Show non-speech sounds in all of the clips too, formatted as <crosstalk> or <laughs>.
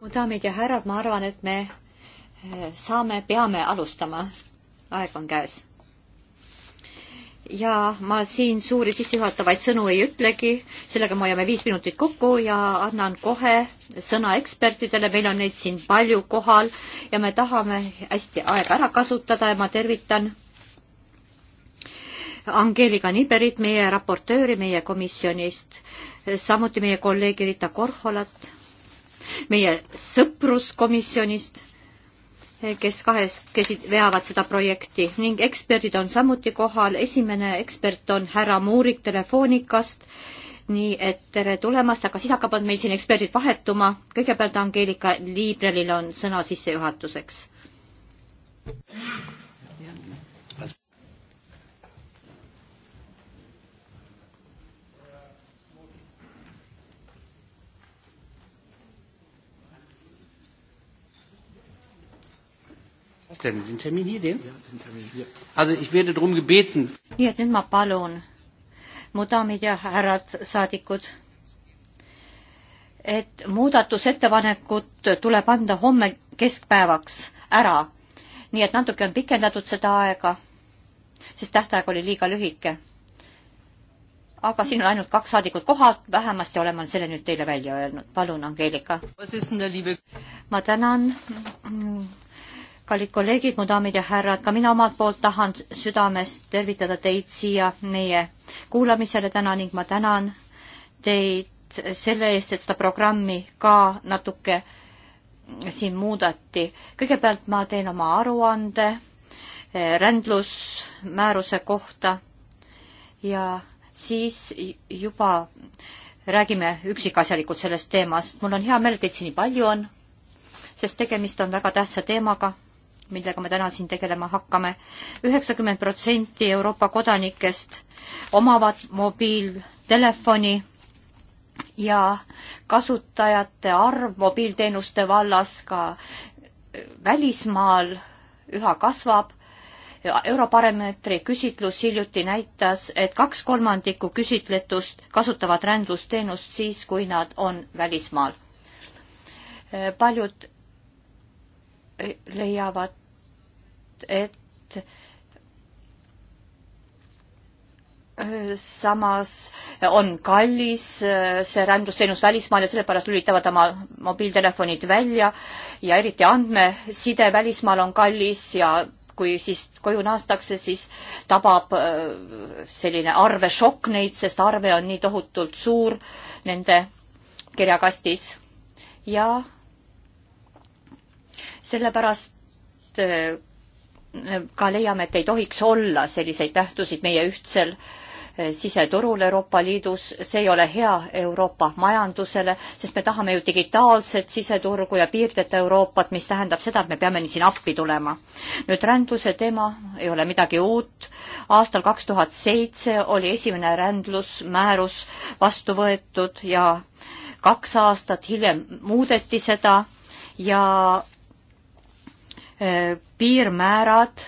mu daamid ja härrad, ma arvan, et me eh, saame, peame alustama. aeg on käes. ja ma siin suuri sissejuhatavaid sõnu ei ütlegi, sellega me hoiame viis minutit kokku ja annan kohe sõna ekspertidele, meil on neid siin palju kohal ja me tahame hästi aega ära kasutada ja ma tervitan Angeelika Niberit, meie raportööri meie komisjonist, samuti meie kolleegi Rita Korholat meie sõpruskomisjonist, kes kahes, kes veavad seda projekti ning eksperdid on samuti kohal. esimene ekspert on härra Muurik Telefonikast. nii et tere tulemast, aga siis hakkavad meil siin eksperdid vahetuma. kõigepealt Angeelika Liibrelil on sõna sissejuhatuseks. jetzt denn? Den Termin hier, den? Ja, den Termin hier. Also ich werde drum gebeten. nii et nüüd ma palun, mu daamid ja härrad saadikud, et muudatusettepanekud tuleb anda homme keskpäevaks ära. nii et natuke on pikendatud seda aega, sest tähtaeg oli liiga lühike. aga siin on ainult kaks saadikut kohal, vähemasti olen ma selle nüüd teile välja öelnud. palun, Angeelika. ma tänan kallid kolleegid, mu daamid ja härrad, ka mina omalt poolt tahan südamest tervitada teid siia meie kuulamisele täna ning ma tänan teid selle eest, et seda programmi ka natuke siin muudati. kõigepealt ma teen oma aruande eh, rändlusmääruse kohta ja siis juba räägime üksikasjalikult sellest teemast. mul on hea meel, et teid siin nii palju on, sest tegemist on väga tähtsa teemaga millega me täna siin tegelema hakkame. üheksakümmend protsenti Euroopa kodanikest omavad mobiiltelefoni ja kasutajate arv mobiilteenuste vallas ka välismaal üha kasvab. Eurobaromeetri küsitlus hiljuti näitas, et kaks kolmandikku küsitletust kasutavad rändlusteenust siis, kui nad on välismaal. paljud leiavad, et äh, samas on kallis äh, see rändusteenus välismaal ja sellepärast lülitavad oma mobiiltelefonid välja ja eriti andmeside välismaal on kallis ja kui siis koju naastakse, siis tabab äh, selline arvešokk neid, sest arve on nii tohutult suur nende kirjakastis. ja sellepärast ka leiame, et ei tohiks olla selliseid tähtusid meie ühtsel eh, siseturul Euroopa Liidus, see ei ole hea Euroopa majandusele, sest me tahame ju digitaalset siseturgu ja piirdeta Euroopat, mis tähendab seda, et me peame siin appi tulema. nüüd rändluse teema ei ole midagi uut. aastal kaks tuhat seitse oli esimene rändlusmäärus vastu võetud ja kaks aastat hiljem muudeti seda ja piirmäärad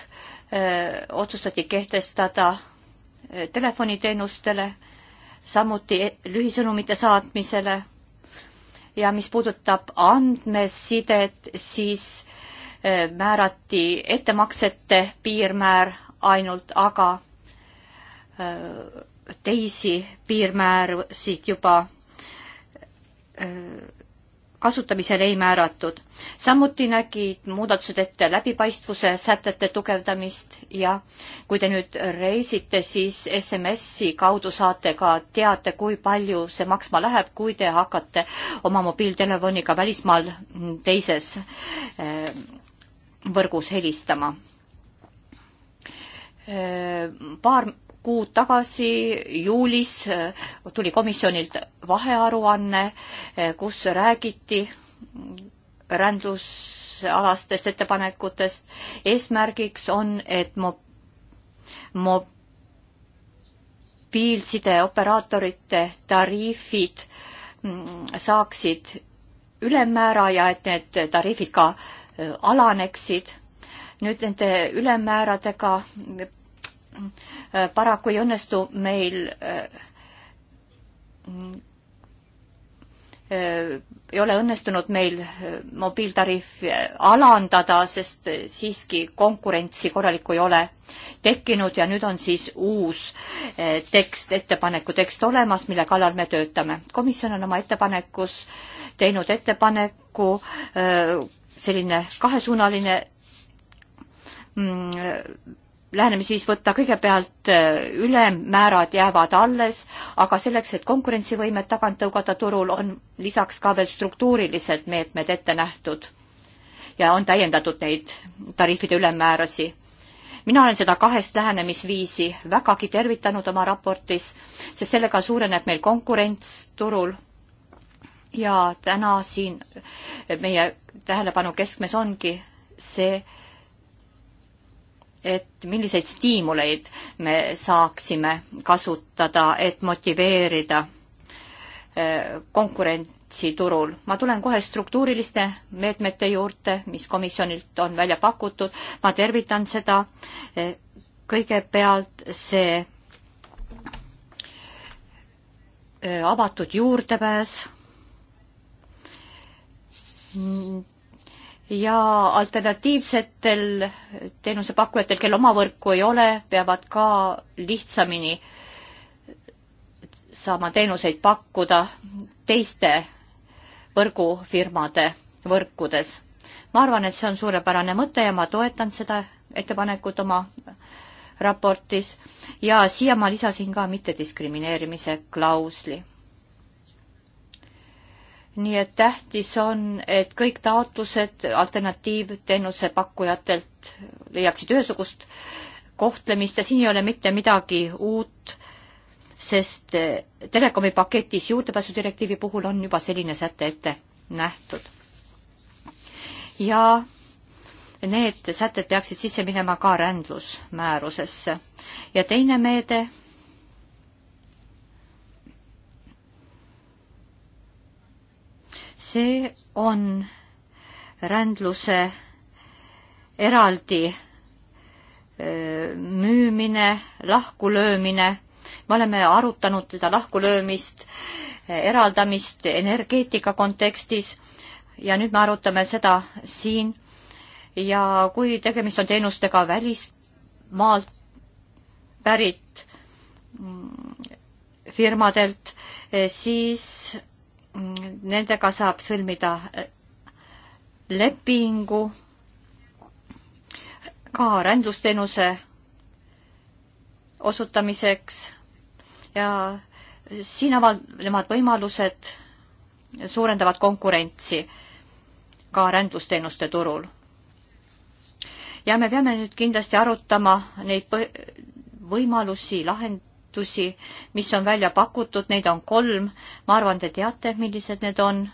eh, otsustati kehtestada eh, telefoniteenustele, samuti e-, lühisõnumite saatmisele ja mis puudutab andmesidet, siis eh, määrati ettemaksete piirmäär ainult, aga teisi piirmäärasid juba kasutamisel ei määratud. samuti nägid muudatused ette läbipaistvuse sätete tugevdamist ja kui te nüüd reisite, siis SMS-i kaudu saate ka teate, kui palju see maksma läheb, kui te hakkate oma mobiiltelefoniga välismaal teises eh, võrgus helistama. Eh, paar kuud tagasi juulis tuli komisjonilt vahearuanne, kus räägiti rändusalastest ettepanekutest. eesmärgiks on, et mo-, mobiilsideoperaatorite tariifid mm, saaksid ülemmäära ja et need tariifid ka äh, alaneksid. nüüd nende ülemmääradega paraku ei õnnestu meil äh, äh, ei ole õnnestunud meil äh, mobiiltariifi alandada, sest siiski konkurentsi korralikku ei ole tekkinud ja nüüd on siis uus tekst, ettepaneku tekst olemas, mille kallal me töötame. komisjon on oma ettepanekus teinud ettepaneku selline kahesuunaline mm, lähenemisviis võtta, kõigepealt äh, ülemmäärad jäävad alles, aga selleks, et konkurentsivõimet tagant tõugata turul, on lisaks ka veel struktuurilised meetmed ette nähtud. ja on täiendatud neid tariifide ülemmäärasi. mina olen seda kahest lähenemisviisi vägagi tervitanud oma raportis, sest sellega suureneb meil konkurents turul ja täna siin meie tähelepanu keskmes ongi see, et milliseid stiimuleid me saaksime kasutada, et motiveerida äh, konkurentsi turul. ma tulen kohe struktuuriliste meetmete juurde, mis komisjonilt on välja pakutud, ma tervitan seda. Äh, kõigepealt see äh, avatud juurdepääs ja alternatiivsetel teenusepakkujatel, kel oma võrku ei ole, peavad ka lihtsamini saama teenuseid pakkuda teiste võrgufirmade võrkudes. ma arvan, et see on suurepärane mõte ja ma toetan seda ettepanekut oma raportis ja siia ma lisasin ka mittediskrimineerimise klausli nii et tähtis on, et kõik taotlused alternatiivteenuse pakkujatelt leiaksid ühesugust kohtlemist ja siin ei ole mitte midagi uut, sest telekomi paketis juurdepääsudirektiivi puhul on juba selline säte ette nähtud. ja need sätted peaksid sisse minema ka rändlusmäärusesse. ja teine meede see on rändluse eraldi müümine, lahkulöömine. me oleme arutanud seda lahkulöömist, eraldamist energeetika kontekstis ja nüüd me arutame seda siin. ja kui tegemist on teenustega välismaalt pärit mm, firmadelt, siis nendega saab sõlmida äh, lepingu ka arendusteenuse osutamiseks ja siin avanevad võimalused suurendavad konkurentsi ka arendusteenuste turul. ja me peame nüüd kindlasti arutama neid võimalusi lahend-, lahendusi, mis on välja pakutud, neid on kolm, ma arvan, te teate, millised need on.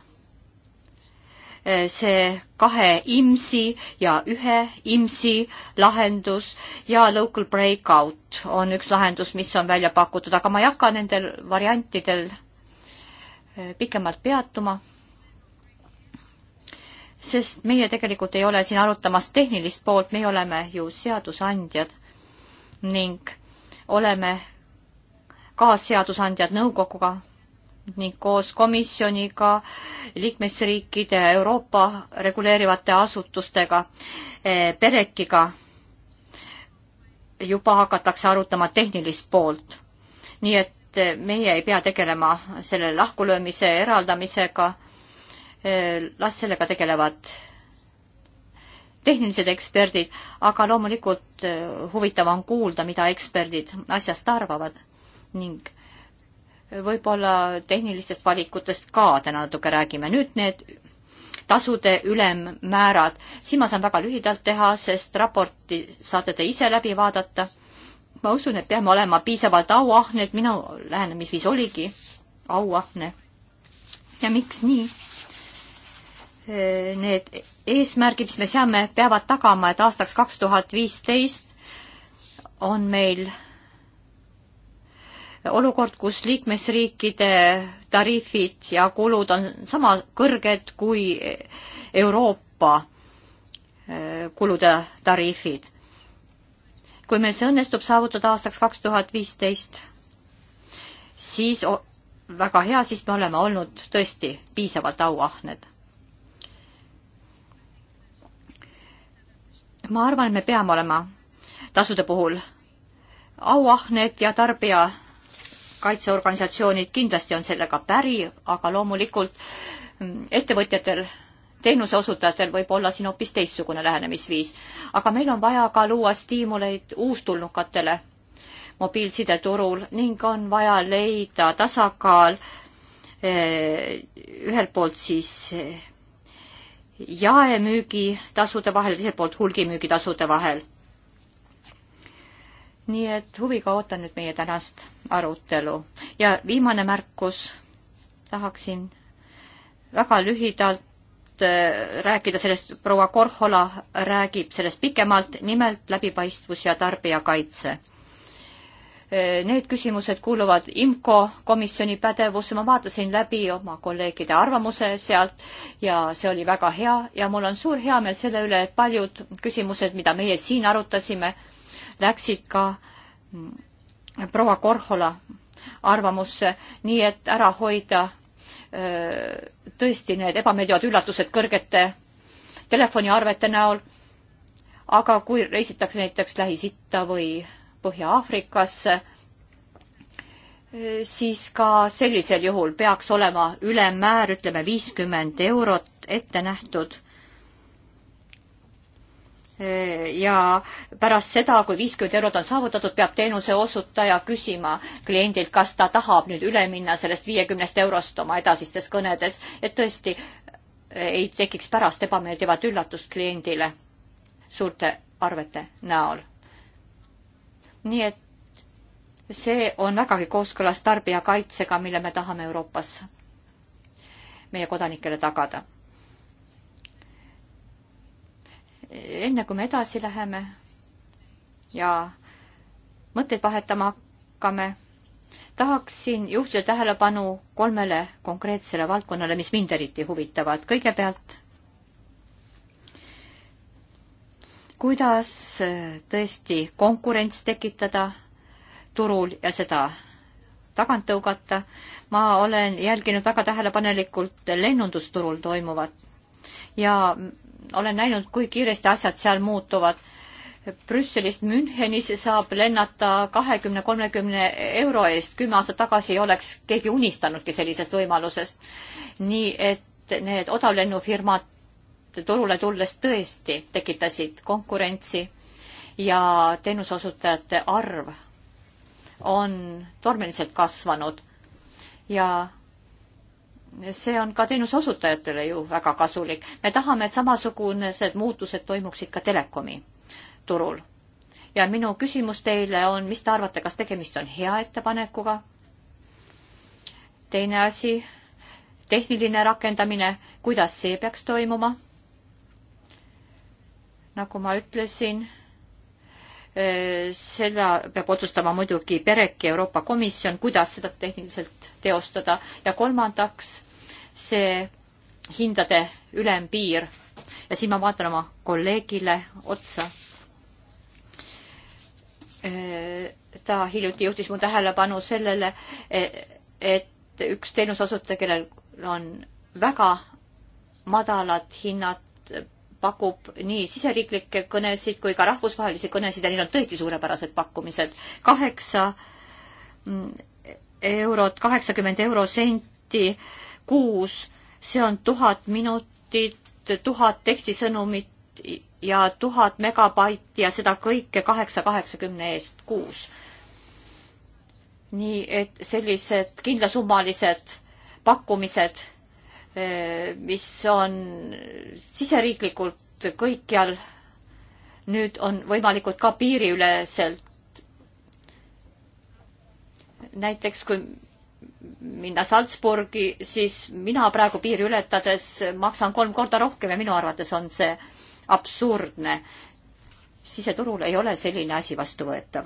see kahe IMSI ja ühe IMSI lahendus ja local breakout on üks lahendus, mis on välja pakutud, aga ma ei hakka nendel variantidel eh, pikemalt peatuma sest meie tegelikult ei ole siin arutamas tehnilist poolt, meie oleme ju seadusandjad ning oleme kaasseadusandjad nõukoguga ning koos komisjoniga, liikmesriikide, Euroopa reguleerivate asutustega, eh, PEREC-iga juba hakatakse arutama tehnilist poolt. nii et eh, meie ei pea tegelema selle lahkulöömise eraldamisega, eh, las sellega tegelevad tehnilised eksperdid, aga loomulikult huvitav on kuulda, mida eksperdid asjast arvavad ning võib-olla tehnilistest valikutest ka täna natuke räägime. nüüd need tasude ülemmäärad, siin ma saan väga lühidalt teha, sest raporti saate te ise läbi vaadata. ma usun, et peame olema piisavalt auahned, minu lähenemisviis oligi auahne. ja miks nii? Need eesmärgid, mis me seame, peavad tagama, et aastaks kaks tuhat viisteist on meil olukord, kus liikmesriikide tariifid ja kulud on sama kõrged kui Euroopa eh, kulude tariifid. kui meil see õnnestub saavutada aastaks kaks tuhat viisteist, siis väga hea, siis me oleme olnud tõesti piisavalt auahned. ma arvan, et me peame olema tasude puhul auahned ja tarbija kaitseorganisatsioonid kindlasti on sellega päri, aga loomulikult mm, ettevõtjatel, teenuseosutajatel võib olla siin hoopis teistsugune lähenemisviis. aga meil on vaja ka luua stiimuleid uustulnukatele mobiilsideturul ning on vaja leida tasakaal eh, ühelt poolt siis eh, jaemüügitasude vahel, teiselt poolt hulgimüügitasude vahel nii et huviga ootan nüüd meie tänast arutelu ja viimane märkus, tahaksin väga lühidalt äh, rääkida sellest, proua Korhola räägib sellest pikemalt, nimelt läbipaistvus ja tarbijakaitse. Äh, need küsimused kuuluvad IMCO komisjoni pädevusse, ma vaatasin läbi oma kolleegide arvamuse sealt ja see oli väga hea ja mul on suur heameel selle üle, et paljud küsimused, mida meie siin arutasime, läksid ka proua Korhola arvamusse, nii et ära hoida tõesti need ebameeldivad üllatused kõrgete telefoniarvete näol. aga kui reisitakse näiteks Lähis-Itta või Põhja-Aafrikasse, siis ka sellisel juhul peaks olema ülemmäär, ütleme viiskümmend eurot ette nähtud ja pärast seda, kui viiskümmend eurot on saavutatud, peab teenuse osutaja küsima kliendilt, kas ta tahab nüüd üle minna sellest viiekümnest eurost oma edasistes kõnedes, et tõesti ei tekiks pärast ebameeldivat üllatust kliendile suurte arvete näol. nii et see on vägagi kooskõlas tarbijakaitsega, mille me tahame Euroopas meie kodanikele tagada enne kui me edasi läheme ja mõtteid vahetama hakkame, tahaksin juhtida tähelepanu kolmele konkreetsele valdkonnale, mis mind eriti huvitavad. kõigepealt, kuidas äh, tõesti konkurents tekitada turul ja seda tagant tõugata. ma olen jälginud väga tähelepanelikult lennundusturul toimuvat ja olen näinud, kui kiiresti asjad seal muutuvad. Brüsselist Münchenisse saab lennata kahekümne, kolmekümne euro eest, kümme aastat tagasi ei oleks keegi unistanudki sellisest võimalusest. nii et need odavlennufirmad turule tulles tõesti tekitasid konkurentsi ja teenuseosutajate arv on tormiliselt kasvanud ja see on ka teenuseosutajatele ju väga kasulik. me tahame, et samasugused muutused toimuksid ka telekomi turul. ja minu küsimus teile on, mis te arvate, kas tegemist on hea ettepanekuga? teine asi, tehniline rakendamine, kuidas see peaks toimuma? nagu ma ütlesin Äh, seda peab otsustama muidugi PEREK ja Euroopa Komisjon, kuidas seda tehniliselt teostada ja kolmandaks see hindade ülempiir ja siin ma vaatan oma kolleegile otsa. Äh, ta hiljuti juhtis mu tähelepanu sellele, e, et üks teenuseasutaja, kellel on väga madalad hinnad pakub nii siseriiklikke kõnesid kui ka rahvusvahelisi kõnesid ja neil on tõesti suurepärased pakkumised. kaheksa mm, eurot, kaheksakümmend eurosenti kuus, see on tuhat minutit, tuhat tekstisõnumit ja tuhat megabaiti ja seda kõike kaheksa kaheksakümne eest kuus. nii et sellised kindlasummalised pakkumised Eh, mis on siseriiklikult kõikjal, nüüd on võimalikud ka piiriüleselt. näiteks kui minna Salzburgi, siis mina praegu piiri ületades maksan kolm korda rohkem ja minu arvates on see absurdne. siseturul ei ole selline asi vastuvõetav.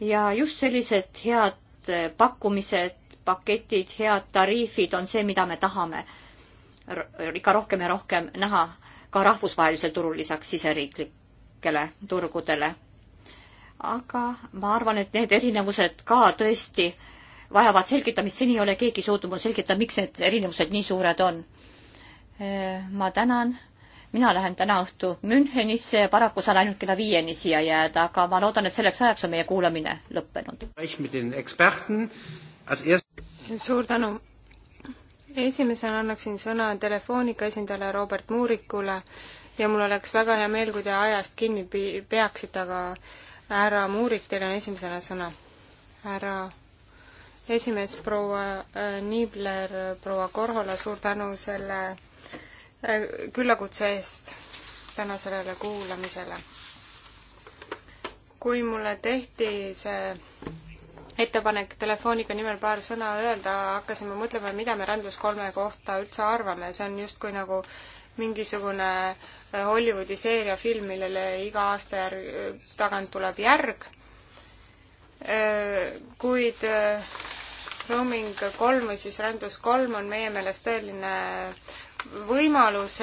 ja just sellised head head eh, pakkumised, paketid, head tariifid on see, mida me tahame ikka rohkem ja rohkem näha ka rahvusvahelisel turul lisaks siseriiklikele turgudele. aga ma arvan, et need erinevused ka tõesti vajavad selgitamist, seni ei ole keegi suutnud mulle selgitada, miks need erinevused nii suured on. Eh, ma tänan mina lähen täna õhtu Münchenisse ja paraku saan ainult kella viieni siia jääda, aga ma loodan, et selleks ajaks on meie kuulamine lõppenud. suur tänu. esimesena annaksin sõna Telefonika esindajale Robert Muurikule ja mul oleks väga hea meel, kui te ajast kinni peaksite, aga härra Muurik, teil on esimesena sõna. härra esimees, proua äh, Niibler, proua Korhola, suur tänu selle Äh, küllakutse eest täna sellele kuulamisele. kui mulle tehti see ettepanek telefoniga nimel paar sõna öelda, hakkasime mõtlema, mida me Rändus kolme kohta üldse arvame, see on justkui nagu mingisugune äh, Hollywoodi seeria film, millele iga aasta järg, tagant tuleb järg. Äh, kuid Roaming kolm või siis Rändus kolm on meie meelest tõeline võimalus,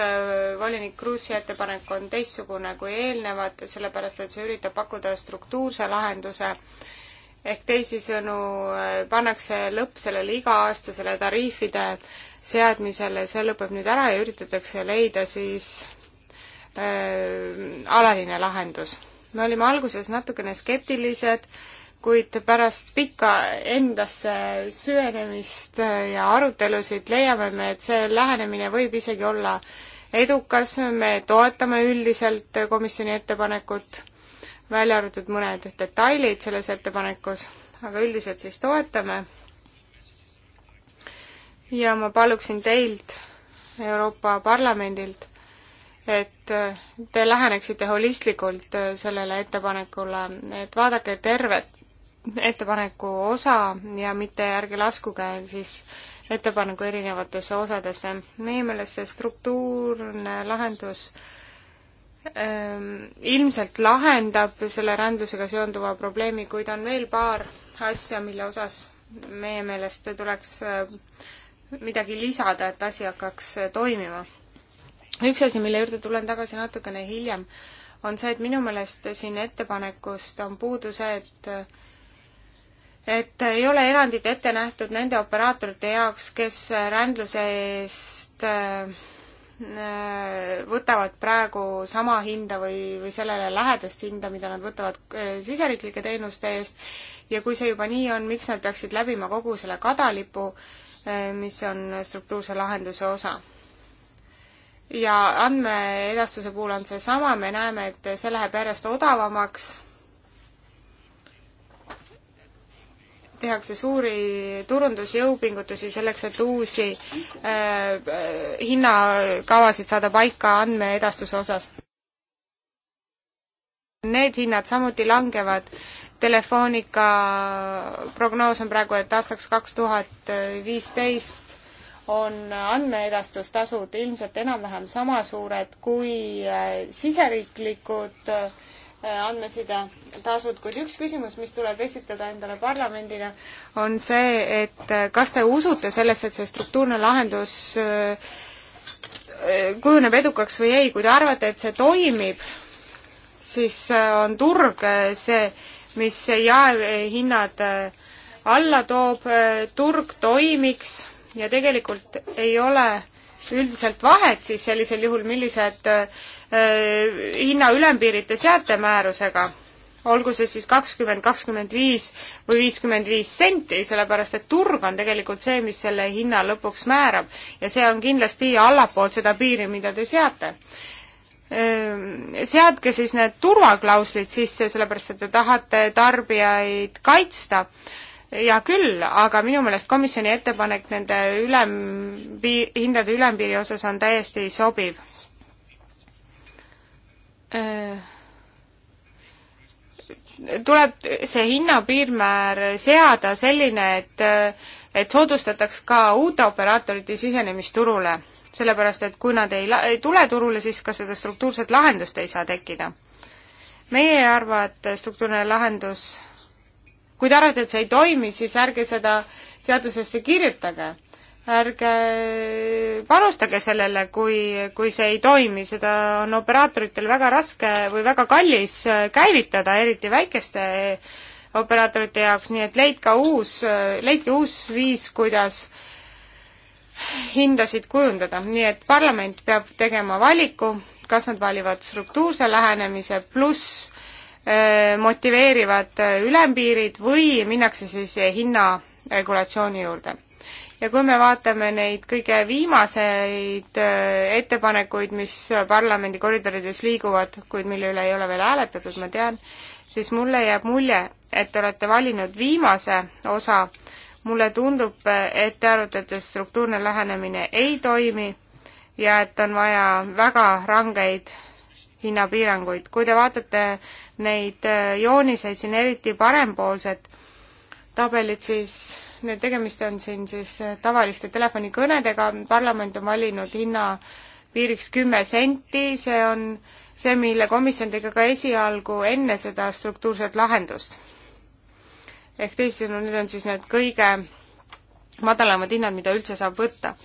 volinik Kruusi ettepanek on teistsugune kui eelnevad, sellepärast et see üritab pakkuda struktuurse lahenduse, ehk teisisõnu äh, pannakse lõpp sellele iga-aastasele tariifide seadmisele, see lõpeb nüüd ära ja üritatakse leida siis äh, alaline lahendus. me olime alguses natukene skeptilised äh, kuid pärast pikka endasse süvenemist ja arutelusid leiame me, et see lähenemine võib isegi olla edukas, me toetame üldiselt komisjoni ettepanekut, välja arvatud mõned detailid selles ettepanekus, aga üldiselt siis toetame. ja ma paluksin teilt, Euroopa Parlamendilt, et te läheneksite holistlikult sellele ettepanekule, et vaadake tervet ettepaneku osa ja mitte ärge laskuge siis ettepaneku erinevatesse osadesse. meie meelest see struktuurne lahendus ähm, ilmselt lahendab selle rändlusega seonduva probleemi, kuid on veel paar asja, mille osas meie meelest tuleks äh, midagi lisada, et asi hakkaks äh, toimima. üks asi, mille juurde tulen tagasi natukene hiljem, on see, et minu meelest siin ettepanekust on puudu see, et äh, et ei ole erandid ette nähtud nende operaatorite jaoks, kes rändluse eest äh, võtavad praegu sama hinda või, või sellele lähedast hinda, mida nad võtavad äh, siseriiklike teenuste eest ja kui see juba nii on, miks nad peaksid läbima kogu selle kadalipu, äh, mis on struktuurse lahenduse osa? ja andmeedastuse puhul on seesama, me näeme, et see läheb järjest odavamaks tehakse suuri turundusjõupingutusi selleks, et uusi äh, hinnakavasid saada paika andmeedastuse osas. Need hinnad samuti langevad. Telefonica prognoos on praegu, et aastaks kaks tuhat viisteist on andmeedastustasud ilmselt enam-vähem sama suured kui äh, siseriiklikud äh, Äh, andmeside tasud, kuid üks küsimus, mis tuleb esitada endale parlamendile, on see, et äh, kas te usute sellesse, et see struktuurne lahendus äh, kujuneb edukaks või ei, kui te arvate, et see toimib, siis on turg see, mis jaehinnad alla toob, turg toimiks ja tegelikult ei ole üldiselt vahet siis sellisel juhul, millised äh, Äh, hinna ülempiirite seate määrusega, olgu see siis kakskümmend, kakskümmend viis või viiskümmend viis senti, sellepärast et turg on tegelikult see, mis selle hinna lõpuks määrab ja see on kindlasti allapool seda piiri, mida te seate ähm, seadke siis need turvaklauslid sisse, sellepärast et te tahate tarbijaid kaitsta. hea küll, aga minu meelest komisjoni ettepanek nende ülempiir, hindade ülempiiri osas on täiesti sobiv. Äh, tuleb see hinnapiirmäär seada selline, et, et soodustataks ka uute operaatorite sisenemist turule. sellepärast, et kui nad ei, ei tule turule, siis ka seda struktuurset lahendust ei saa tekkida. meie ei arva, et struktuurne lahendus, kui te arvate, et see ei toimi, siis ärge seda seadusesse kirjutage ärge panustage sellele, kui, kui see ei toimi, seda on operaatoritel väga raske või väga kallis äh, käivitada, eriti väikeste äh, operaatorite jaoks, nii et leidke uus, äh, leidke uus viis, kuidas hindasid kujundada, nii et parlament peab tegema valiku, kas nad valivad struktuurse lähenemise pluss motiveerivad ülempiirid või minnakse siis hinnaregulatsiooni juurde ja kui me vaatame neid kõige viimaseid äh, ettepanekuid, mis parlamendi koridorides liiguvad, kuid mille üle ei ole veel hääletatud, ma tean, siis mulle jääb mulje, et te olete valinud viimase osa. mulle tundub, et te arvate, et struktuurne lähenemine ei toimi ja et on vaja väga rangeid hinnapiiranguid. kui te vaatate neid äh, jooniseid siin, eriti parempoolset tabelit, siis need tegemist on siin siis eh, tavaliste telefonikõnedega, parlament on valinud hinna piiriks kümme senti, see on see, mille komisjon tegi ka esialgu enne seda struktuurset lahendust. ehk teisisõnu, need on siis need kõige madalamad hinnad, mida üldse saab võtta.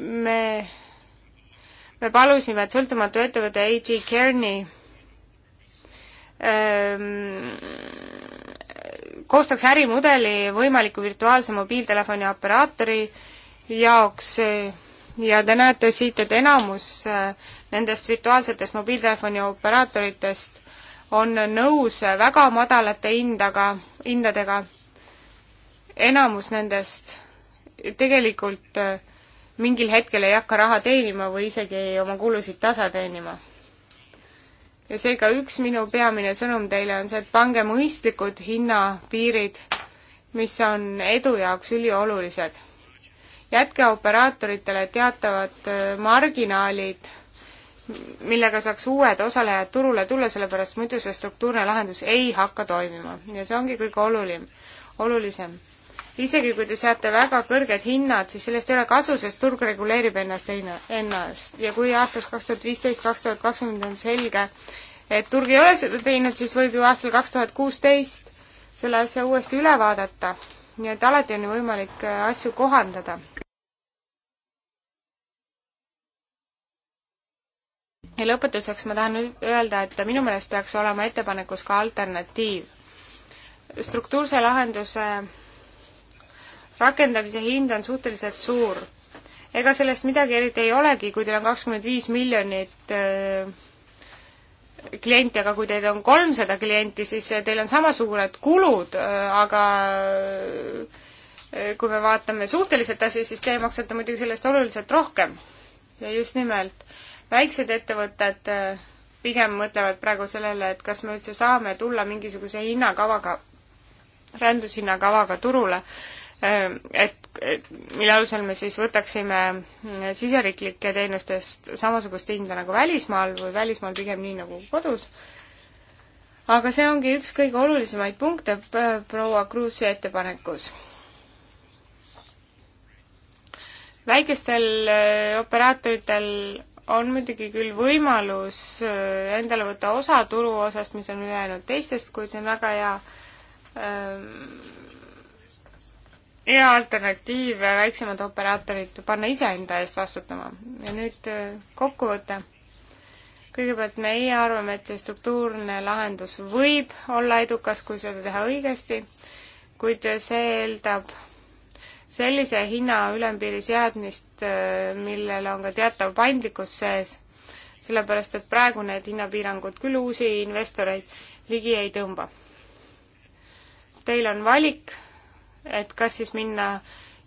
me, me palusime, et sõltumatu ettevõte AG Kearney ehm, koostaks ärimudeli võimaliku virtuaalse mobiiltelefoni operaatori jaoks eh, ja te näete siit, et enamus eh, nendest virtuaalsetest mobiiltelefoni operaatoritest on nõus eh, väga madalate hindaga, hindadega. enamus nendest tegelikult mingil hetkel ei hakka raha teenima või isegi oma kulusid tasa teenima ja seega üks minu peamine sõnum teile on see, et pange mõistlikud hinnapiirid, mis on edu jaoks üliolulised. jätke operaatoritele teatavad äh, marginaalid, millega saaks uued osalejad turule tulla, sellepärast muidu see struktuurne lahendus ei hakka toimima ja see ongi kõige olulim, olulisem isegi kui te seate väga kõrged hinnad, siis sellest ei ole kasu, sest turg reguleerib ennast, ennast. ja kui aastaks kaks tuhat viisteist, kaks tuhat kakskümmend on selge, et turg ei ole seda teinud, siis võib ju aastal kaks tuhat kuusteist selle asja uuesti üle vaadata. nii et alati on ju võimalik äh, asju kohandada. ja lõpetuseks ma tahan öelda, et minu meelest peaks olema ettepanekus ka alternatiiv. struktuurse lahenduse rakendamise hind on suhteliselt suur. ega sellest midagi eriti ei olegi, kui teil on kakskümmend viis miljonit äh, klienti, aga kui teil on kolmsada klienti, siis äh, teil on samasugused kulud, äh, aga kui me vaatame suhteliselt asja, siis teie maksate muidugi sellest oluliselt rohkem. ja just nimelt väiksed ettevõtted pigem mõtlevad praegu sellele, et kas me üldse saame tulla mingisuguse hinnakavaga, rändushinnakavaga turule et, et mille alusel me siis võtaksime siseriiklike teenustest samasugust hinda nagu välismaal või välismaal pigem nii nagu kodus. aga see ongi üks kõige olulisemaid punkte proua Kruusi ettepanekus. väikestel äh, operaatoritel on muidugi küll võimalus äh, endale võtta osa turuosast, mis on ülejäänud teistest, kuid see on väga hea ähm, hea alternatiiv väiksemad operaatorid panna iseenda eest vastutama. ja nüüd äh, kokkuvõte. kõigepealt meie arvame, et see struktuurne lahendus võib olla edukas, kui seda teha õigesti, kuid see eeldab sellise hinna ülempiiri seadmist, äh, millel on ka teatav paindlikkus sees, sellepärast et praegu need hinnapiirangud küll uusi investoreid ligi ei tõmba. Teil on valik et kas siis minna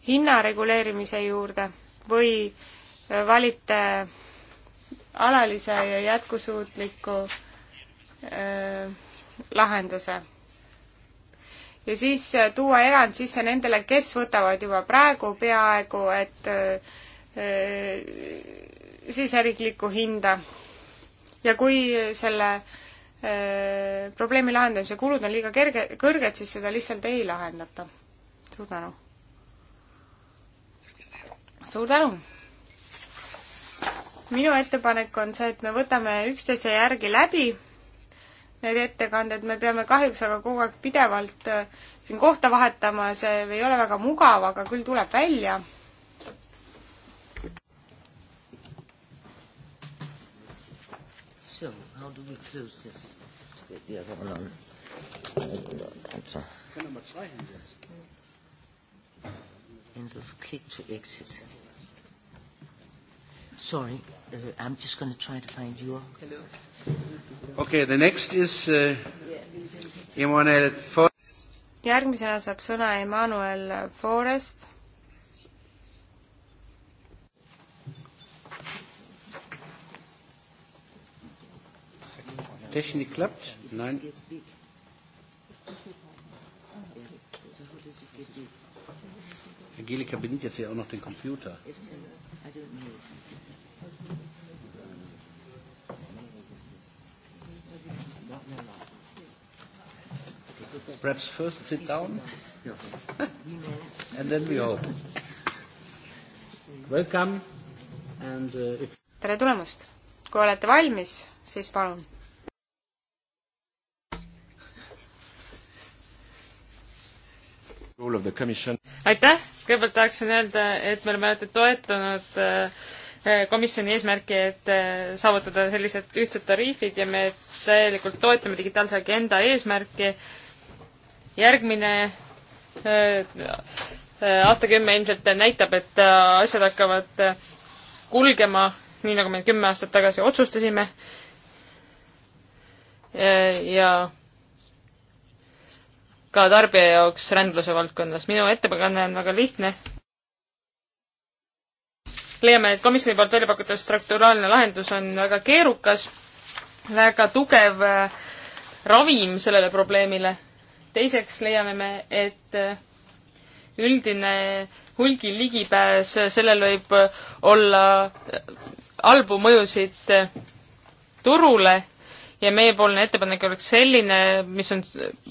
hinna reguleerimise juurde või valite alalise ja jätkusuutliku äh, lahenduse. ja siis äh, tuua erand sisse nendele, kes võtavad juba praegu peaaegu et äh, äh, siseriiklikku hinda. ja kui selle äh, probleemi lahendamise kulud on liiga kerge, kõrged, siis seda lihtsalt ei lahendata suur tänu. suur tänu. minu ettepanek on see, et me võtame üksteise järgi läbi need ettekanded, me peame kahjuks aga kogu aeg pidevalt äh, siin kohta vahetama, see ei ole väga mugav, aga küll tuleb välja So, how do we close this? Get the other one on. Nummer zwei hinsetzen kind of click to exit. Sorry, uh, I'm just going to try to find your. Hello. Okay, the next is uh, Emmanuel Forest. järgmisena saab sõna Emmanuel Forest. Technik klappt? Nein. Angelika bedient jetzt hier auch noch den Computer. Perhaps first sit down and then we hope. Welcome and uh, if... tere tulemast! kui olete valmis, siis palun aitäh, kõigepealt tahaksin öelda, et me oleme alati toetanud äh, äh, komisjoni eesmärki, et äh, saavutada sellised ühtsed tariifid ja me täielikult toetame digitaalse agenda eesmärki. järgmine aastakümme ilmselt näitab, et asjad hakkavad kulgema nii, nagu me kümme aastat tagasi otsustasime. ja, ja ka tarbija jaoks rändluse valdkonnas. minu ettepanek on väga lihtne. leiame, et komisjoni poolt välja pakutud strukturaalne lahendus on väga keerukas, väga tugev äh, ravim sellele probleemile. teiseks leiame me, et äh, üldine hulgi ligipääs, äh, sellel võib olla halbu mõjusid turule ja meiepoolne ettepanek oleks selline, mis on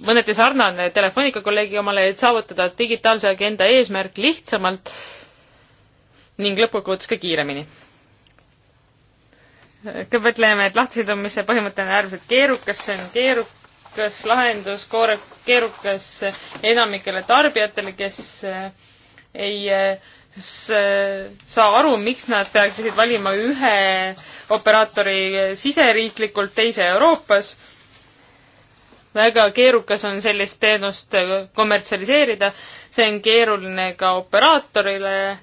mõneti sarnane Telefonica kolleegi omale, et saavutada digitaalse agenda eesmärk lihtsamalt ning lõppkokkuvõttes ka kiiremini. kõigepealt leiame, et lahtisidumise põhimõte on äärmiselt keerukas, see on keerukas lahendus, keerukas enamikele tarbijatele, kes eh, ei äh, saa aru, miks nad peaksid valima ühe operaatori siseriiklikult, teise Euroopas. väga keerukas on sellist teenust kommertsialiseerida, see on keeruline ka operaatorile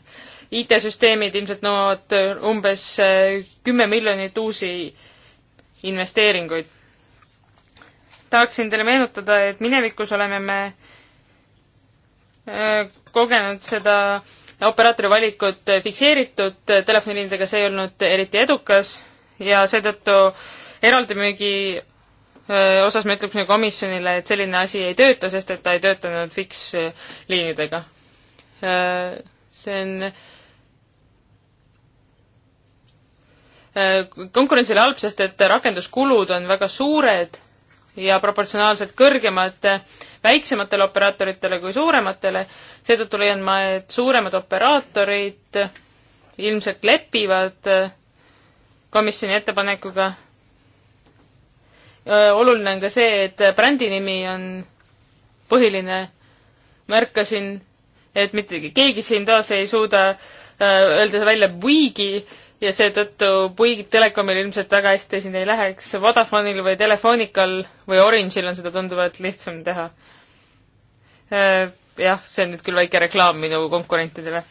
IT-süsteemid ilmselt nõuavad umbes kümme miljonit uusi investeeringuid. tahaksin teile meenutada, et minevikus oleme me äh, kogenud seda operaatori valikud fikseeritud telefoniliinidega, see ei olnud eriti edukas ja seetõttu eraldimüügi osas me ütleksime komisjonile, et selline asi ei tööta, sest et ta ei töötanud fiksliinidega. see on konkurentsile halb, sest et rakenduskulud on väga suured ja proportsionaalselt kõrgemad väiksematele operaatoritele kui suurematele. seetõttu leian ma, et suuremad operaatorid ilmselt lepivad äh, komisjoni ettepanekuga. oluline on ka see, et brändi nimi on põhiline. märkasin, et mitte keegi siin taas ei suuda äh, öelda välja Wigi ja seetõttu Bouygues Telekomil ilmselt väga hästi siin ei läheks. Vodafonil või Telefonical või Orange'il on seda tunduvalt lihtsam teha. Äh, jah, see on nüüd küll väike reklaam minu konkurentidele.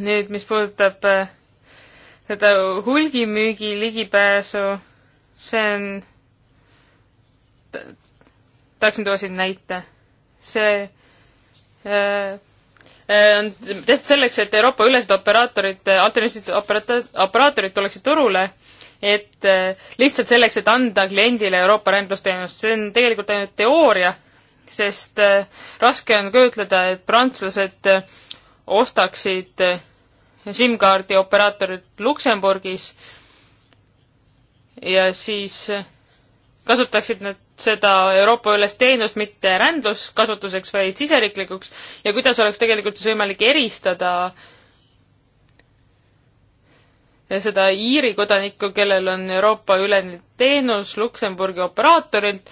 nüüd, mis puudutab äh, seda hulgimüügi ligipääsu, see on, tahaksin tuua siin näite. see äh, Äh, on tehtud selleks, et Euroopa-ülesed operaatorid, äh, alternatiivsed operaatorid, operaatorid tuleksid turule, et äh, lihtsalt selleks, et anda kliendile Euroopa rändlusteenust, see on tegelikult ainult teooria, sest raske on kujutleda, et prantslased ostaksid SIM-kaardi operaatorit Luksemburgis ja siis kasutaksid nad seda Euroopa-ülest teenust mitte rändluskasutuseks, vaid siseriiklikuks ja kuidas oleks tegelikult siis võimalik eristada seda Iiri kodanikku, kellel on Euroopa-ülene teenus Luksemburgi operaatorilt,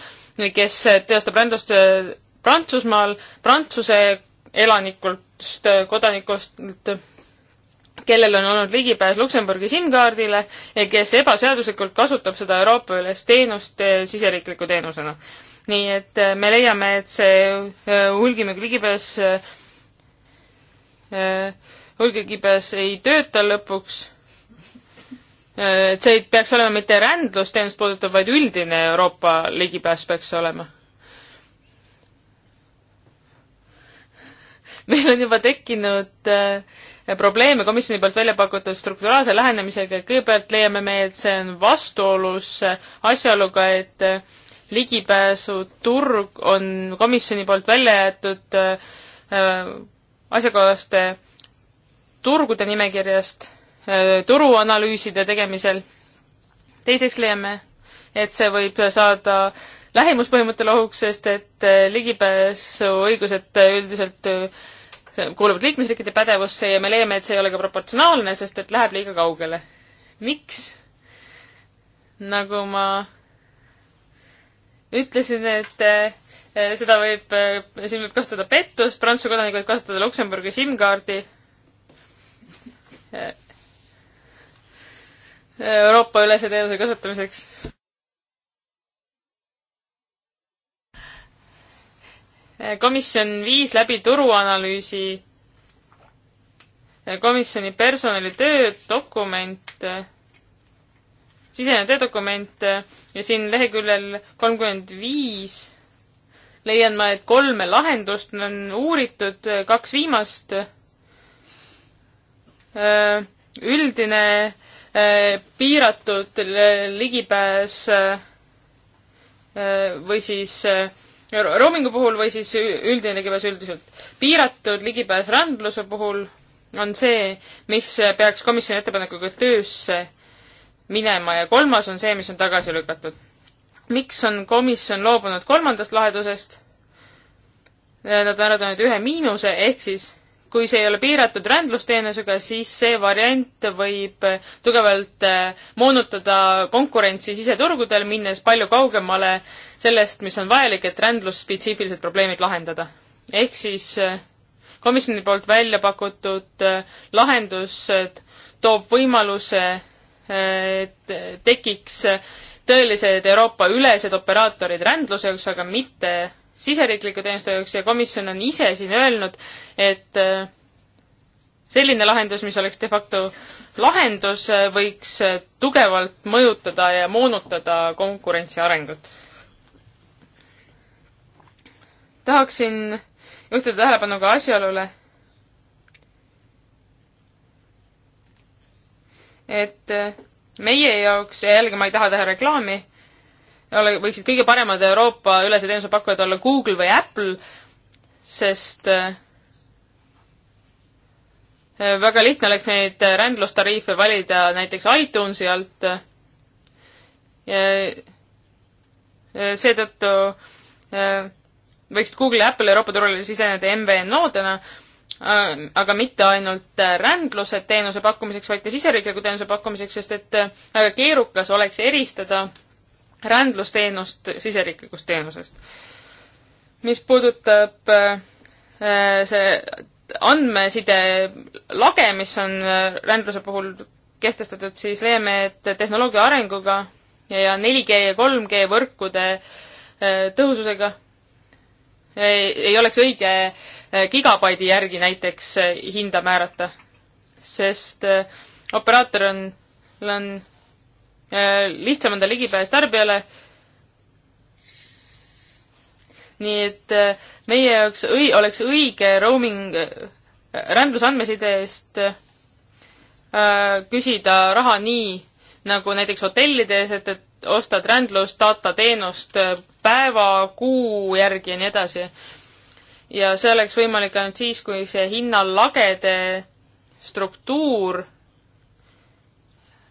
kes teostab rändlust äh, Prantsusmaal, Prantsuse elanikust, kodanikust kellel on olnud ligipääs Luksemburgi SIM-kaardile ja kes ebaseaduslikult kasutab seda Euroopa üles teenust eh, siseriikliku teenusena. nii et eh, me leiame, et see eh, hulgimüügi ligipääs, hulgimüügipääs ei tööta lõpuks, et see ei peaks olema mitte rändlusteenust puudutav, vaid üldine Euroopa ligipääs peaks olema meil on juba tekkinud äh, probleeme komisjoni poolt välja pakutud strukturaalse lähenemisega ja kõigepealt leiame me, et see on vastuolus asjaoluga, et ligipääsuturg on komisjoni poolt välja jäetud äh, asjakohaste turgude nimekirjast äh, turuanalüüside tegemisel. teiseks leiame, et see võib saada lähimuspõhimõttele ohuks, sest et äh, ligipääsuõigused üldiselt see kuulub liikmesriikide pädevusse ja me leiame, et see ei ole ka proportsionaalne, sest et läheb liiga kaugele. miks? nagu ma ütlesin, et äh, seda võib äh,, siin võib kasutada pettust, Prantsuse kodanik võib kasutada Luksemburgi SIM-kaardi äh,. Eh, Euroopa-ülese teenuse kasutamiseks komisjon viis läbi turuanalüüsi, komisjoni personalitöö dokument, sisene töödokument ja siin leheküljel kolmkümmend viis leian ma, et kolme lahendust on uuritud, kaks viimast. üldine piiratud ligipääs või siis roomingu puhul või siis üldine ligipääs üldiselt. piiratud ligipääs rändluse puhul on see, mis peaks komisjoni ettepanekuga töösse minema ja kolmas on see, mis on tagasi lükatud. miks on komisjon loobunud kolmandast lahendusest? Nad on ära toonud ühe miinuse, ehk siis kui see ei ole piiratud rändlusteenusega, siis see variant võib tugevalt äh, moonutada konkurentsi siseturgudel, minnes palju kaugemale sellest, mis on vajalik, et rändlusspetsiifilised probleemid lahendada. ehk siis äh, komisjoni poolt välja pakutud äh, lahendus toob võimaluse, et tekiks tõelised Euroopa-ülesed operaatorid rändluseks, aga mitte siseriikliku teenistuja jaoks ja komisjon on ise siin öelnud, et äh, selline lahendus, mis oleks de facto lahendus, äh, võiks äh, tugevalt mõjutada ja moonutada konkurentsi arengut. tahaksin juhtida tähelepanu ka asjaolule, et meie jaoks, ja jällegi ma ei taha teha reklaami, ole, võiksid kõige paremad Euroopa ülese teenuse pakkujad olla Google või Apple, sest äh, väga lihtne oleks neid rändlustariife valida näiteks iTunesi alt. Äh, seetõttu äh, võiksid Google ja Apple Euroopa turule siseneda MVNO-dena aga mitte ainult rändluse teenuse pakkumiseks, vaid ka siseriikliku teenuse pakkumiseks, sest et väga keerukas oleks eristada rändlusteenust siseriiklikust teenusest. mis puudutab äh, see andmeside lage, mis on äh, rändluse puhul kehtestatud, siis leiame, et tehnoloogia arenguga ja 4G ja 3G võrkude äh, tõhususega ei, ei oleks õige gigabaidi järgi näiteks hinda määrata, sest operaator on, on Äh, lihtsam on ta ligipääs tarbijale. nii et äh, meie jaoks õi-, oleks õige roaming äh, rändlusandmeside eest küsida raha nii, nagu näiteks hotellides, et, et ostad rändlust, data teenust päeva, kuu järgi ja nii edasi. ja see oleks võimalik ainult siis, kui see hinnalagede struktuur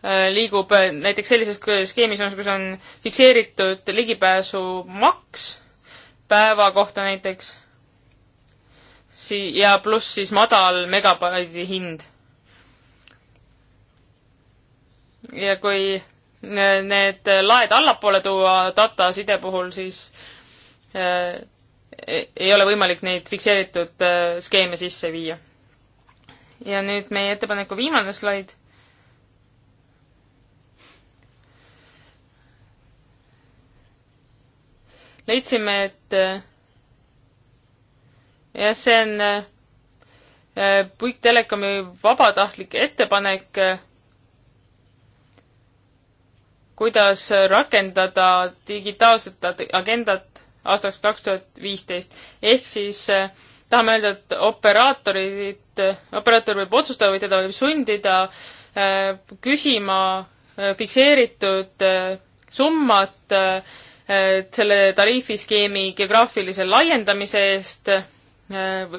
Äh, liigub äh, näiteks sellises skeemis, kus on fikseeritud ligipääsumaks päeva kohta näiteks si- ja pluss siis madal megabaidi hind. ja kui need laed allapoole tuua data side puhul, siis äh, e-, ei ole võimalik neid fikseeritud äh, skeeme sisse viia. ja nüüd meie ettepaneku viimane slaid leidsime, et eh, jah, see on Puik eh, Telekomi vabatahtlik ettepanek, eh, kuidas rakendada digitaalset agendat aastaks kaks tuhat viisteist. ehk siis tahame öelda, et operaatorid, operaator võib otsustada või teda võib sundida küsima fikseeritud summat selle tariifiskeemi geograafilise laiendamise eest, äh,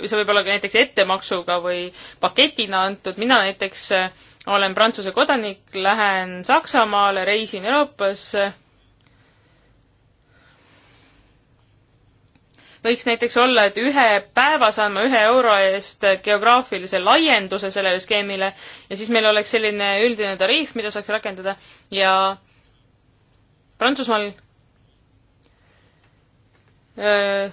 see võib olla ka näiteks ettemaksuga või paketina antud, mina näiteks äh, olen Prantsuse kodanik, lähen Saksamaale, reisin Euroopasse, võiks näiteks olla, et ühe päeva saan ma ühe euro eest geograafilise laienduse sellele skeemile ja siis meil oleks selline üldine tariif, mida saaks rakendada ja Prantsusmaal Äh,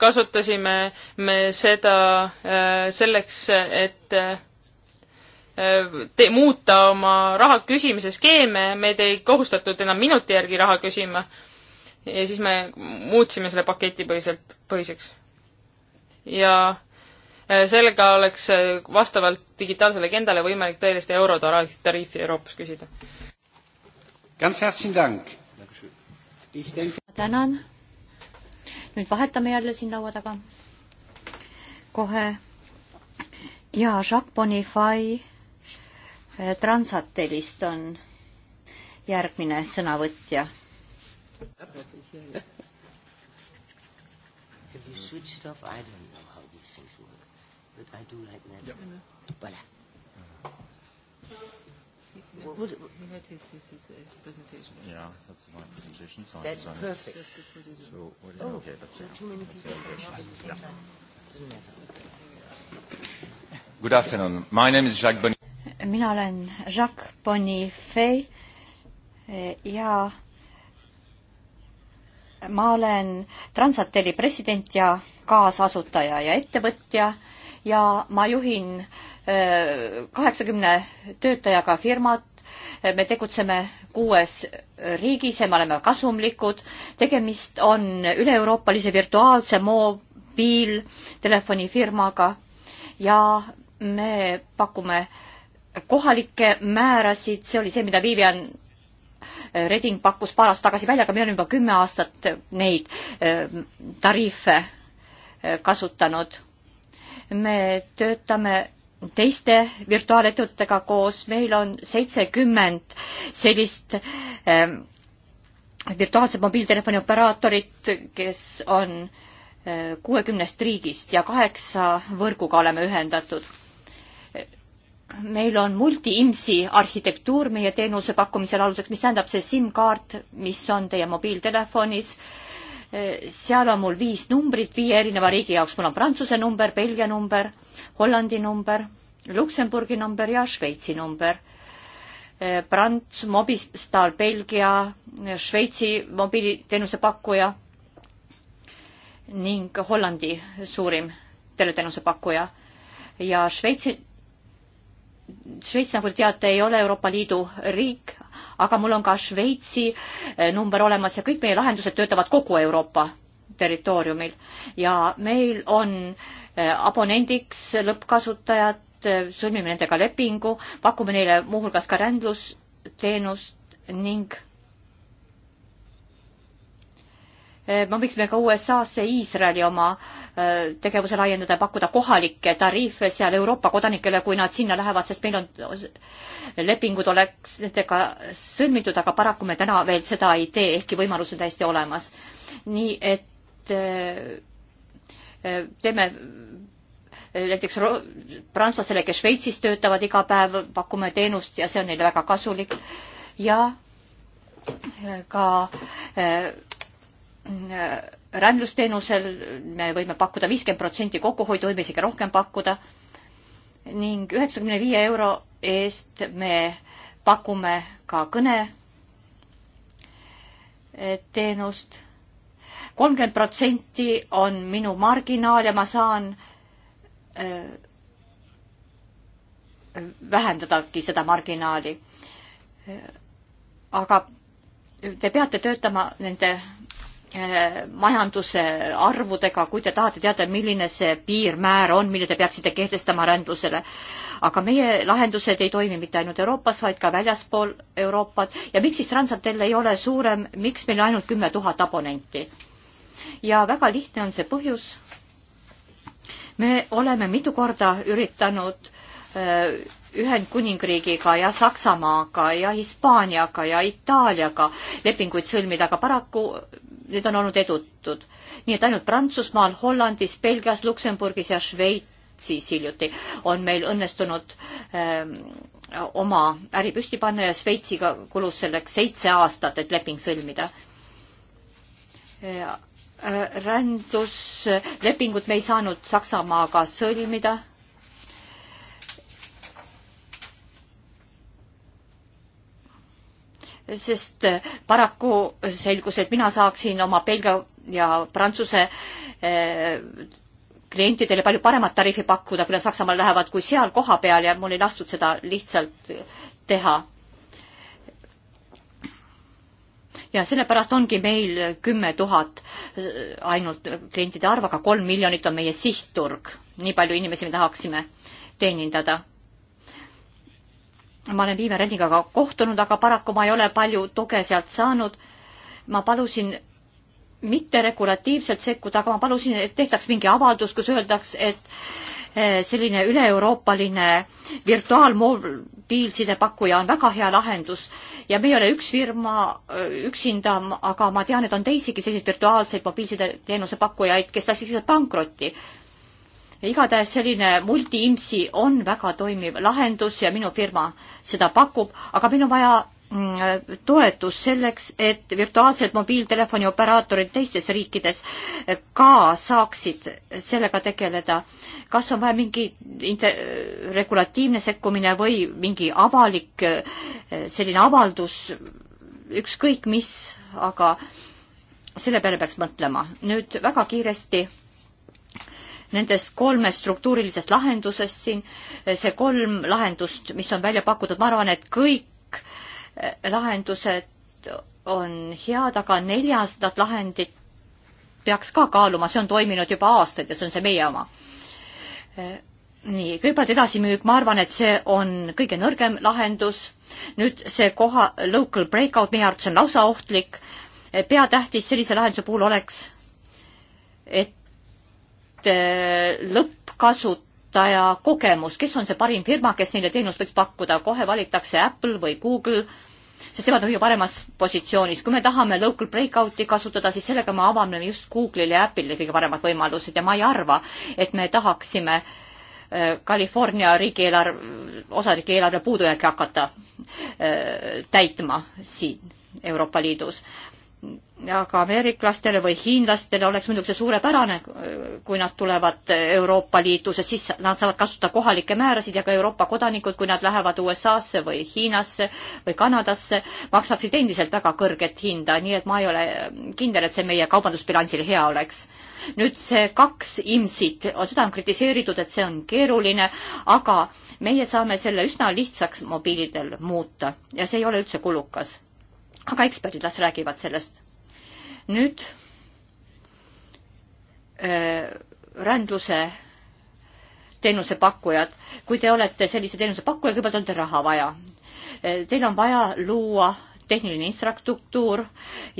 kasutasime me seda äh, selleks, et äh, te, muuta oma raha küsimise skeeme, meid ei kohustatud enam minuti järgi raha küsima. ja siis me muutsime selle paketipõhiselt, põhiseks. ja sellega oleks vastavalt digitaalsele agendale võimalik tõelist eurotariifi Euroopas küsida. tänan nüüd vahetame jälle siin laua taga kohe. ja Jacques Bonifay eh, Transatelist on järgmine sõnavõtja. If you switch it off, I don't know how these things work, but I do like that. Yeah. Voilà. Would, we had his, his, his, uh, his presentation. Yeah, that's my presentation. So that's I'm perfect. Just to put it so, what, oh, okay, that's so too many people that's yeah. yeah. Good afternoon. My name is Jacques Bonny. mina olen Jacques Bonifay eh, ja ma olen Transateli president ja kaasasutaja ja ettevõtja ja ma juhin eh, kaheksakümne töötajaga firmat me tegutseme kuues riigis ja me oleme kasumlikud. tegemist on üle-euroopalise virtuaalse mobiiltelefonifirmaga ja me pakume kohalikke määrasid, see oli see, mida Vivian Reding pakkus paar aastat tagasi välja, aga me oleme juba kümme aastat neid äh, tariife äh, kasutanud. me töötame teiste virtuaalettevõtetega koos, meil on seitsekümmend sellist ähm, virtuaalset mobiiltelefoni operaatorit, kes on äh, kuuekümnest äh, riigist ja kaheksa võrguga oleme ühendatud. meil on multi-IMSI arhitektuur meie teenuse pakkumisel aluseks, mis tähendab see SIM-kaart, mis on teie mobiiltelefonis äh,, seal on mul viis numbrit viie erineva riigi jaoks, mul on Prantsuse number, Belgia number, Hollandi number, Luksemburgi number ja Šveitsi number. Eh, Prants, Mobistal Belgia, eh, Šveitsi mobiiliteenuse pakkuja ning Hollandi suurim teleteenuse pakkuja ja Šveitsi Šveits, nagu te teate, ei ole Euroopa Liidu riik, aga mul on ka Šveitsi eh, number olemas ja kõik meie lahendused töötavad kogu Euroopa territooriumil ja meil on eh, abonendiks lõppkasutajad, eh, sõlmime nendega lepingu, pakume neile muuhulgas ka rändlusteenust ning me võiksime ka USA-sse Iisraeli oma äh, Äh, tegevuse laiendada ja pakkuda kohalikke tariife seal Euroopa kodanikele, kui nad sinna lähevad, sest meil on, lepingud oleks nendega sõlmitud, aga paraku me täna veel seda ei tee, ehkki võimalus on täiesti olemas. nii et äh, äh, teeme näiteks prantslastele, kes Šveitsis töötavad iga päev, pakume teenust ja see on neile väga kasulik ja ka äh, rändlusteenusel me võime pakkuda viiskümmend protsenti kokkuhoidu, võime isegi rohkem pakkuda ning üheksakümne viie euro eest me pakume ka kõne eh, teenust. kolmkümmend protsenti on minu marginaal ja ma saan eh, vähendadagi seda marginaali. Eh, aga te peate töötama nende Äh, majanduse arvudega, kui te tahate teada, milline see piirmäär on, mille te peaksite kehtestama rändlusele. aga meie lahendused ei toimi mitte ainult Euroopas, vaid ka väljaspool Euroopat ja miks siis Transatel ei ole suurem, miks meil ainult kümme tuhat abonenti? ja väga lihtne on see põhjus. me oleme mitu korda üritanud öö, äh, Ühendkuningriigiga ja Saksamaaga ja Hispaaniaga ja Itaaliaga lepinguid sõlmida, aga paraku need on olnud edutud. nii et ainult Prantsusmaal, Hollandis, Belgias, Luksemburgis ja Šveitsis hiljuti on meil õnnestunud ähm, oma äri püsti panna ja Šveitsiga kulus selleks seitse aastat, et leping sõlmida. Äh, ränduslepingut me ei saanud Saksamaaga sõlmida sest eh, paraku selgus, et mina saaksin oma Belgia ja Prantsuse eh, klientidele palju paremat tariifi pakkuda, kui nad Saksamaal lähevad, kui seal kohapeal ja mul ei lastud seda lihtsalt teha. ja sellepärast ongi meil kümme tuhat eh, ainult klientide arv, aga kolm miljonit on meie sihtturg, nii palju inimesi me tahaksime teenindada ma olen Viive Renniga ka kohtunud, aga paraku ma ei ole palju tuge sealt saanud. ma palusin mitte regulatiivselt sekkuda, aga ma palusin, et tehtaks mingi avaldus, kus öeldaks, et eh, selline üle-euroopaline virtuaalmobiilside pakkuja on väga hea lahendus ja me ei ole üks firma eh, üksinda, aga ma tean, et on teisigi selliseid virtuaalseid mobiilside teenuse pakkujaid, kes lasid lihtsalt pankrotti igatahes selline multi-IMSI on väga toimiv lahendus ja minu firma seda pakub, aga meil on vaja mm, toetus selleks, et virtuaalsed mobiiltelefoni operaatorid teistes riikides eh, ka saaksid sellega tegeleda. kas on vaja mingi regulatiivne sekkumine või mingi avalik eh, selline avaldus, ükskõik mis, aga selle peale peaks mõtlema. nüüd väga kiiresti nendest kolmest struktuurilisest lahendusest siin, see kolm lahendust, mis on välja pakutud, ma arvan, et kõik eh, lahendused on head, aga neljandat lahendit peaks ka kaaluma, see on toiminud juba aastaid ja see on see meie oma. Eh, nii, kõigepealt edasimüük, ma arvan, et see on kõige nõrgem lahendus, nüüd see koha, local breakout, meie arvates on lausa ohtlik, eh, peatähtis sellise lahenduse puhul oleks, et Eh, lõppkasutaja kogemus, kes on see parim firma, kes neile teenust võiks pakkuda, kohe valitakse Apple või Google, sest nemad on kõige paremas positsioonis. kui me tahame local breakout'i kasutada, siis sellega me avame just Google'ile ja Apple'ile kõige paremad võimalused ja ma ei arva, et me tahaksime eh, California riigieelarve, osariigi eelarve puudujääki hakata eh, täitma siin Euroopa Liidus aga ameeriklastele või hiinlastele oleks muidugi see suurepärane, kui nad tulevad Euroopa Liitu, sest siis nad saavad kasutada kohalikke määrasid ja ka Euroopa kodanikud, kui nad lähevad USA-sse või Hiinasse või Kanadasse, maksaksid endiselt väga kõrget hinda, nii et ma ei ole kindel, et see meie kaubandusbilansil hea oleks. nüüd see kaks IMSit, seda on kritiseeritud, et see on keeruline, aga meie saame selle üsna lihtsaks mobiilidel muuta ja see ei ole üldse kulukas. aga eksperdid las räägivad sellest nüüd äh, rändluse teenusepakkujad, kui te olete sellise teenusepakkuja, kõigepealt on teil raha vaja. Äh, teil on vaja luua tehniline infrastruktuur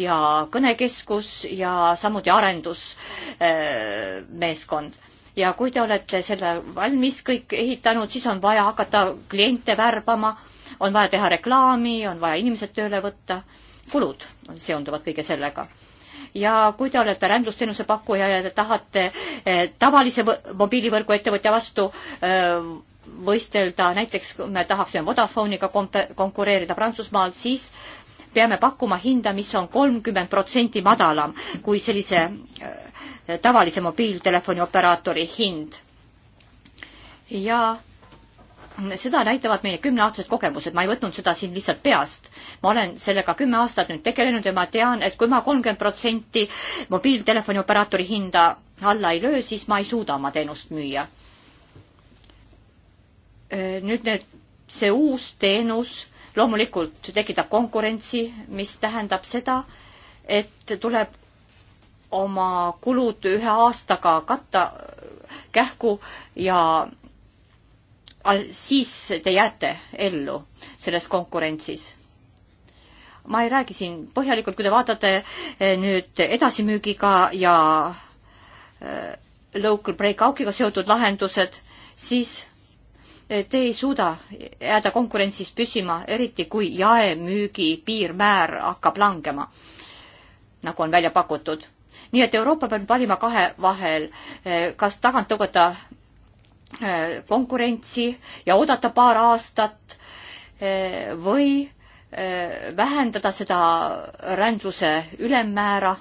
ja kõnekeskus ja samuti arendusmeeskond. Äh, ja kui te olete selle valmis kõik ehitanud, siis on vaja hakata kliente värbama, on vaja teha reklaami, on vaja inimesed tööle võtta, kulud seonduvad kõige sellega ja kui te olete arendusteenuse pakkuja ja te tahate eh, tavalise mobiilivõrguettevõtja vastu eh, võistelda, näiteks kui me tahaksime Vodafoniga konkureerida Prantsusmaal, siis peame pakkuma hinda, mis on kolmkümmend protsenti madalam kui sellise eh, tavalise mobiiltelefoni operaatori hind. ja seda näitavad meie kümneaastased kogemused, ma ei võtnud seda siin lihtsalt peast. ma olen sellega kümme aastat nüüd tegelenud ja ma tean, et kui ma kolmkümmend protsenti mobiiltelefoni operaatori hinda alla ei löö, siis ma ei suuda oma teenust müüa. nüüd need, see uus teenus loomulikult tekitab konkurentsi, mis tähendab seda, et tuleb oma kulud ühe aastaga katta kähku ja siis te jääte ellu selles konkurentsis. ma ei räägi siin põhjalikult, kui te vaatate eh, nüüd edasimüügiga ja eh, local break-out'iga seotud lahendused, siis eh, te ei suuda jääda konkurentsis püsima, eriti kui jaemüügi piirmäär hakkab langema, nagu on välja pakutud nii et Euroopa peab valima kahe vahel, kas tagant tõugata Äh, konkurentsi ja oodata paar aastat äh, või äh, vähendada seda rändluse ülemmäära,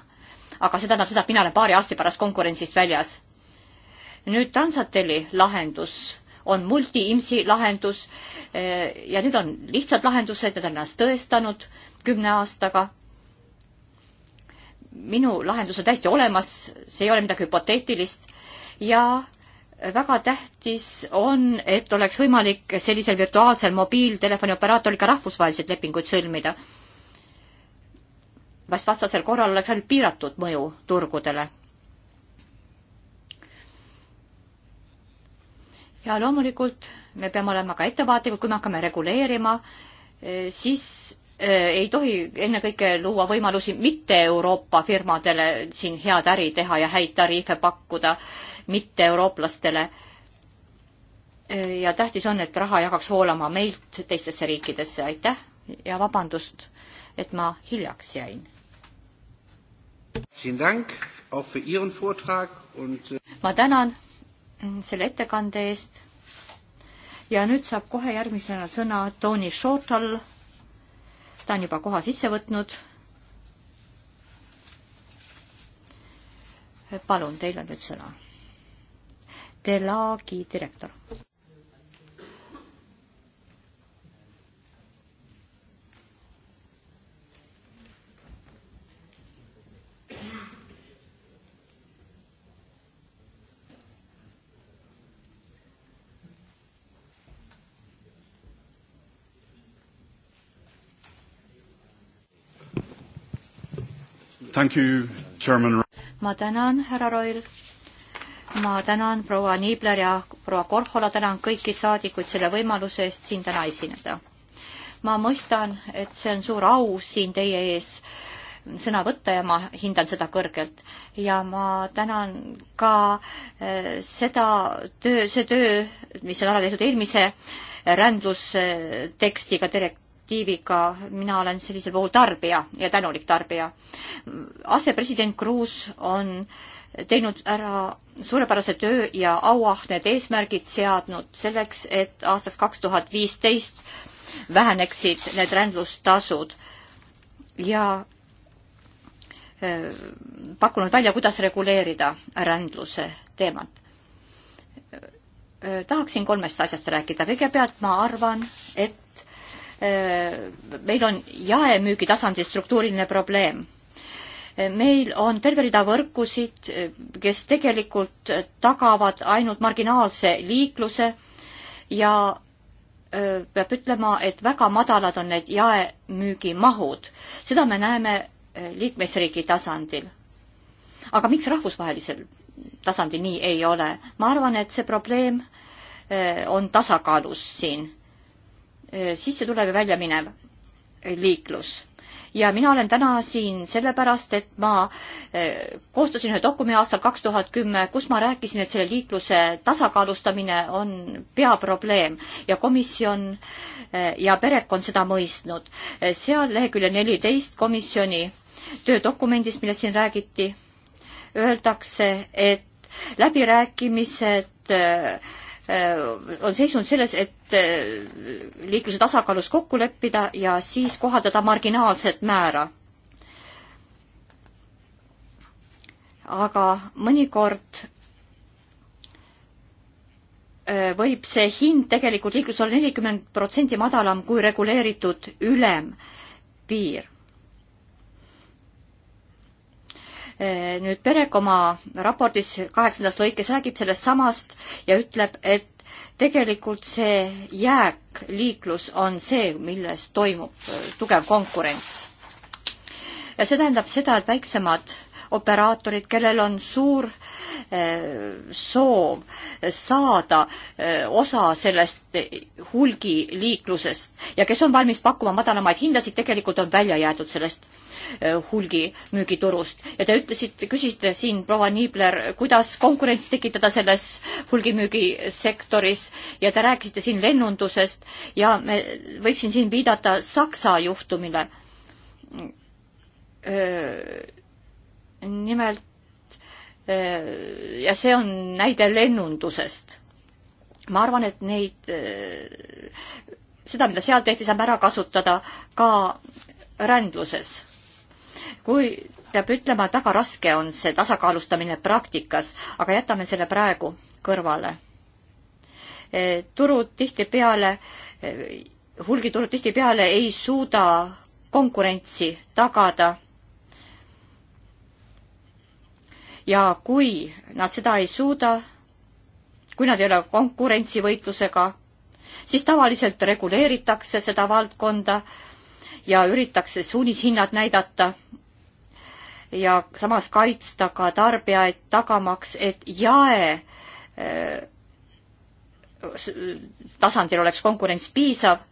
aga see tähendab seda, et mina olen paari aasta pärast konkurentsist väljas. nüüd Transateli lahendus on multi-IMSI lahendus ja need on lihtsad lahendused, need on ennast tõestanud kümne aastaga. minu lahendus on täiesti olemas, see ei ole midagi hüpoteetilist ja väga tähtis on, et oleks võimalik sellisel virtuaalsel mobiiltelefoni operaatoriga rahvusvahelised lepingud sõlmida. vast vastasel korral oleks ainult piiratud mõju turgudele. ja loomulikult me peame olema ka ettevaatlikud, kui me hakkame reguleerima, eh, siis eh, ei tohi ennekõike luua võimalusi mitte Euroopa firmadele siin head äri teha ja häid tariife pakkuda mitte-eurooplastele. ja tähtis on, et raha jagaks voolama meilt teistesse riikidesse, aitäh ja vabandust, et ma hiljaks jäin. Äh, ma tänan selle ettekande eest ja nüüd saab kohe järgmisena sõna Tony Shortall. ta on juba koha sisse võtnud. palun, teil on nüüd sõna Delagi direktor. Thank you, Chairman. ma tänan, härra Roil ma tänan proua Niibler ja proua Korhola, tänan kõiki saadikuid selle võimaluse eest siin täna esineda. ma mõistan, et see on suur au siin teie ees sõna võtta ja ma hindan seda kõrgelt. ja ma tänan ka eh, seda töö, see töö, mis on ära tehtud eelmise rändlustekstiga, direktiiviga, mina olen sellisel puhul tarbija ja tänulik tarbija. asepresident Kruus on äh, teinud ära suurepärase töö ja auahned eesmärgid seadnud selleks, et aastaks kaks tuhat viisteist väheneksid need rändlustasud ja pakkunud välja, kuidas reguleerida rändluse teemat. tahaksin kolmest asjast rääkida. kõigepealt ma arvan, et meil on jaemüügi tasandil struktuuriline probleem meil on terve rida võrkusid, kes tegelikult tagavad ainult marginaalse liikluse ja öö, peab ütlema, et väga madalad on need jaemüügimahud. seda me näeme liikmesriigi tasandil. aga miks rahvusvahelisel tasandil nii ei ole? ma arvan, et see probleem öö, on tasakaalus siin. sisse tulev ja välja minev liiklus ja mina olen täna siin sellepärast, et ma eh, koostasin ühe dokumendi aastal kaks tuhat kümme, kus ma rääkisin, et selle liikluse tasakaalustamine on peaprobleem ja komisjon eh, ja perekond seda mõistnud. Eh, seal lehekülje neliteist komisjoni töödokumendis, millest siin räägiti, öeldakse, et läbirääkimised Äh, on seisnud selles, et äh, liikluse tasakaalus kokku leppida ja siis kohaldada marginaalset määra. aga mõnikord äh, võib see hind tegelikult liikluses olla nelikümmend protsenti madalam kui reguleeritud ülempiir Eh, nüüd Perek oma raportis kaheksandas lõikes räägib sellest samast ja ütleb, et tegelikult see jääkliiklus on see, milles toimub eh, tugev konkurents. ja see tähendab seda, et väiksemad operaatorid, kellel on suur eh, soov saada eh, osa sellest hulgiliiklusest ja kes on valmis pakkuma madalamaid hindasid, tegelikult on välja jäetud sellest eh, hulgimüügiturust. ja te ütlesite, küsisite siin, proua Niibler, kuidas konkurents tekitada selles hulgimüügisektoris ja te rääkisite siin lennundusest ja me võiksin siin viidata Saksa juhtumile nimelt eh, ja see on näide lennundusest. ma arvan, et neid, eh, seda, mida seal tehti, saame ära kasutada ka rändluses. kui peab ütlema, et väga raske on see tasakaalustamine praktikas, aga jätame selle praegu kõrvale. Eh, turud tihtipeale, hulgiturud tihtipeale ei suuda konkurentsi tagada ja kui nad seda ei suuda, kui nad ei ole konkurentsivõitlusega, siis tavaliselt reguleeritakse seda valdkonda ja üritatakse suunishinnad näidata ja samas kaitsta ka tarbijaid, tagamaks, et jae äh, tasandil oleks konkurents piisav.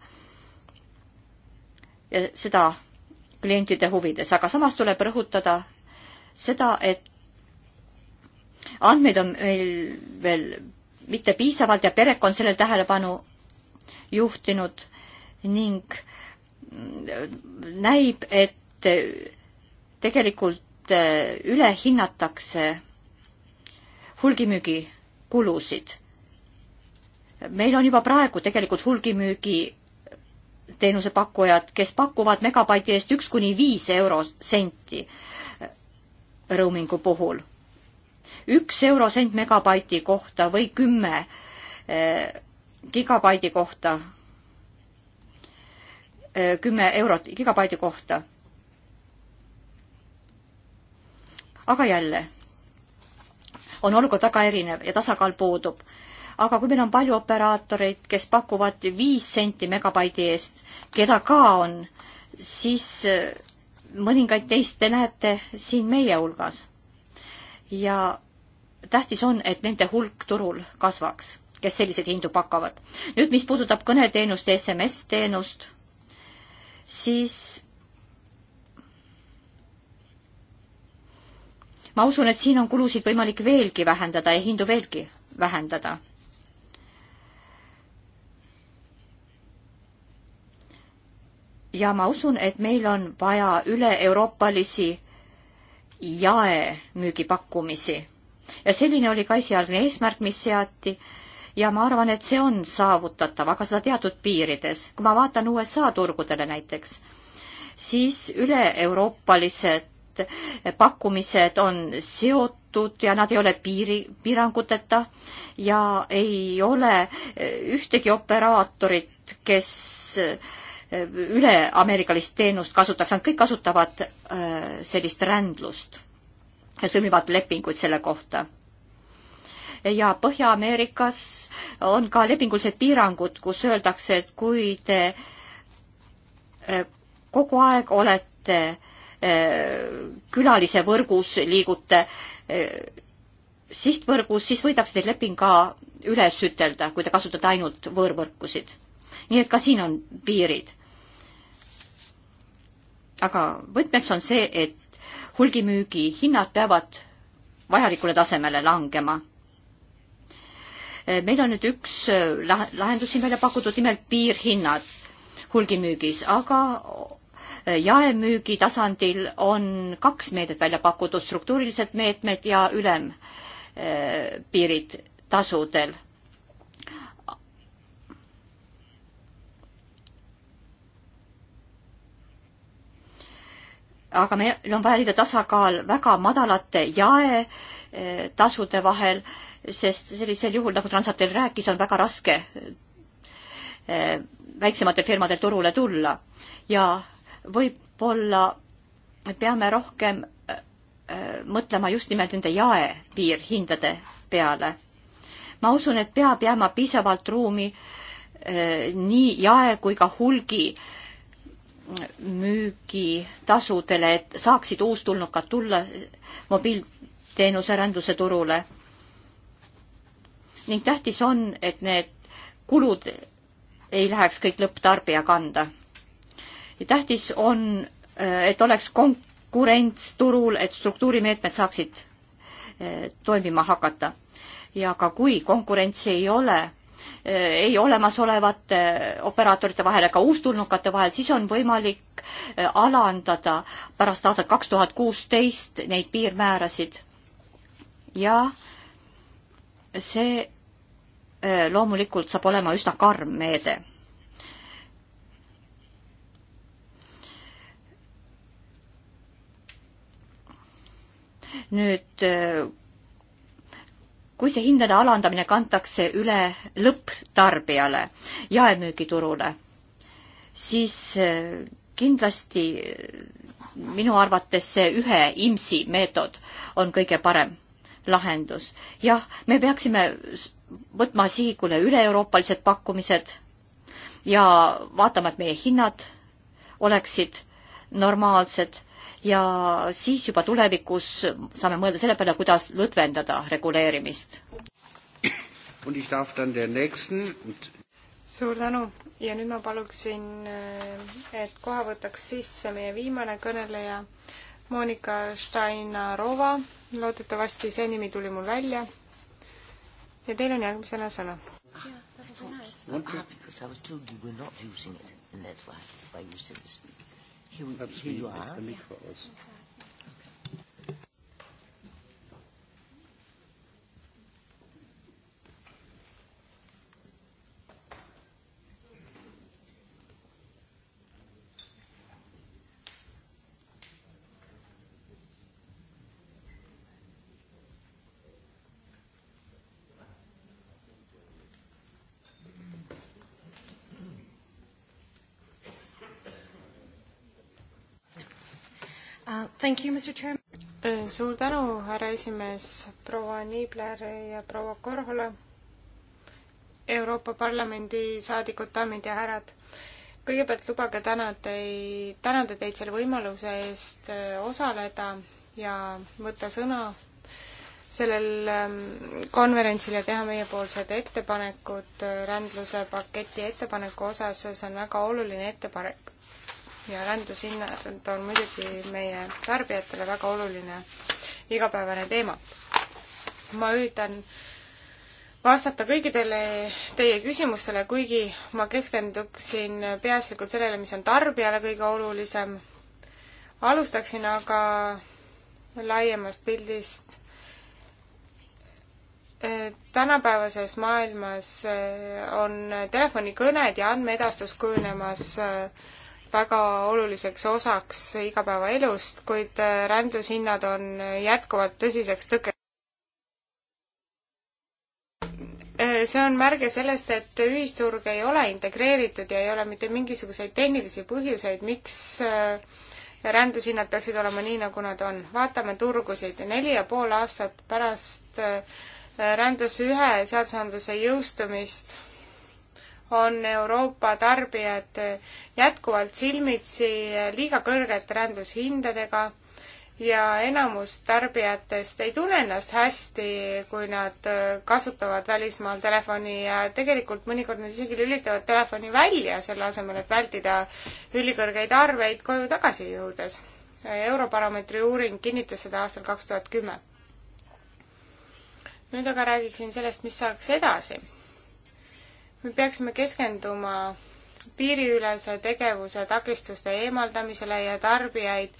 seda klientide huvides, aga samas tuleb rõhutada seda, et andmeid on meil veel mitte piisavalt ja Perek on sellele tähelepanu juhtinud ning näib, et tegelikult äh, üle hinnatakse hulgimüügi kulusid. meil on juba praegu tegelikult hulgimüügi teenusepakkujad, kes pakuvad megabaiti eest üks kuni viis eurosenti roaming'u puhul üks eurosent megabaiti kohta või kümme eh, gigabaidi kohta, eh, kümme eurot gigabaidi kohta. aga jälle, on olukord väga erinev ja tasakaal puudub aga kui meil on palju operaatoreid, kes pakuvad viis senti megabaidi eest, keda ka on, siis eh, mõningaid teist te näete siin meie hulgas. ja tähtis on, et nende hulk turul kasvaks, kes selliseid hindu pakavad. nüüd, mis puudutab kõneteenust ja SMS-teenust, siis ma usun, et siin on kulusid võimalik veelgi vähendada ja hindu veelgi vähendada. ja ma usun, et meil on vaja üle-euroopalisi jaemüügipakkumisi ja selline oli ka esialgne eesmärk, mis seati ja ma arvan, et see on saavutatav, aga seda teatud piirides. kui ma vaatan USA turgudele näiteks, siis üle-euroopalised pakkumised on seotud ja nad ei ole piiri, piiranguteta ja ei ole ühtegi operaatorit, kes üle-ameerikalist teenust kasutaks, nad kõik kasutavad äh, sellist rändlust sõlmivad lepinguid selle kohta. ja Põhja-Ameerikas on ka lepingulised piirangud, kus öeldakse, et kui te eh, kogu aeg olete eh, külalise võrgus, liigute eh, sihtvõrgus, siis võidakse teil leping ka üles ütelda, kui te kasutate ainult võõrvõrkusid. nii et ka siin on piirid. aga võtmeks on see, et hulgimüügi hinnad peavad vajalikule tasemele langema. Eh, meil on nüüd üks eh, lahendus siin välja pakutud, nimelt piirhinnad hulgimüügis, aga eh, jaemüügi tasandil on kaks meedet välja pakutud, struktuurilised meetmed ja ülempiirid tasudel aga meil on vaja leida tasakaal väga madalate jaetasude eh, vahel, sest sellisel juhul, nagu Transatel rääkis, on väga raske eh, väiksematel firmadel turule tulla ja võib-olla peame rohkem eh, mõtlema just nimelt nende jaepiirhindade peale. ma usun, et peab jääma piisavalt ruumi nii jae kui ka hulgi äh, müügitasudele, et saaksid uustulnukad tulla mobiilteenuse ränduse turule. ning tähtis on, et need kulud ei läheks kõik lõpptarbija kanda. ja tähtis on, et oleks konkurents turul, et struktuurimeetmed saaksid eh, toimima hakata. ja ka kui konkurentsi ei ole, Eh, ei olemasolevate eh, operaatorite vahel ega uustulnukate vahel, siis on võimalik eh, alandada pärast aastat kaks tuhat kuusteist neid piirmäärasid. ja see loomulikult saab olema üsna karm meede nüüd kui see hindade alandamine kantakse üle lõpptarbijale, jaemüügiturule, siis eh, kindlasti eh, minu arvates see ühe IMSI meetod on kõige parem lahendus. jah, me peaksime võtma sihikule üle-euroopalised pakkumised ja vaatama, et meie hinnad oleksid normaalsed ja siis juba tulevikus saame mõelda selle peale, kuidas lõdvendada reguleerimist. suur tänu ja nüüd ma paluksin, äh, et kohe võtaks sisse meie viimane kõneleja, Monika Štainarova, loodetavasti see nimi tuli mul välja. ja teil on järgmisena sõna. Ah, because I was told you were not using it, and that's why, why you said this. Here, here you are. The micro was. Thank you, Mr Chairman. Äh, suur tänu, härra esimees, proua Niibler ja proua Korhola, Euroopa Parlamendi saadikud, daamid ja härrad. kõigepealt lubage täna teid, tänada teid selle võimaluse eest äh, osaleda ja võtta sõna sellel ähm, konverentsil ja teha meiepoolsed ettepanekud äh, rändluse paketi ettepaneku osas, see on väga oluline ettepanek ja rändushinnad on muidugi meie tarbijatele väga oluline igapäevane teema. ma üritan vastata kõikidele teie küsimustele, kuigi ma keskenduksin peaasjalikult sellele, mis on tarbijale kõige olulisem. alustaksin aga laiemast pildist. tänapäevases maailmas on telefonikõned ja andmeedastus kujunemas äh, väga oluliseks osaks igapäevaelust, kuid äh, rändlushinnad on jätkuvalt tõsiseks tõke-. Äh, see on märge sellest, et ühisturg ei ole integreeritud ja ei ole mitte mingisuguseid tehnilisi põhjuseid, miks äh, rändushinnad peaksid olema nii, nagu nad on. vaatame turgusid, neli ja pool aastat pärast rändus ühe seadusandluse jõustumist on Euroopa tarbijad jätkuvalt silmitsi liiga kõrgete rändushindadega ja enamus tarbijatest ei tunne ennast hästi, kui nad kasutavad välismaal telefoni ja tegelikult mõnikord nad isegi lülitavad telefoni välja, selle asemel, et vältida ülikõrgeid arveid koju tagasi jõudes. Eurobaromeetri uuring kinnitas seda aastal kaks tuhat kümme. nüüd aga räägiksin sellest, mis saaks edasi me peaksime keskenduma piiriülese tegevuse takistuste eemaldamisele ja tarbijaid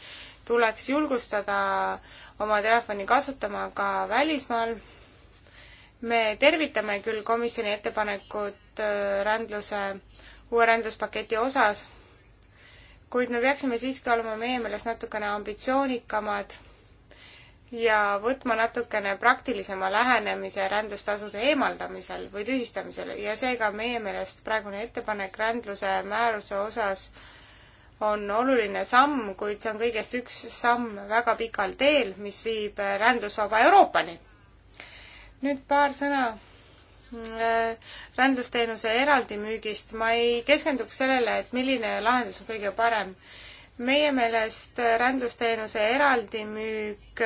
tuleks julgustada oma telefoni kasutama ka välismaal. me tervitame küll komisjoni ettepanekut äh, rändluse, uue rändluspaketi osas, kuid me peaksime siiski olema meie meelest natukene ambitsioonikamad ja võtma natukene praktilisema lähenemise rändlustasude eemaldamisel või tühistamisel ja seega meie meelest praegune ettepanek rändluse määruse osas on oluline samm, kuid see on kõigest üks samm väga pikal teel, mis viib rändlusvaba Euroopani. nüüd paar sõna äh, rändlusteenuse eraldi müügist. ma ei keskenduks sellele, et milline lahendus on kõige parem meie meelest rändlusteenuse eraldimüük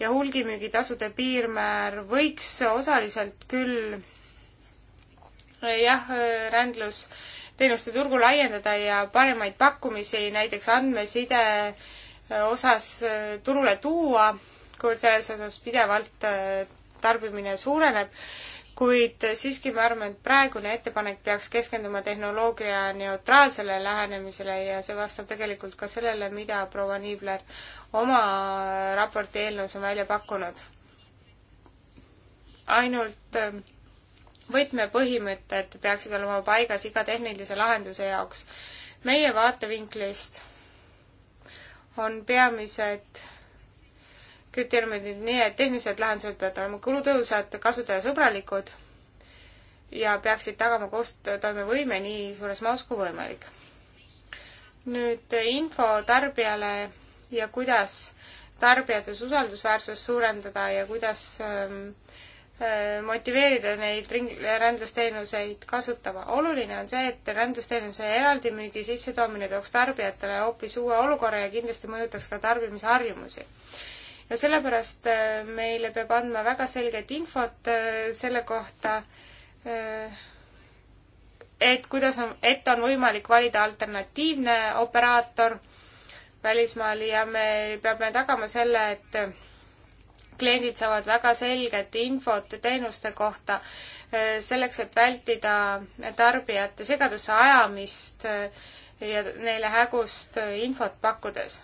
ja hulgimüügitasude piirmäär võiks osaliselt küll jah, rändlusteenuste turgu laiendada ja paremaid pakkumisi näiteks andmeside osas turule tuua, kuid selles osas pidevalt tarbimine suureneb kuid siiski me arvame, et praegune ettepanek peaks keskenduma tehnoloogia neutraalsele lähenemisele ja see vastab tegelikult ka sellele, mida proua Niibler oma raporti eelnõus on välja pakkunud. ainult ähm, võtmepõhimõtted peaksid olema paigas iga tehnilise lahenduse jaoks. meie vaatevinklist on peamised kriteeriumid, nii et tehnilised lahendused peavad olema kulutõhusad, kasutajasõbralikud ja peaksid tagama koostoimevõime nii suures mahus kui võimalik. nüüd info tarbijale ja kuidas tarbijates usaldusväärsust suurendada ja kuidas ähm, äh, motiveerida neid ring-, rändusteenuseid kasutama. oluline on see, et rändusteenuse eraldi müügi sissetoomine tooks tarbijatele hoopis uue olukorra ja kindlasti mõjutaks ka tarbimisharjumusi ja sellepärast äh, meile peab andma väga selget infot äh, selle kohta, äh, et kuidas on, et on võimalik valida alternatiivne operaator välismaal ja me peame tagama selle, et kliendid saavad väga selget infot teenuste kohta selleks, et vältida tarbijate segadusse ajamist ja neile hägust infot pakkudes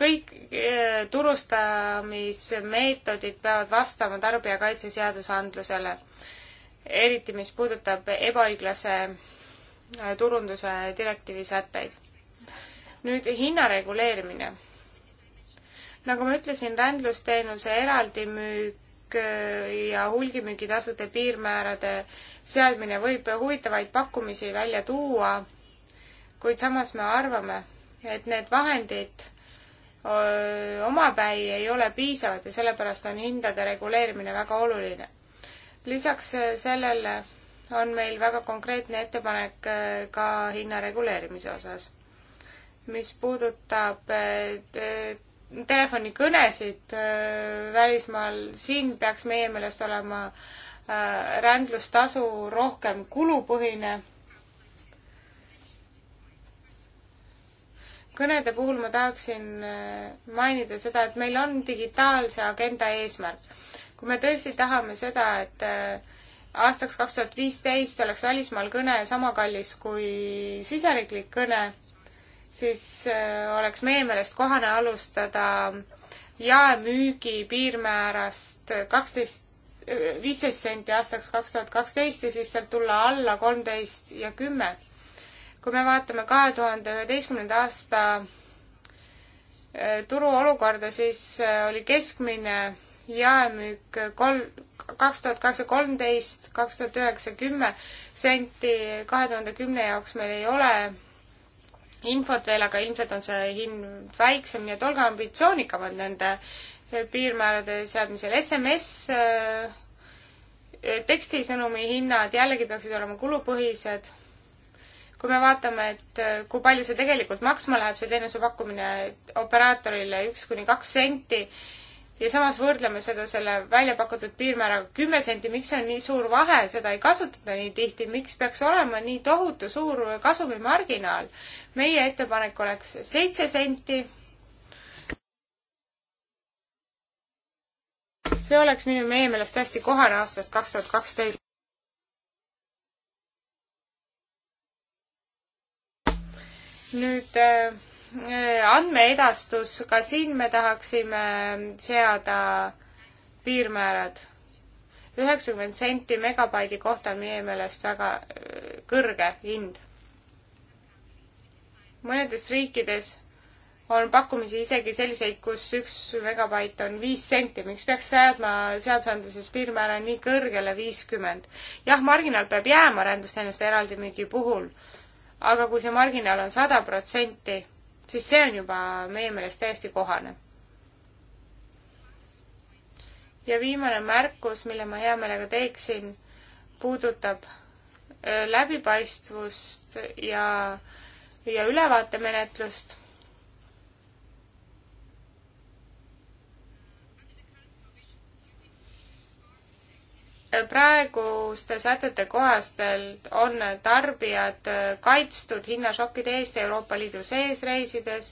kõik eh, turustamismeetodid peavad vastama tarbijakaitse seadusandlusele, eriti mis puudutab ebaõiglase eh, turunduse direktiivi sätteid. nüüd hinna reguleerimine. nagu ma ütlesin, rändlusteenuse eraldimüük eh, ja hulgimüügitasude piirmäärade seadmine võib huvitavaid pakkumisi välja tuua, kuid samas me arvame, et need vahendid, omapäi ei ole piisavad ja sellepärast on hindade reguleerimine väga oluline. lisaks sellele on meil väga konkreetne ettepanek ka hinna reguleerimise osas, mis puudutab telefonikõnesid välismaal, siin peaks meie meelest olema rändlustasu rohkem kulupõhine kõnede puhul ma tahaksin äh, mainida seda, et meil on digitaalse agenda eesmärk. kui me tõesti tahame seda, et äh, aastaks kaks tuhat viisteist oleks välismaal kõne sama kallis kui siseriiklik kõne, siis äh, oleks meie meelest kohane alustada jaemüügi piirmäärast kaksteist, viisteist senti aastaks kaks tuhat kaksteist ja siis sealt tulla alla kolmteist ja kümme kui me vaatame kahe tuhande üheteistkümnenda aasta eh, turuolukorda, siis eh, oli keskmine jaemüük kolm, kaks tuhat kaheksa kolmteist, kaks tuhat üheksa kümme senti, kahe tuhande kümne jaoks meil ei ole infot veel, aga ilmselt on see hind väiksem, nii et olge ambitsioonikamad nende eh, piirmäärade seadmisel. SMS tekstisõnumi hinnad jällegi peaksid olema kulupõhised kui me vaatame, et äh, kui palju see tegelikult maksma läheb, see teenuse pakkumine operaatorile üks kuni kaks senti, ja samas võrdleme seda selle välja pakutud piirmääraga kümme senti, miks see on nii suur vahe, seda ei kasutata nii tihti, miks peaks olema nii tohutu suur kasumimarginaal? meie ettepanek oleks seitse senti. see oleks minu, meie meelest hästi kohane aastast kaks tuhat kaksteist. nüüd äh, andmeedastus, ka siin me tahaksime seada piirmäärad. üheksakümmend senti megabaidi kohta on meie meelest väga äh, kõrge hind. mõnedes riikides on pakkumisi isegi selliseid, kus üks megabait on viis senti, miks peaks seadma seadusandluses piirmäära nii kõrgele viiskümmend? jah, marginaal peab jääma arendusteenuste eraldimüügi puhul aga kui see marginaal on sada protsenti, siis see on juba meie meelest täiesti kohane. ja viimane märkus, mille ma hea meelega teeksin, puudutab äh, läbipaistvust ja, ja ülevaatemenetlust praeguste sätete kohastelt on tarbijad kaitstud hinnašokkide eest Euroopa Liidu sees reisides,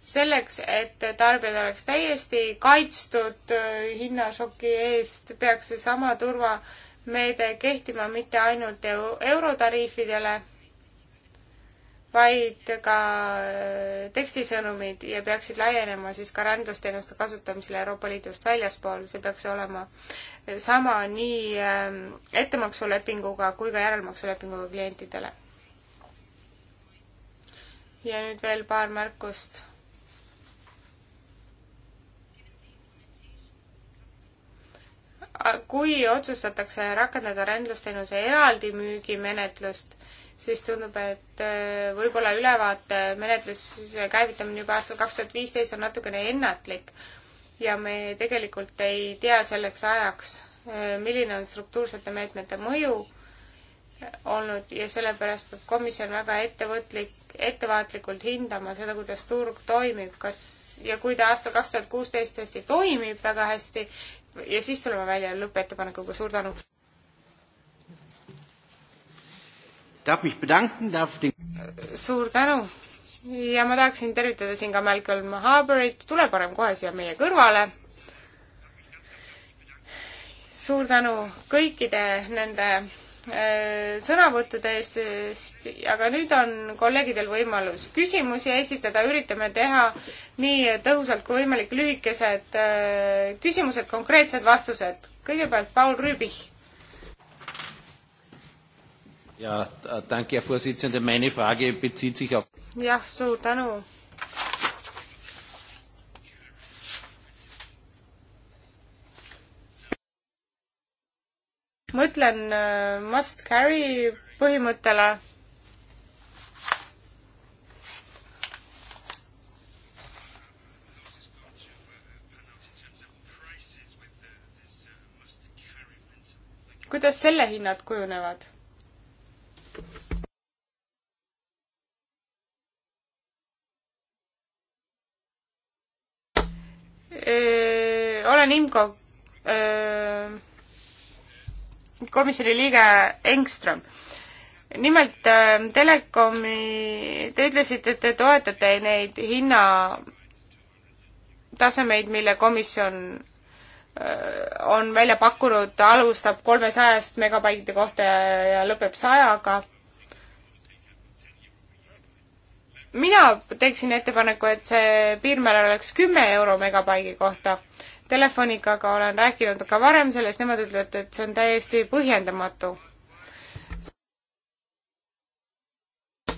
selleks, et tarbijad oleks täiesti kaitstud hinnašoki eest, peaks seesama turvameede kehtima mitte ainult eurotariifidele, vaid ka äh, tekstisõnumid ja peaksid laienema siis ka rändusteenuste kasutamisele Euroopa Liidust väljaspool, see peaks olema sama nii ähm, ettemaksulepinguga kui ka järelmaksulepinguga klientidele. ja nüüd veel paar märkust. kui otsustatakse rakendada rändlusteenuse eraldi müügimenetlust, siis tundub, et äh, võib-olla ülevaate menetluse käivitamine juba aastal kaks tuhat viisteist on natukene ennatlik ja me tegelikult ei tea selleks ajaks, milline on struktuursete meetmete mõju olnud ja sellepärast peab komisjon väga ettevõtlik, ettevaatlikult hindama seda, kuidas turg toimib, kas ja kui ta aastal kaks tuhat kuusteist tõesti toimib väga hästi ja siis tuleme välja lõppettepanekuga, suur tänu! suur tänu! ja ma tahaksin tervitada siin ka Malcolm Harbourit, tule parem kohe siia meie kõrvale. suur tänu kõikide nende äh, sõnavõttude eest, sest aga nüüd on kolleegidel võimalus küsimusi esitada, üritame teha nii tõhusalt kui võimalik lühikesed äh, küsimused, konkreetsed vastused. kõigepealt Paul Rüübich ja äh, danke, Herr Vorsitzende, meine Frage bezieht sich auf. jah, suur tänu. ma ütlen äh, must carry põhimõttele kuidas selle hinnad kujunevad? Äh, olen IMCO äh, komisjoni liige Engström. nimelt öö, äh, Telekomi, te ütlesite, et te toetate neid hinnatasemeid, mille komisjon Äh, on välja pakkunud, alustab kolmesajast megabaiti kohta ja lõpeb sajaga. mina teeksin ettepaneku, et see piirmäär oleks kümme euro megabaigi kohta. Telefonikaga olen rääkinud ka varem sellest, nemad ütlevad, et see on täiesti põhjendamatu.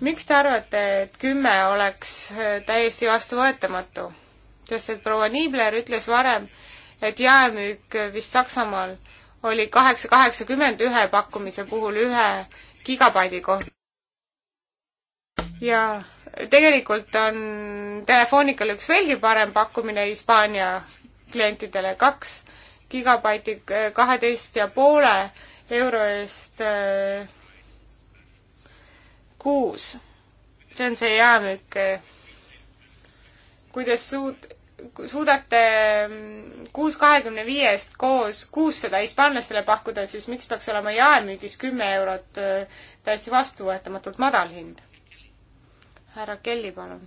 miks te arvate, et kümme oleks äh, täiesti vastuvõetamatu? sest et proua Niibler ütles varem, et jaemüük vist Saksamaal oli kaheksa kaheksakümmend ühe pakkumise puhul ühe gigabaidi kohta. ja tegelikult on Telefonikal üks veelgi parem pakkumine Hispaania klientidele, kaks gigabaiti kaheteist ja poole euro eest äh, kuus. see on see jaemüük. Äh, kuidas suud-, suudate kuus kahekümne viiest koos kuussada hispaanlastele pakkuda, siis miks peaks olema jaemüügis kümme eurot äh, täiesti vastuvõetamatult madal hind? härra Kelly, palun.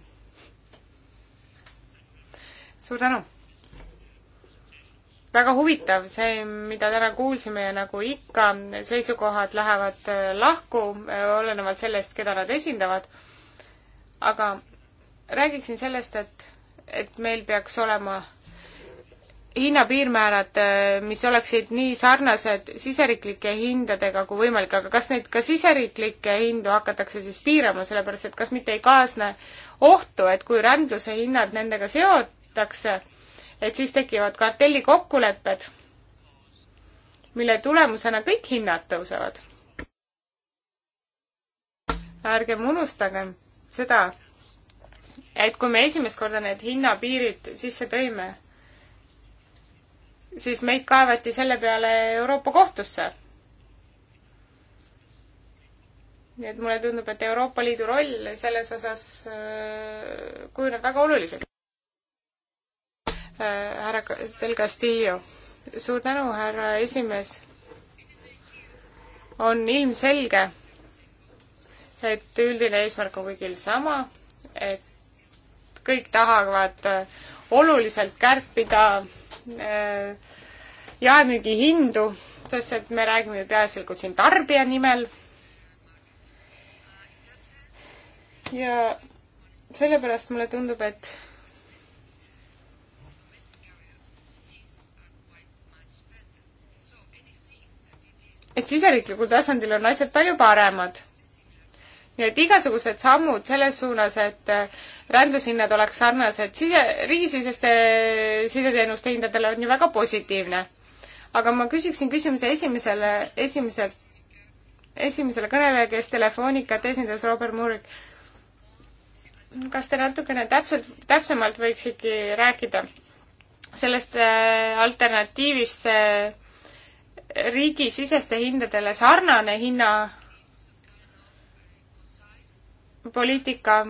suur tänu! väga huvitav see, mida täna kuulsime ja nagu ikka, seisukohad lähevad äh, lahku, äh, olenevalt sellest, keda nad esindavad. aga räägiksin sellest, et et meil peaks olema hinnapiirmäärad, äh, mis oleksid nii sarnased siseriiklike hindadega kui võimalik, aga kas neid ka siseriiklikke hindu hakatakse siis piirama, sellepärast et kas mitte ei kaasne ohtu, et kui rändluse hinnad nendega seotakse, et siis tekivad kartellikokkulepped, mille tulemusena kõik hinnad tõusevad. ärgem unustagem seda et kui me esimest korda need hinnapiirid sisse tõime, siis meid kaevati selle peale Euroopa kohtusse. nii et mulle tundub, et Euroopa Liidu roll selles osas äh, kujuneb väga oluliseks. Äh, härra Del Castillo, suur tänu, härra esimees. on ilmselge, et üldine eesmärk on kõigil sama, et kõik tahavad äh, oluliselt kärpida äh, jaemüügi hindu, sest et me räägime peaasjalikult siin tarbija nimel. ja sellepärast mulle tundub, et et siseriiklikul tasandil on asjad palju paremad nii et igasugused sammud selles suunas, et äh, rändlushinnad oleks sarnased sise, riigisiseste äh, sideteenuste hindadele on ju väga positiivne. aga ma küsiksin küsimuse esimesele, esimeselt, esimesele kõnele, kes Telefonikat esindas, Robert Murik. kas te natukene täpselt, täpsemalt võiksidki rääkida sellest äh, alternatiivist see riigisiseste hindadele sarnane hinna poliitika,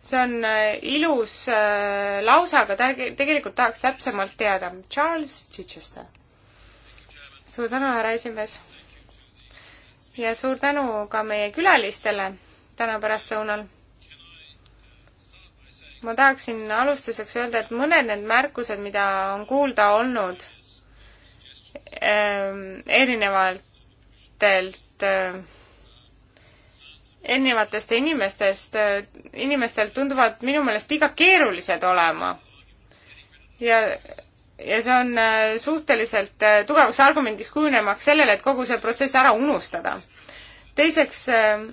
see on äh, ilus äh, lause, aga ta-, tegelikult tahaks täpsemalt teada. Charles Chichester. suur tänu, härra esimees! ja suur tänu ka meie külalistele täna pärastlõunal ma tahaksin alustuseks öelda, et mõned need märkused, mida on kuulda olnud ähm, erinevatelt äh, erinevatest inimestest, inimestel tunduvad minu meelest liiga keerulised olema. ja, ja see on äh, suhteliselt äh, tugevaks argumendiks kujunemaks sellele, et kogu see protsess ära unustada. teiseks äh,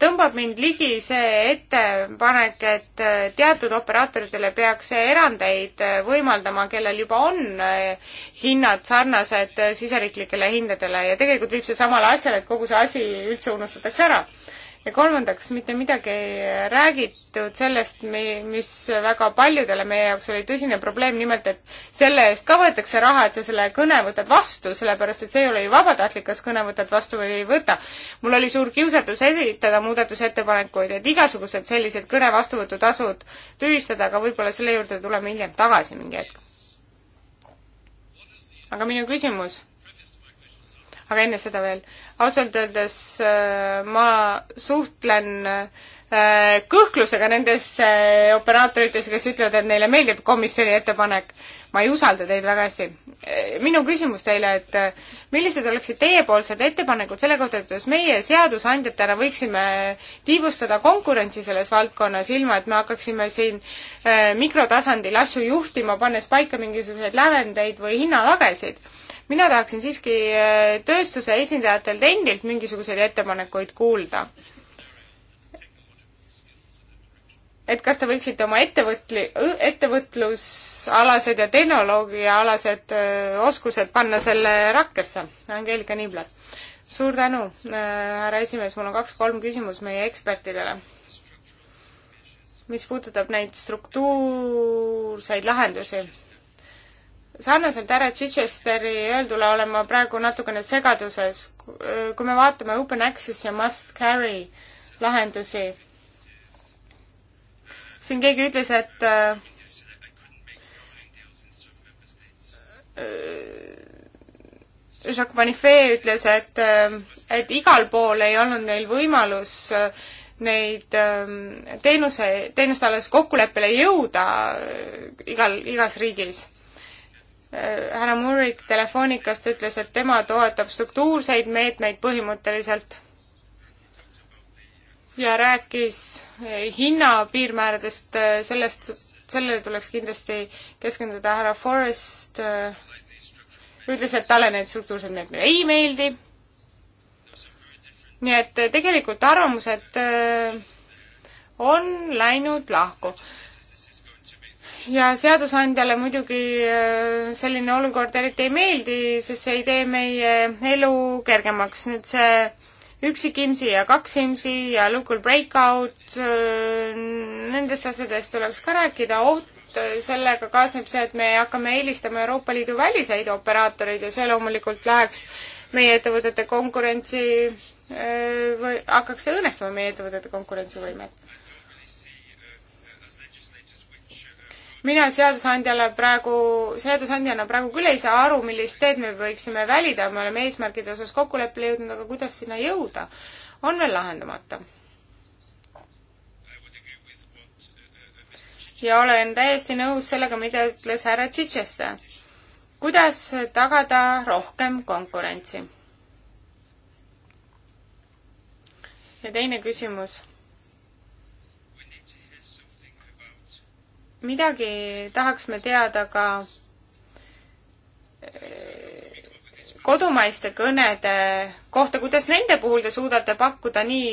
tõmbab mind ligi see ettepanek, et teatud operaatoritele peaks erandeid võimaldama, kellel juba on hinnad sarnased siseriiklikele hindadele ja tegelikult viib see samale asjale, et kogu see asi üldse unustatakse ära ja kolmandaks, mitte midagi ei räägitud sellest, mis väga paljudele meie jaoks oli tõsine probleem, nimelt et selle eest ka võetakse raha, et sa selle kõne võtad vastu, sellepärast et see ei ole ju vabatahtlik, kas kõne võtad vastu või ei võta. mul oli suur kiusatus esitada muudatusettepanekuid, et igasugused sellised kõne vastuvõtutasud tühistada, aga võib-olla selle juurde tuleme hiljem tagasi mingi hetk. aga minu küsimus aga enne seda veel, ausalt öeldes äh, ma suhtlen äh, Äh, kõhklusega nendesse äh, operaatoritesse, kes ütlevad, et neile meeldib komisjoni ettepanek. ma ei usalda teid väga hästi. Äh, minu küsimus teile, et millised oleksid teiepoolsed ettepanekud selle kohta, et kuidas meie seadusandjatena võiksime tiibustada konkurentsi selles valdkonnas, ilma et me hakkaksime siin mikrotasandil asju juhtima, pannes paika mingisuguseid lävendeid või hinnalagesid mina tahaksin siiski tööstuse esindajatelt endilt mingisuguseid ettepanekuid kuulda et kas te võiksite oma ettevõtli-, ettevõtlusalased ja tehnoloogiaalased oskused panna selle rakkesse? Angeelika Niibler. suur tänu, härra esimees, mul on kaks-kolm küsimust meie ekspertidele. mis puudutab neid struktuurseid lahendusi, sarnaselt härra Chichesteri öeldule olen ma praegu natukene segaduses. kui me vaatame open access ja must carry lahendusi, siin keegi ütles, et äh, Jacques Manifet ütles, et, äh, et igal pool ei olnud neil võimalus äh, neid teenuse, teenuste alles kokkuleppele jõuda igal, igas riigis. härra Murrik Telefonikast ütles, et tema toetab struktuurseid meetmeid põhimõtteliselt ja rääkis eh, hinnapiirmääradest, eh, sellest, sellele tuleks kindlasti keskenduda, härra Forrest eh, ütles, et talle need struktuursed meetmed ei meeldi. nii et tegelikult arvamused on läinud lahku. ja seadusandjale muidugi selline olukord eriti ei meeldi, sest see ei tee meie elu kergemaks. nüüd see üksikimsi ja kaksimsi ja local breakout, äh, nendest asjadest tuleks ka rääkida, oht äh, sellega kaasneb see, et me hakkame eelistama Euroopa Liidu väliseid operaatoreid ja see loomulikult läheks meie ettevõtete konkurentsi äh, või hakkaks see õõnestama meie ettevõtete konkurentsivõimet mina seadusandjale praegu, seadusandjana praegu küll ei saa aru, millist teed me võiksime välida, me oleme eesmärgide osas kokkuleppele jõudnud, aga kuidas sinna jõuda, on veel lahendamata. ja olen täiesti nõus sellega, mida ütles härra Chichester. kuidas tagada rohkem konkurentsi? ja teine küsimus midagi tahaks me teada ka eh, kodumaiste kõnede kohta, kuidas nende puhul te suudate pakkuda nii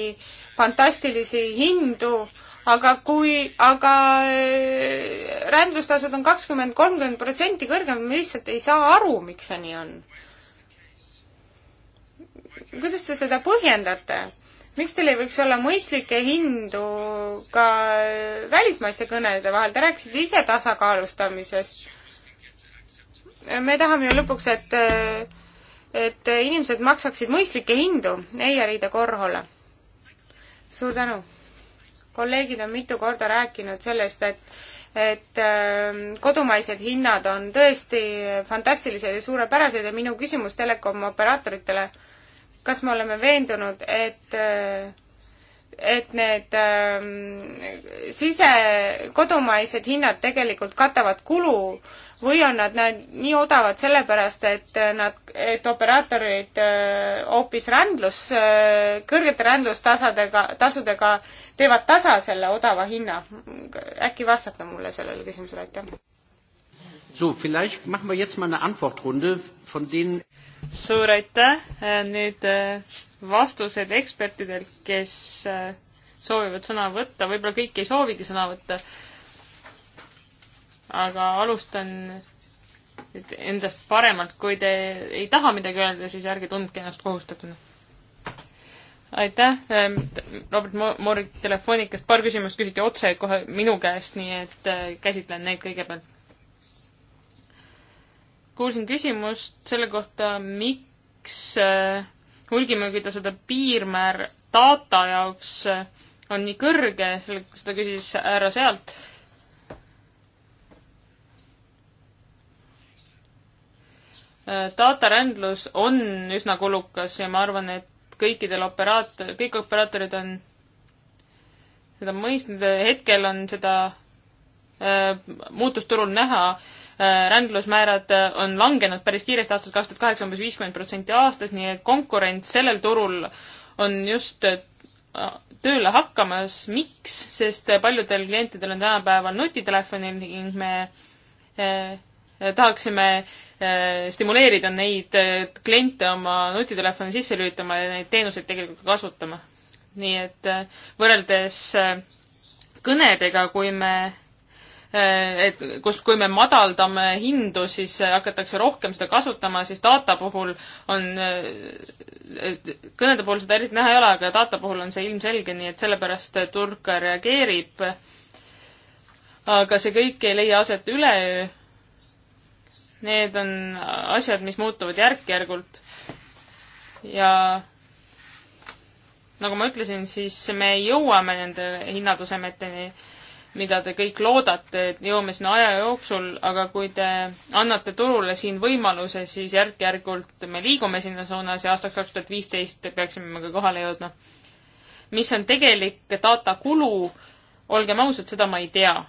fantastilisi hindu, aga kui, aga eh, rändlustasud on kakskümmend, kolmkümmend protsenti kõrgem, me lihtsalt ei saa aru, miks see nii on. kuidas te seda põhjendate? miks teil ei võiks olla mõistlikke hindu ka välismaiste kõnede vahel, te rääkisite ise tasakaalustamisest. me tahame ju lõpuks, et, et inimesed maksaksid mõistlikke hindu, ei Riida Korhole. suur tänu. kolleegid on mitu korda rääkinud sellest, et et ähm, kodumaised hinnad on tõesti fantastilised ja suurepärased ja minu küsimus telekomooperaatoritele äh, kas me oleme veendunud, et et need ähm, sise, kodumaised hinnad tegelikult katavad kulu või on nad, nad nii odavad sellepärast, et nad, et operaatorid äh, hoopis äh, rändlus äh,, kõrgete rändlustasadega, tasudega teevad tasa selle odava hinna. äkki vastate mulle sellele küsimusele, aitäh? So, vielleicht machen wir jetzt mal eine Antwortrunde von denen suur aitäh, nüüd äh, vastused ekspertidelt, kes äh, soovivad sõna võtta, võib-olla kõik ei soovigi sõna võtta. aga alustan nüüd endast paremalt, kui te ei taha midagi öelda, siis ärge tundke ennast kohustatuna. aitäh, ähm, Robert Moorik Telefonikast, paar küsimust küsiti otse kohe minu käest, nii et äh, käsitlen neid kõigepealt kuulsin küsimust selle kohta, miks äh, hulgimüügitasude piirmäär data jaoks äh, on nii kõrge, selle, seda küsis härra sealt. Äh, datarändlus on üsna kulukas ja ma arvan, et kõikidel operaator, kõik operaatorid on seda mõistnud, hetkel on seda äh, muutusturul näha äh, Äh, rändlusmäärad äh, on langenud päris kiiresti aastast kaks tuhat kaheksa umbes viiskümmend protsenti aastas, nii et konkurents sellel turul on just äh, tööle hakkamas. miks? sest paljudel klientidel on tänapäeval nutitelefonil ning me tahaksime stimuleerida neid kliente oma nutitelefoni sisse lülitama ja neid teenuseid tegelikult kasutama. nii et võrreldes kõnedega, kui me Eh, et kus, kui me madaldame hindu, siis hakatakse rohkem seda kasutama, siis data puhul on, eh, kõnede puhul seda eriti näha ei ole, aga data puhul on see ilmselge, nii et sellepärast turg ka reageerib. aga see kõik ei leia aset üleöö. Need on asjad, mis muutuvad järk-järgult. ja nagu ma ütlesin, siis me jõuame nende hinnatasemeteni mida te kõik loodate, et jõuame sinna aja jooksul, aga kui te annate turule siin võimaluse, siis järk-järgult me liigume sinna suunas ja aastaks kaks tuhat viisteist peaksime me ka kohale jõudma. mis on tegelik data kulu, olgem ausad, seda ma ei tea.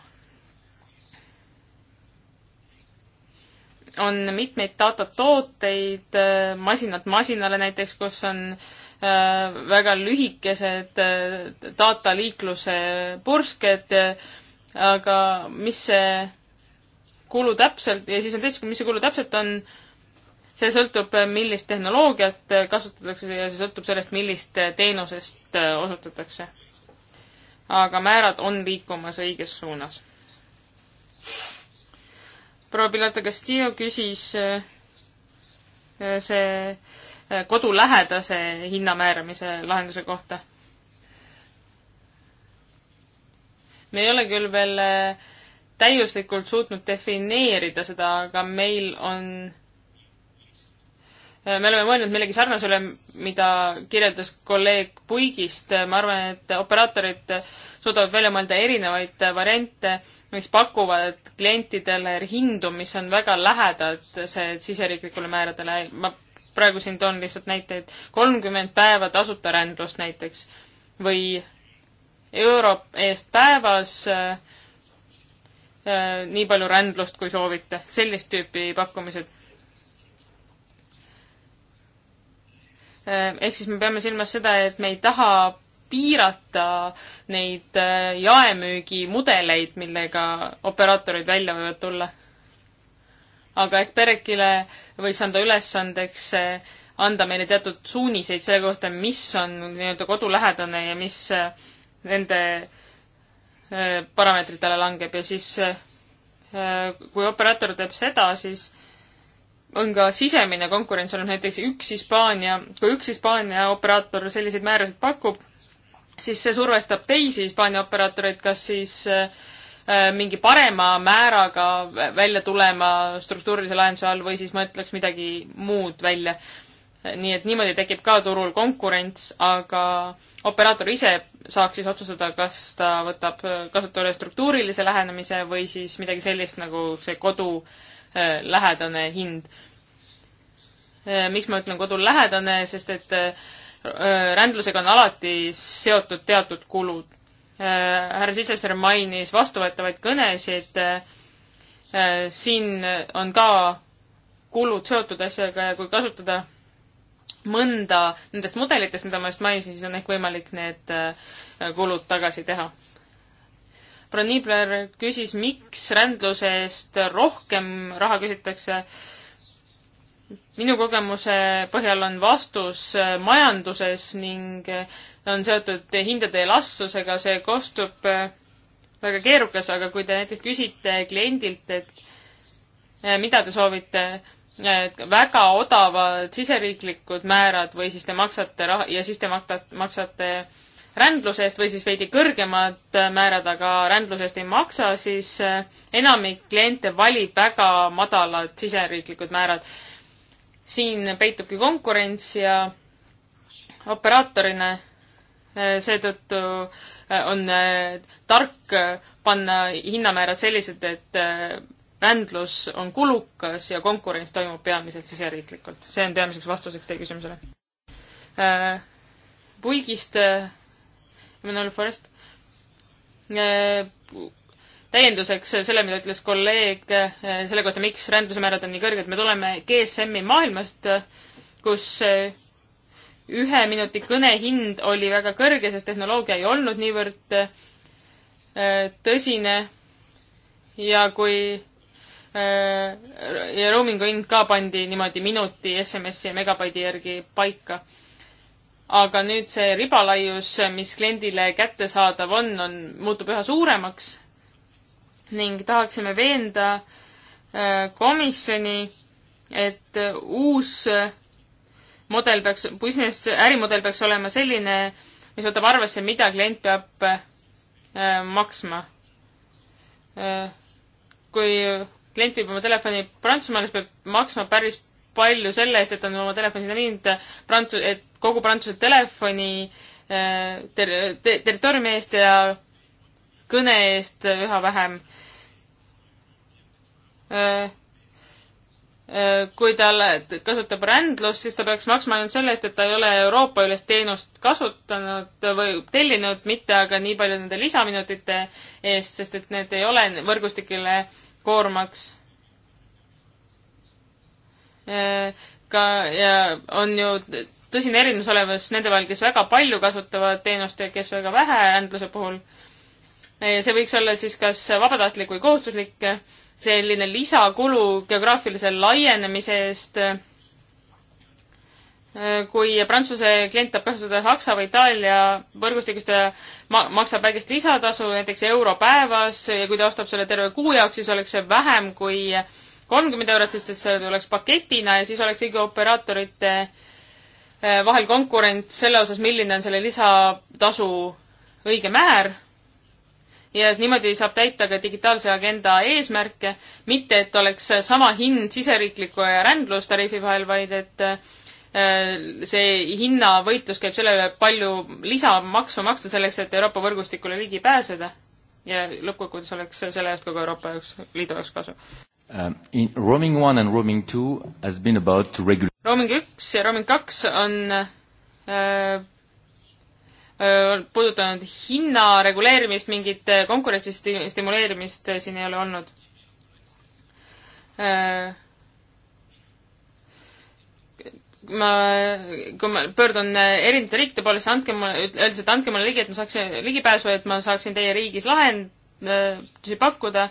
on mitmeid data tooteid, masinad masinale näiteks, kus on äh, Äh, väga lühikesed dataliikluse äh, pursked, äh, aga mis see kulu täpselt ja siis on teiseks, mis see kulu täpselt on, see sõltub, millist tehnoloogiat kasutatakse ja see sõltub sellest, millist teenusest osutatakse. aga määrad on liikumas õiges suunas. proua Pilar de Castillo küsis see Äh, kodulähedase hinna määramise lahenduse kohta. me ei ole küll veel äh, täiuslikult suutnud defineerida seda, aga meil on, äh, me oleme mõelnud millegi sarnasele, mida kirjeldas kolleeg Puigist, ma arvan, et operaatorid suudavad välja mõelda erinevaid variante, mis pakuvad klientidele hindu, mis on väga lähedad see siseriiklikule määradele. ma praegu siin toon lihtsalt näiteid, kolmkümmend päeva tasuta rändlust näiteks või euro eest päevas äh, äh, nii palju rändlust, kui soovite, sellist tüüpi pakkumised äh,. ehk siis me peame silmas seda, et me ei taha piirata neid äh, jaemüügimudeleid, millega operaatorid välja võivad tulla aga ehk Berekile võiks anda ülesandeks eh, anda meile teatud suuniseid selle kohta, mis on nii-öelda kodulähedane ja mis eh, nende eh, parameetritele langeb ja siis kui operaator teeb seda, siis on ka sisemine konkurents olnud näiteks üks Hispaania, kui üks Hispaania operaator selliseid määrasid pakub, siis see survestab teisi Hispaania operaatoreid, kas siis äh, Äh, mingi parema määraga välja tulema struktuurilise lahenduse all või siis ma ütleks midagi muud välja. nii et niimoodi tekib ka turul konkurents, aga operaator ise saaks siis otsustada, kas ta võtab kasutusele struktuurilise lähenemise või siis midagi sellist nagu see kodulähedane äh, hind. Äh, miks ma ütlen kodulähedane, sest et rändlusega on alati seotud teatud kulud Äh, härra Sisesar mainis vastuvõetavaid kõnesid, äh, äh, siin on ka kulud seotud asjaga ja kui kasutada mõnda nendest mudelitest, mida ma just mainisin, siis on ehk võimalik need kulud tagasi teha. proua Niibler küsis, miks rändluse eest rohkem raha küsitakse. minu kogemuse põhjal on vastus majanduses ning on seotud hindade elastsusega, see kostub äh, väga keerukas, aga kui te näiteks küsite kliendilt, et äh, mida te soovite, väga odavad siseriiklikud määrad või siis te maksate raha ja siis te maksate, maksate rändluse eest või siis veidi kõrgemad määrad, aga rändluse eest ei maksa, siis äh, enamik kliente valib väga madalad siseriiklikud määrad. siin peitubki konkurents ja operaatorina Eh, seetõttu eh, on eh, tark panna hinnamäärad sellised, et rändlus on kulukas ja konkurents toimub peamiselt siseriiklikult. see on peamiseks vastuseks teie küsimusele. puigist, Emmanuel Forest, täienduseks selle, mida ütles kolleeg selle kohta, miks rändlusemäärad on nii kõrged, me tuleme GSM-i maailmast, kus ühe minuti kõne hind oli väga kõrge, sest tehnoloogia ei olnud niivõrd äh, tõsine ja kui äh, ja roomingu hind ka pandi niimoodi minuti SMS-i ja megabaidi järgi paika. aga nüüd see ribalaius, mis kliendile kättesaadav on, on, muutub üha suuremaks ning tahaksime veenda äh, komisjoni, et uus mudel peaks, business, ärimudel peaks olema selline, mis võtab arvesse, mida klient peab äh, maksma äh,. kui klient viib oma telefoni Prantsusmaale, siis peab maksma päris palju selle eest, et on oma telefoni sinna viinud Prantsu-, et kogu Prantsuse telefoni äh, ter-, ter-, territooriumi eest ja kõne eest üha vähem äh, Äh, kui ta kasutab rändlust, siis ta peaks maksma ainult selle eest, et ta ei ole Euroopa üles teenust kasutanud või tellinud, mitte aga nii palju nende lisaminutite eest, sest et need ei ole võrgustikele koormaks. Äh, ka ja on ju tõsine erinevus olemas nende vahel, kes väga palju kasutavad teenust ja kes väga vähe rändluse puhul. Äh, see võiks olla siis kas vabatahtlik või kohustuslik selline lisakulu geograafilise laienemise eest, kui Prantsuse klient tahab kasutada Saksa või Itaalia võrgustikust ja ma-, maksab väikest lisatasu, näiteks euro päevas, ja kui ta ostab selle terve kuu jaoks, siis oleks see vähem kui kolmkümmend eurot, sest see tuleks paketina ja siis oleks kõigi operaatorite eh, vahel konkurents selle osas, milline on selle lisatasu õige määr ja niimoodi saab täita ka digitaalse agenda eesmärke, mitte et oleks sama hind siseriikliku ja rändlustariifi vahel, vaid et äh, see hinnavõitlus käib selle üle, palju lisamaksu maksta selleks, et Euroopa võrgustikule ligi pääseda ja lõppkokkuvõttes oleks selle eest kogu Euroopa jaoks, liidu jaoks kasu. Um, in roaming one and roaming two has been about to regulate roaming üks ja roaming kaks on äh, puudutanud hinna reguleerimist, mingit konkurentsi stimuleerimist siin ei ole olnud. ma, kui ma pöördun erinevate riikide poole, siis andke mulle, öeldes, et andke mulle ligi, et ma saaksin ligipääsu, et ma saaksin teie riigis lahendusi pakkuda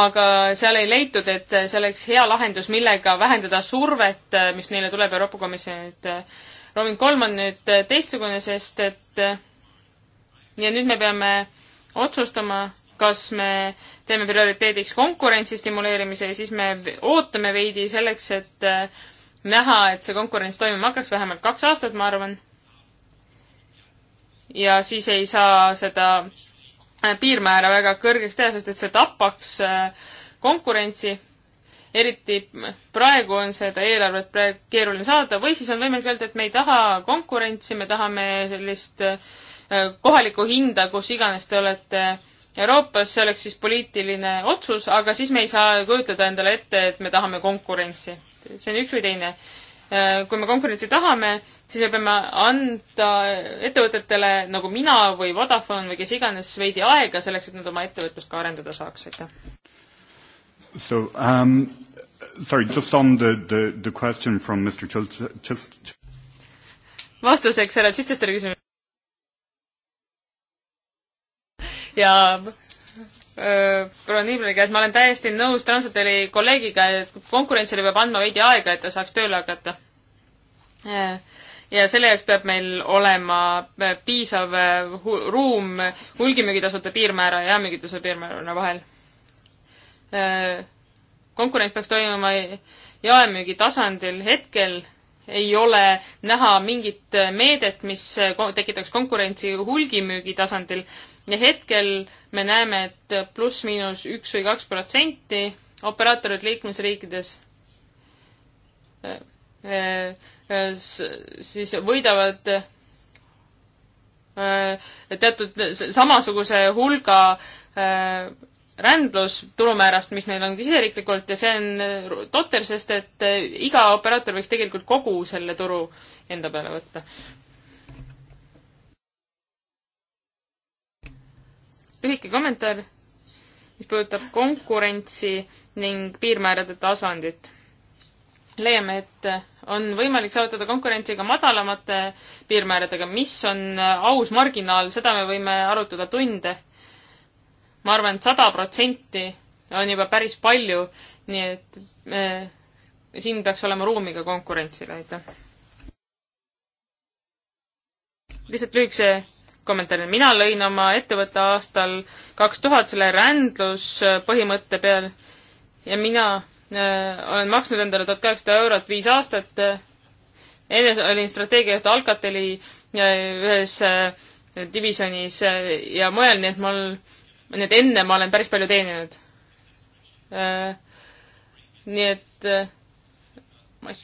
aga seal ei leitud, et see oleks hea lahendus, millega vähendada survet, mis neile tuleb Euroopa Komisjonilt roaming kolm on nüüd äh, teistsugune, sest et äh, ja nüüd me peame otsustama, kas me teeme prioriteediks konkurentsi stimuleerimise ja siis me ootame veidi selleks, et äh, näha, et see konkurents toimima hakkaks, vähemalt kaks aastat, ma arvan. ja siis ei saa seda piirmäära väga kõrgeks teha, sest et see tapaks konkurentsi eriti praegu on seda eelarvet praegu keeruline saada või siis on võimalik öelda, et me ei taha konkurentsi, me tahame sellist äh, kohalikku hinda, kus iganes te olete Euroopas, see oleks siis poliitiline otsus, aga siis me ei saa kujutada endale ette, et me tahame konkurentsi. see on üks või teine. Äh, kui me konkurentsi tahame, siis me peame anda ettevõtetele nagu mina või Vodafone või kes iganes veidi aega selleks, et nad oma ettevõtlust ka arendada saaks, aitäh. So, um, sorry, just on the, the, the question from Mr. Chil-, Chil- vastuseks härra Chichesteri küsimusele. ja äh, proua Niibleriga, et ma olen täiesti nõus Transateli kolleegiga, et konkurentsile peab andma veidi aega, et ta saaks tööle hakata. Äh, ja selle jaoks peab meil olema äh, piisav hu ruum hulgimüügitasude piirmäära ja jaemüügitasude piirmäära vahel Äh, konkurents peaks toimuma jaemüügi tasandil hetkel ei ole näha mingit meedet, mis äh, tekitaks konkurentsi hulgimüügi tasandil ja hetkel me näeme, et pluss-miinus üks või kaks protsenti operaatorid liikmesriikides äh, siis võidavad teatud samasuguse hulga rändlus tulumäärast, mis meil on siseriiklikult ja see on äh, totter, sest et äh, iga operaator võiks tegelikult kogu selle turu enda peale võtta. lühike kommentaar, mis puudutab konkurentsi ning piirmäärade tasandit. leiame, et äh, on võimalik saavutada konkurentsiga madalamate piirmääradega, mis on aus marginaal, seda me võime arutada tunde ma arvan et, et sada protsenti on juba päris palju, nii et me, eh, siin peaks olema ruumi ka konkurentsile, aitäh. lihtsalt lühikese kommentaari, mina lõin oma ettevõtte aastal kaks tuhat selle rändluspõhimõtte peal ja mina äh, olen maksnud endale tuhat kaheksasada eurot viis aastat äh,. enne olin strateegiajuht Alcateli eh, ühes äh, divisjonis äh, ja mujal, nii et mul äh, nii et enne ma olen päris palju teeninud. Äh, nii et äh, ma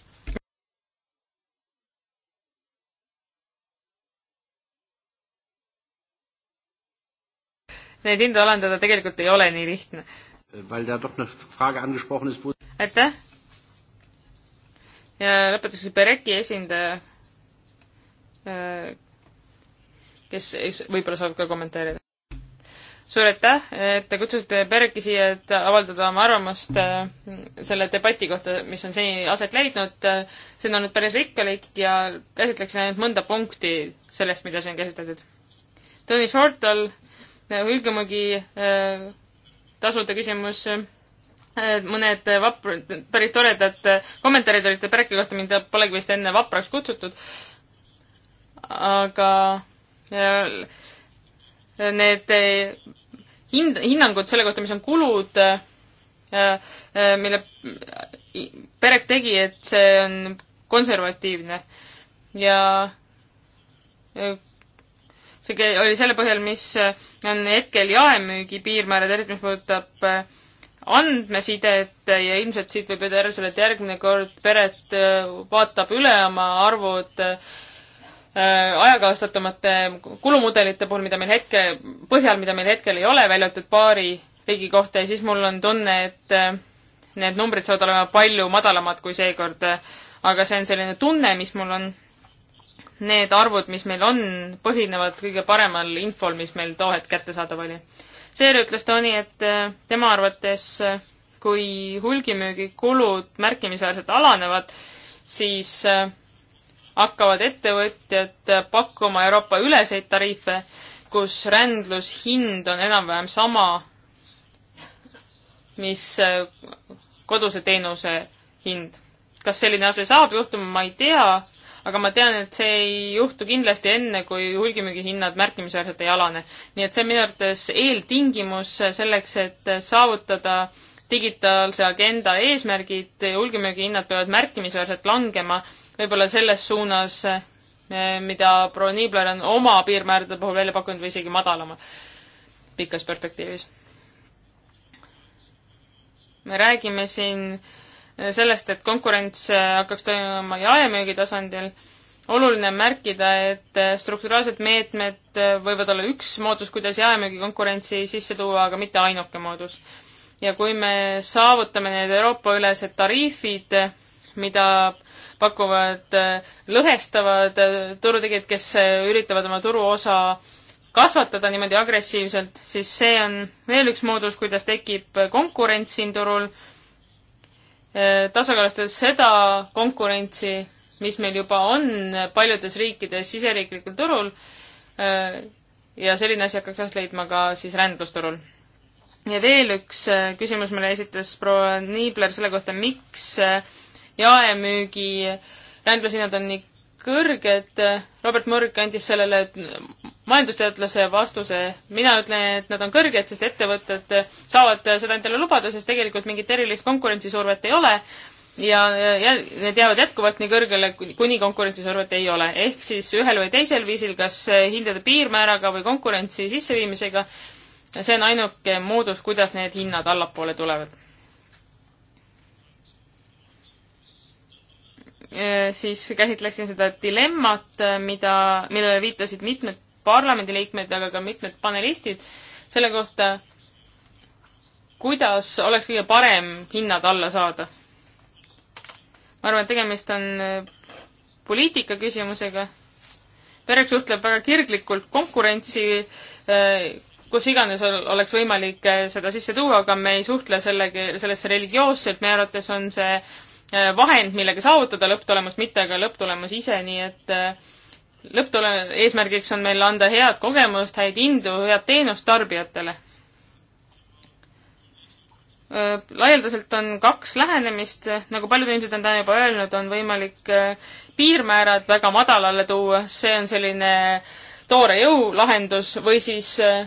Neid hindu alandada tegelikult ei ole nii lihtne. Äh, aitäh! ja lõpetuseks Bereki esindaja, kes võib-olla saab ka kommenteerida suur aitäh, et te kutsusite Berki siia, et avaldada oma arvamust äh, selle debati kohta, mis on seni aset leidnud. see on olnud päris rikkalik ja käsitleksin ainult mõnda punkti sellest, mida siin käsitletud. Tony Shortall, hulgimugi äh, tasuta küsimus, äh, mõned vapr-, päris toredad kommentaarid olid Berki kohta, mind polegi vist enne vapraks kutsutud, aga ja, need eh, hind, hinnangud selle kohta, mis on kulud, eh, eh, mille Perek tegi, et see on konservatiivne ja see oli selle põhjal, mis on hetkel jaemüügi piirmäärad, eriti mis puudutab andmesidet ja ilmselt siit võib jõuda järeldusele, et järgmine kord Peret vaatab üle oma arvud Äh, ajakavastatumate kulumudelite puhul, mida meil hetke, põhjal, mida meil hetkel ei ole, välja arvatud paari riigi kohta ja siis mul on tunne, et äh, need numbrid saavad olema palju madalamad kui seekord. aga see on selline tunne, mis mul on. Need arvud, mis meil on, põhinevad kõige paremal infol, mis meil too hetk kättesaadav oli. seejärel ütles Toni, et äh, tema arvates kui hulgimüügikulud märkimisväärselt alanevad, siis äh, hakkavad ettevõtjad pakkuma Euroopa üleseid tariife, kus rändlushind on enam-vähem sama, mis äh, koduse teenuse hind. kas selline asi saab juhtuma, ma ei tea, aga ma tean, et see ei juhtu kindlasti enne, kui hulgimüügihinnad märkimisväärselt ei alane. nii et see on minu arvates eeltingimus selleks, et saavutada äh, digitaalse agenda eesmärgid, hulgimüügihinnad peavad märkimisväärselt langema, võib-olla selles suunas, eh, mida proua Niibler on oma piirmäärade puhul välja pakkunud või isegi madalama pikas perspektiivis. me räägime siin eh, sellest, et konkurents eh, hakkaks toimuma jaemüügi tasandil, oluline märkida, et strukturaalsed meetmed võivad olla üks moodus, kuidas jaemüügi konkurentsi sisse tuua, aga mitte ainuke moodus ja kui me saavutame need Euroopa-ülesed tariifid, mida pakuvad äh, lõhestavad äh, turutegijad, kes äh, üritavad oma turuosa kasvatada niimoodi agressiivselt, siis see on veel üks moodus, kuidas tekib konkurents siin turul, tasakaalustades seda konkurentsi, mis meil juba on paljudes riikides siseriiklikul turul ja selline asi hakkaks jah leidma ka siis rändlusturul ja veel üks äh, küsimus, mille esitas proua Niibler selle kohta, miks äh, jaemüügi rändlushinnad on nii kõrged. Robert Murg andis sellele äh, majandusteadlase vastuse. mina ütlen, et nad on kõrged, sest ettevõtted saavad seda endale lubada, sest tegelikult mingit erilist konkurentsisurvet ei ole. ja, ja need jäävad jätkuvalt nii kõrgele, kuni konkurentsisurvet ei ole. ehk siis ühel või teisel viisil, kas hindade piirmääraga või konkurentsi sisseviimisega see on ainuke moodus, kuidas need hinnad allapoole tulevad. Äh, siis käsitleksin seda dilemmat, äh, mida, millele viitasid mitmed parlamendiliikmed, aga ka mitmed panelistid selle kohta, kuidas oleks kõige parem hinnad alla saada. ma arvan, et tegemist on äh, poliitika küsimusega. Perek suhtleb väga kirglikult konkurentsi kus iganes oleks võimalik äh, seda sisse tuua, aga me ei suhtle sellegi, sellesse religioosselt, meie arvates on see äh, vahend, millega saavutada lõpptulemus, mitte aga lõpptulemus ise, nii et äh, lõpptule-, eesmärgiks on meil anda head kogemust, häid hindu, head teenust tarbijatele. laialdaselt on kaks lähenemist, nagu paljud inimesed on täna juba öelnud, on võimalik piirmäärad väga madalale tuua, see on selline toore jõulahendus või siis äh,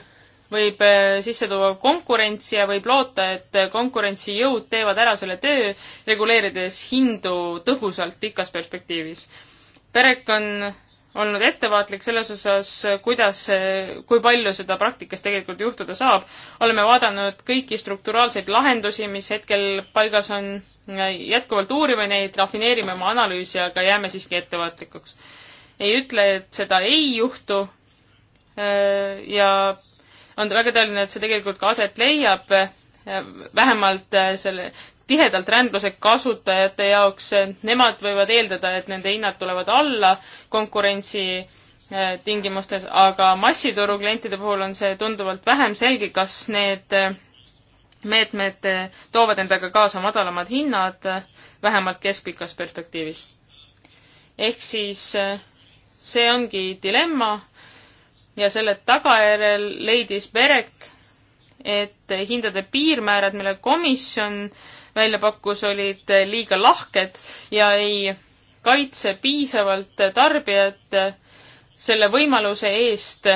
võib äh, sisse tuua konkurentsi ja võib loota, et äh, konkurentsijõud teevad ära selle töö, reguleerides hindu tõhusalt pikas perspektiivis. Perek on olnud ettevaatlik selles osas, kuidas, äh, kui palju seda praktikas tegelikult juhtuda saab. oleme vaadanud kõiki strukturaalseid lahendusi, mis hetkel paigas on, jätkuvalt uurime neid, rafineerime oma analüüsi, aga jääme siiski ettevaatlikuks. ei ütle, et seda ei juhtu ja on väga tõeline, et see tegelikult ka aset leiab, eh, vähemalt eh, selle tihedalt rändluse kasutajate jaoks, eh, nemad võivad eeldada, et nende hinnad tulevad alla konkurentsi tingimustes, aga massituru klientide puhul on see tunduvalt vähem selge, kas need meetmed toovad endaga kaasa madalamad hinnad, vähemalt keskpikas perspektiivis. ehk siis see ongi dilemma, ja selle tagajärjel leidis Berek, et hindade piirmäärad, mille komisjon välja pakkus, olid liiga lahked ja ei kaitse piisavalt tarbijat selle võimaluse eest,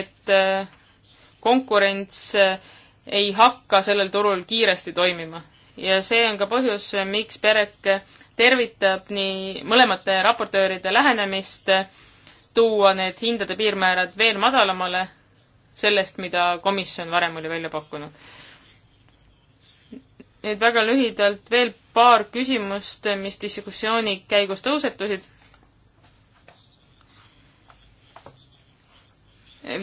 et konkurents ei hakka sellel turul kiiresti toimima. ja see on ka põhjus, miks Perek tervitab nii mõlemate raportööride lähenemist äh, tuua need hindade piirmäärad veel madalamale sellest, mida komisjon varem oli välja pakkunud. nüüd väga lühidalt veel paar küsimust, mis diskussiooni käigus tõusetusid.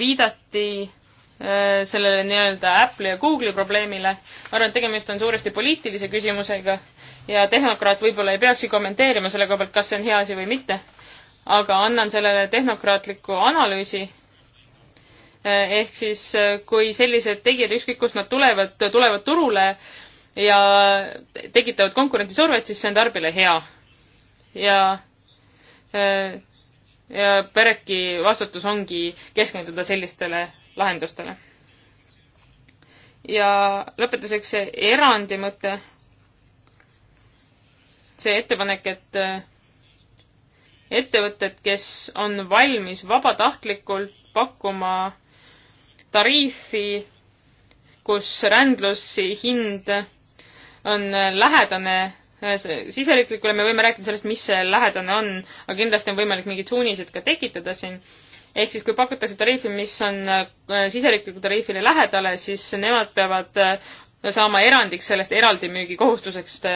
viidati äh, sellele nii-öelda Apple'i ja Google'i probleemile. ma arvan, et tegemist on suuresti poliitilise küsimusega ja tehnokraat võib-olla ei peakski kommenteerima selle koha pealt, kas see on hea asi või mitte aga annan sellele tehnokraatliku analüüsi. ehk siis, kui sellised tegijad, ükskõik kust nad tulevad, tulevad turule ja tekitavad konkurentsisurvet, siis see on tarbijale hea. ja, ja pereki vastutus ongi keskenduda sellistele lahendustele. ja lõpetuseks see erandi mõte, see ettepanek, et ettevõtted, kes on valmis vabatahtlikult pakkuma tariifi, kus rändlusi hind on lähedane eh, siseriiklikule, me võime rääkida sellest, mis see lähedane on, aga kindlasti on võimalik mingid suunised ka tekitada siin. ehk siis, kui pakutakse tariifi, mis on eh, siseriikliku tariifile lähedale, siis nemad peavad eh, saama erandiks sellest eraldimüügi kohustusest.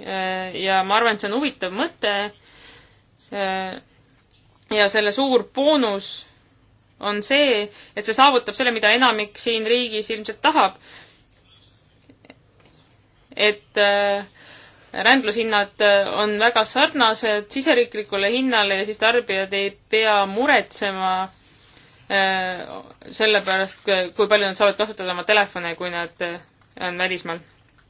ja ma arvan, et see on huvitav mõte Äh, ja selle suur boonus on see, et see saavutab selle, mida enamik siin riigis ilmselt tahab. et äh, rändlushinnad äh, on väga sarnased siseriiklikule hinnale ja siis tarbijad ei pea muretsema selle pärast, kui palju nad saavad kasutada oma telefone, kui nad on välismaal.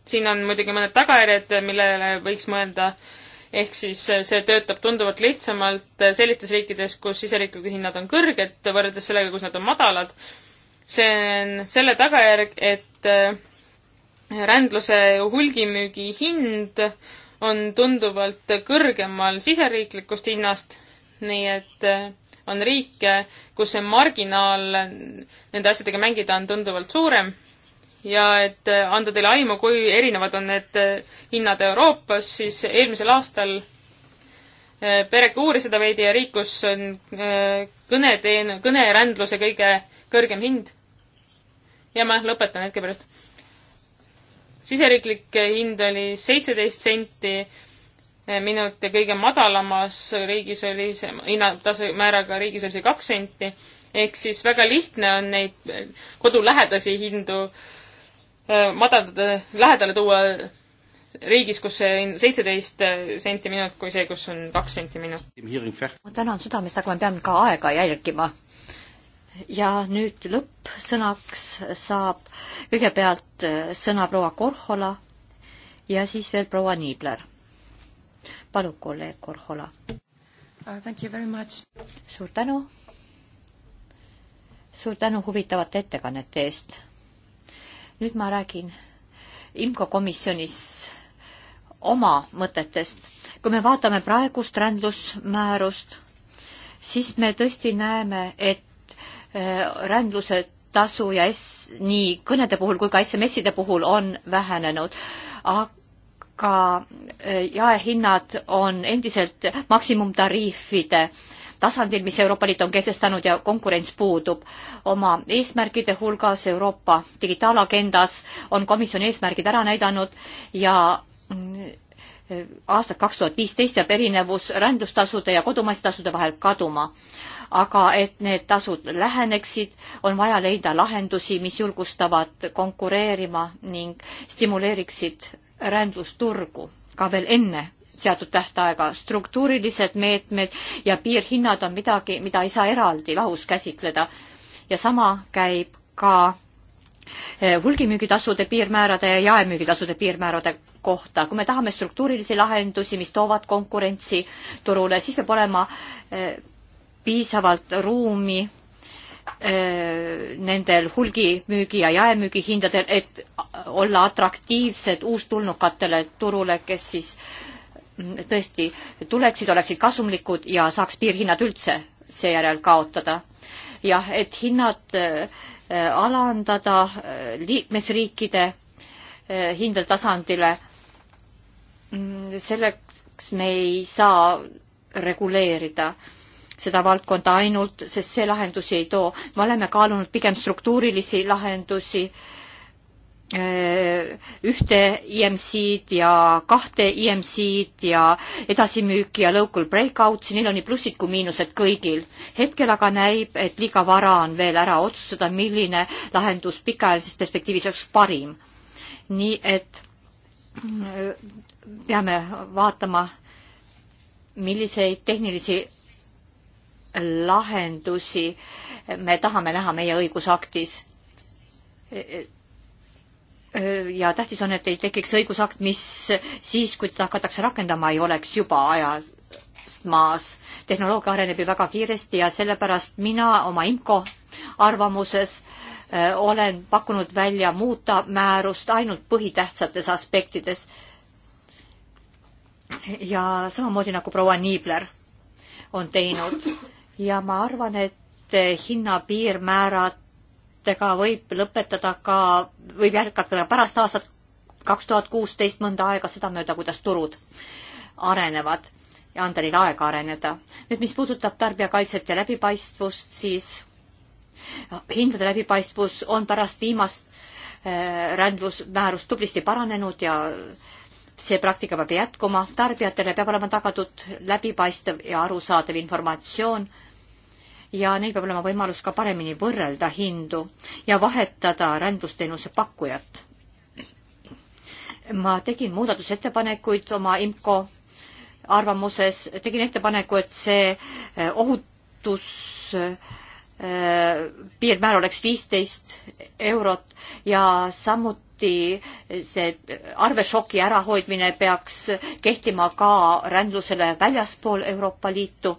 siin on muidugi mõned tagajärjed, millele võiks mõelda äh, ehk siis eh, see töötab tunduvalt lihtsamalt eh, sellistes riikides, kus siseriiklikud hinnad on kõrged võrreldes sellega, kus nad on madalad. see on selle tagajärg, et eh, rändluse hulgimüügi hind on tunduvalt kõrgemal siseriiklikust hinnast, nii et on riike, kus see marginaal nende asjadega mängida on tunduvalt suurem ja et äh, anda teile aimu, kui erinevad on need äh, hinnad Euroopas, siis eelmisel aastal äh, Pereka uuris seda veidi ja riik, kus on kõneteen-, kõnerändluse kõige kõrgem hind. ja ma lõpetan hetke pärast. siseriiklik hind oli seitseteist senti minut ja kõige madalamas riigis oli see hinnatase määraga riigis oli see kaks senti ehk siis väga lihtne on neid kodulähedasi hindu Äh, madalade, äh, lähedale tuua riigis, kus see on seitseteist äh, senti minut, kui see, kus on kaks senti minut. ma tänan südamest, aga ma pean ka aega jälgima. ja nüüd lõppsõnaks saab kõigepealt sõna proua Korhola ja siis veel proua Niibler. palun, kolleeg Korhola uh,. suur tänu. suur tänu huvitavate ettekannete eest nüüd ma räägin IMCO komisjonis oma mõtetest. kui me vaatame praegust rändlusmäärust, siis me tõesti näeme, et äh, rändluse tasu ja S nii kõnede puhul kui ka SMS-ide puhul on vähenenud. aga äh, jaehinnad on endiselt maksimumtariifide äh, tasandil, mis Euroopa Liit on kehtestanud ja konkurents puudub. oma eesmärkide hulgas Euroopa digitaalagendas on komisjon eesmärgid ära näidanud ja mm, aastat kaks tuhat viisteist jääb erinevus rändlustasude ja kodumaistasude vahel kaduma. aga et need tasud läheneksid, on vaja leida lahendusi, mis julgustavad konkureerima ning stimuleeriksid rändlusturgu ka veel enne seatud tähtaega. struktuurilised meetmed ja piirhinnad on midagi, mida ei saa eraldi lahus käsitleda. ja sama käib ka eh, hulgimüügitasude piirmäärade ja jaemüügitasude piirmäärade kohta. kui me tahame struktuurilisi lahendusi, mis toovad konkurentsi turule, siis peab olema eh, piisavalt ruumi eh, nendel hulgimüügi ja jaemüügi hindadel, et olla atraktiivsed uustulnukatele turule, kes siis äh, tõesti tuleksid, oleksid kasumlikud ja saaks piirhinnad üldse seejärel kaotada. jah, et hinnad äh, alandada äh, liikmesriikide äh, hindade tasandile, mm, selleks me ei saa reguleerida seda valdkonda ainult, sest see lahendusi ei too. me oleme kaalunud pigem struktuurilisi lahendusi äh, Äh, ühte EMC-d ja kahte EMC-d ja edasimüüki ja local breakout'i, neil on nii plussid kui miinused kõigil. hetkel aga näib, et liiga vara on veel ära otsustada, milline lahendus pikaajalises perspektiivis oleks parim. nii et äh, peame vaatama, milliseid tehnilisi lahendusi me tahame näha meie õigusaktis äh, ja tähtis on, et ei tekiks õigusakt, mis siis, kui teda hakatakse rakendama, ei oleks juba ajast maas. tehnoloogia areneb ju väga kiiresti ja sellepärast mina oma IMCO arvamuses olen pakkunud välja muuta määrust ainult põhitähtsates aspektides. ja samamoodi nagu proua Niibler on teinud ja ma arvan, et hinna piirmäärad tegevustega võib lõpetada ka, võib jätkata pärast aastat kaks tuhat kuusteist mõnda aega sedamööda, kuidas turud arenevad ja anda neil aega areneda. nüüd, mis puudutab tarbijakaitset ja läbipaistvust, siis hindade läbipaistvus on pärast viimast äh, rändlusmäärust tublisti paranenud ja see praktika peab jätkuma. tarbijatele peab olema tagatud läbipaistev ja arusaadav informatsioon ja neil peab olema võimalus ka paremini võrrelda hindu ja vahetada rändlusteenuse pakkujat. ma tegin muudatusettepanekuid oma IMCO arvamuses, tegin ettepaneku, et see eh, ohutus eh, piirmäär oleks viisteist eurot ja samuti see arveshoki ärahoidmine peaks kehtima ka rändlusele väljaspool Euroopa Liitu.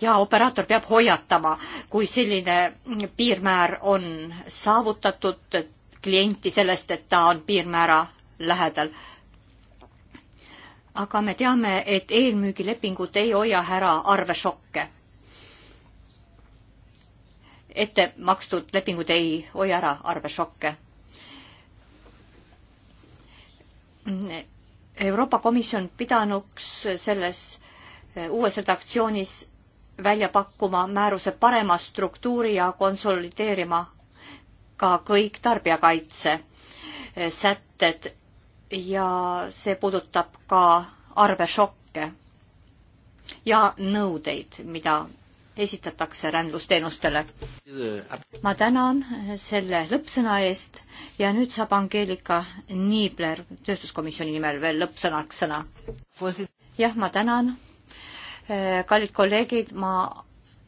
ja operaator peab hoiatama, kui selline piirmäär on saavutatud, klienti sellest, et ta on piirmäära lähedal. aga me teame, et eelmüügilepingud ei hoia ära arvešokke. ette makstud lepingud ei hoia ära arvešokke Euroopa Komisjon pidanuks selles eh, uues redaktsioonis välja pakkuma määruse parema struktuuri ja konsolideerima ka kõik tarbijakaitse eh, sätted ja see puudutab ka arvešokke ja nõudeid, mida esitatakse rändlusteenustele. ma tänan selle lõppsõna eest ja nüüd saab Angeelika Niibler tööstuskomisjoni nimel veel lõppsõnaks sõna. jah, ma tänan kallid kolleegid, ma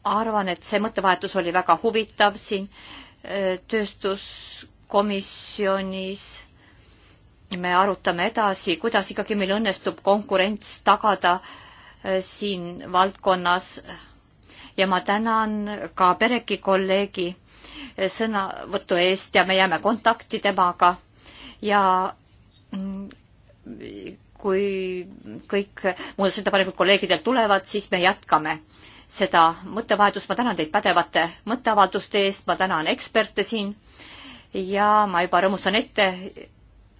arvan, et see mõttevahetus oli väga huvitav siin äh, tööstuskomisjonis. me arutame edasi, kuidas ikkagi meil õnnestub konkurents tagada äh, siin valdkonnas ja ma tänan ka Pereki kolleegi äh, sõnavõtu eest ja me jääme kontakti temaga ja mm, kui kõik muudatusettepanekud kolleegidel tulevad, siis me jätkame seda mõttevahetust. ma tänan teid pädevate mõtteavalduste eest, ma tänan eksperte siin ja ma juba rõõmustan ette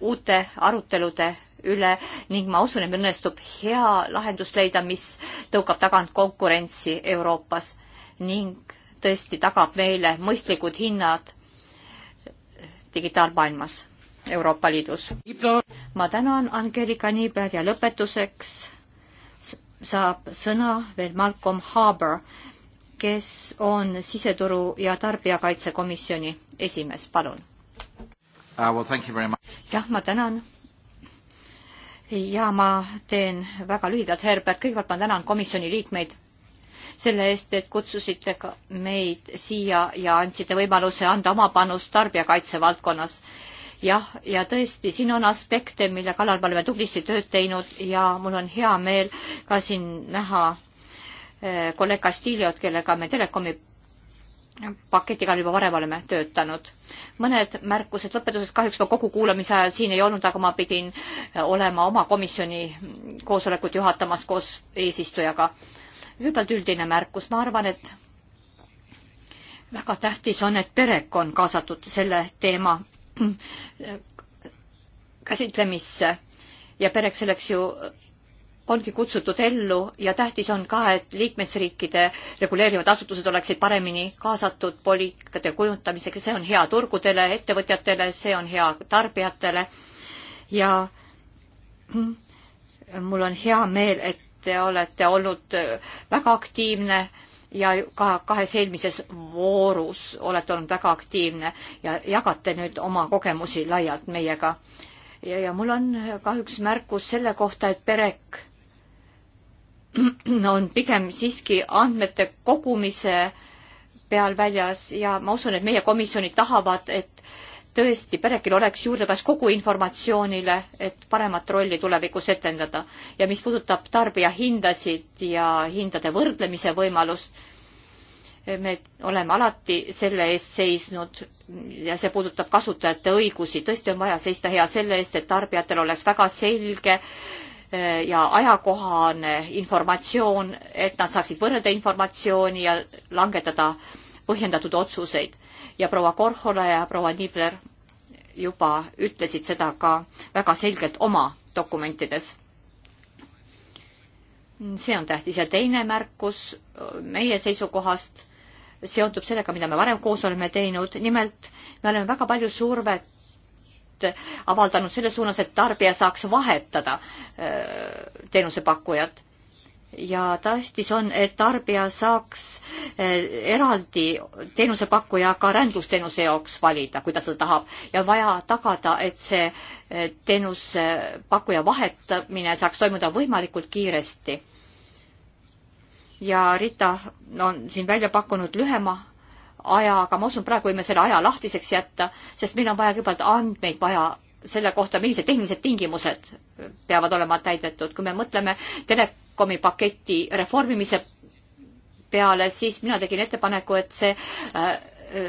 uute arutelude üle ning ma usun, et meil õnnestub hea lahendus leida, mis tõukab tagant konkurentsi Euroopas ning tõesti tagab meile mõistlikud hinnad digitaalmaailmas Euroopa Liidus. ma tänan Angelika Niiber ja lõpetuseks saab sõna veel Malcolm Harbour, kes on siseturu ja tarbijakaitsekomisjoni esimees, palun uh,. Well, jah, ma tänan. ja ma teen väga lühidalt, Herbert, kõigepealt ma tänan komisjoni liikmeid selle eest, et kutsusite ka meid siia ja andsite võimaluse anda oma panus tarbijakaitse valdkonnas jah, ja tõesti, siin on aspekte, mille kallal me oleme tublisti tööd teinud ja mul on hea meel ka siin näha eh, kolleeg Castillot, kellega me Telekomi paketiga juba varem oleme töötanud. mõned märkused lõpetuseks, kahjuks ma kogu kuulamise ajal siin ei olnud, aga ma pidin eh, olema oma komisjoni koosolekut juhatamas koos eesistujaga. kõigepealt üldine märkus, ma arvan, et väga tähtis on, et perekond kaasatud selle teema käsitlemisse ja pereks selleks ju ongi kutsutud ellu ja tähtis on ka, et liikmesriikide reguleerivad asutused oleksid paremini kaasatud poliitikate kujundamisega, see on hea turgudele, ettevõtjatele, see on hea tarbijatele ja mm, mul on hea meel, et te olete olnud väga aktiivne äh, ja ka kahes eelmises voorus olete olnud väga aktiivne ja jagate nüüd oma kogemusi laialt meiega. ja, ja mul on kahjuks märkus selle kohta, et perek <clears throat> on pigem siiski andmete kogumise peal väljas ja ma usun, et meie komisjonid tahavad, et tõesti perekil oleks juurdepääs kogu informatsioonile, et paremat rolli tulevikus etendada. ja mis puudutab tarbijahindasid ja hindade võrdlemise võimalust, me oleme alati selle eest seisnud ja see puudutab kasutajate õigusi. tõesti on vaja seista hea selle eest, et tarbijatel oleks väga selge äh, ja ajakohane informatsioon, et nad saaksid võrrelda informatsiooni ja langetada põhjendatud otsuseid. ja proua Korhola ja proua Niibler juba ütlesid seda ka väga selgelt oma dokumentides. see on tähtis ja teine märkus meie seisukohast seondub sellega, mida me varem koos oleme teinud, nimelt me oleme väga palju survet avaldanud selles suunas, et tarbija saaks vahetada äh, teenusepakkujat ja tähtis on, et tarbija saaks eh, eraldi teenusepakkuja ka rändlusteenuse jaoks valida, kui ta seda tahab ja vaja tagada, et see eh, teenusepakkuja vahetamine saaks toimuda võimalikult kiiresti. ja Rita on siin välja pakkunud lühema aja, aga ma usun, praegu võime selle aja lahtiseks jätta, sest meil on vaja kõigepealt andmeid vaja selle kohta, millised tehnilised tingimused peavad olema täidetud, kui me mõtleme telekomi paketi reformimise peale, siis mina tegin ettepaneku, et see äh,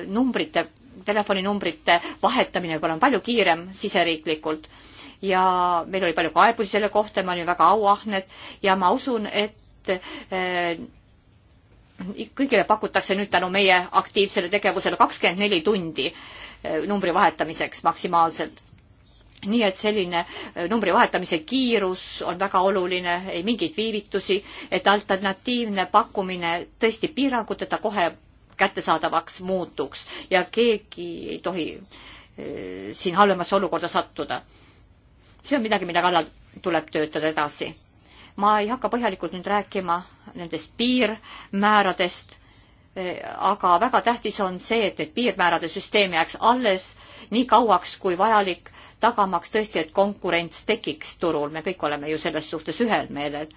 numbrite, telefoninumbrite vahetamine võib-olla on palju kiirem siseriiklikult ja meil oli palju kaebusi selle kohta, me olime väga auahned ja ma usun, et äh, kõigile pakutakse nüüd tänu meie aktiivsele tegevusele kakskümmend neli tundi äh, numbri vahetamiseks maksimaalselt nii et selline äh, numbri vahetamise kiirus on väga oluline, ei mingeid viivitusi, et alternatiivne pakkumine tõesti piiranguteta kohe kättesaadavaks muutuks ja keegi ei tohi äh, siin halvemasse olukorda sattuda. see on midagi, mille kallal tuleb töötada edasi. ma ei hakka põhjalikult nüüd rääkima nendest piirmääradest äh,, aga väga tähtis on see, et need piirmäärade süsteem jääks alles nii kauaks kui vajalik tagamaks tõesti, et konkurents tekiks turul, me kõik oleme ju selles suhtes ühel meelel.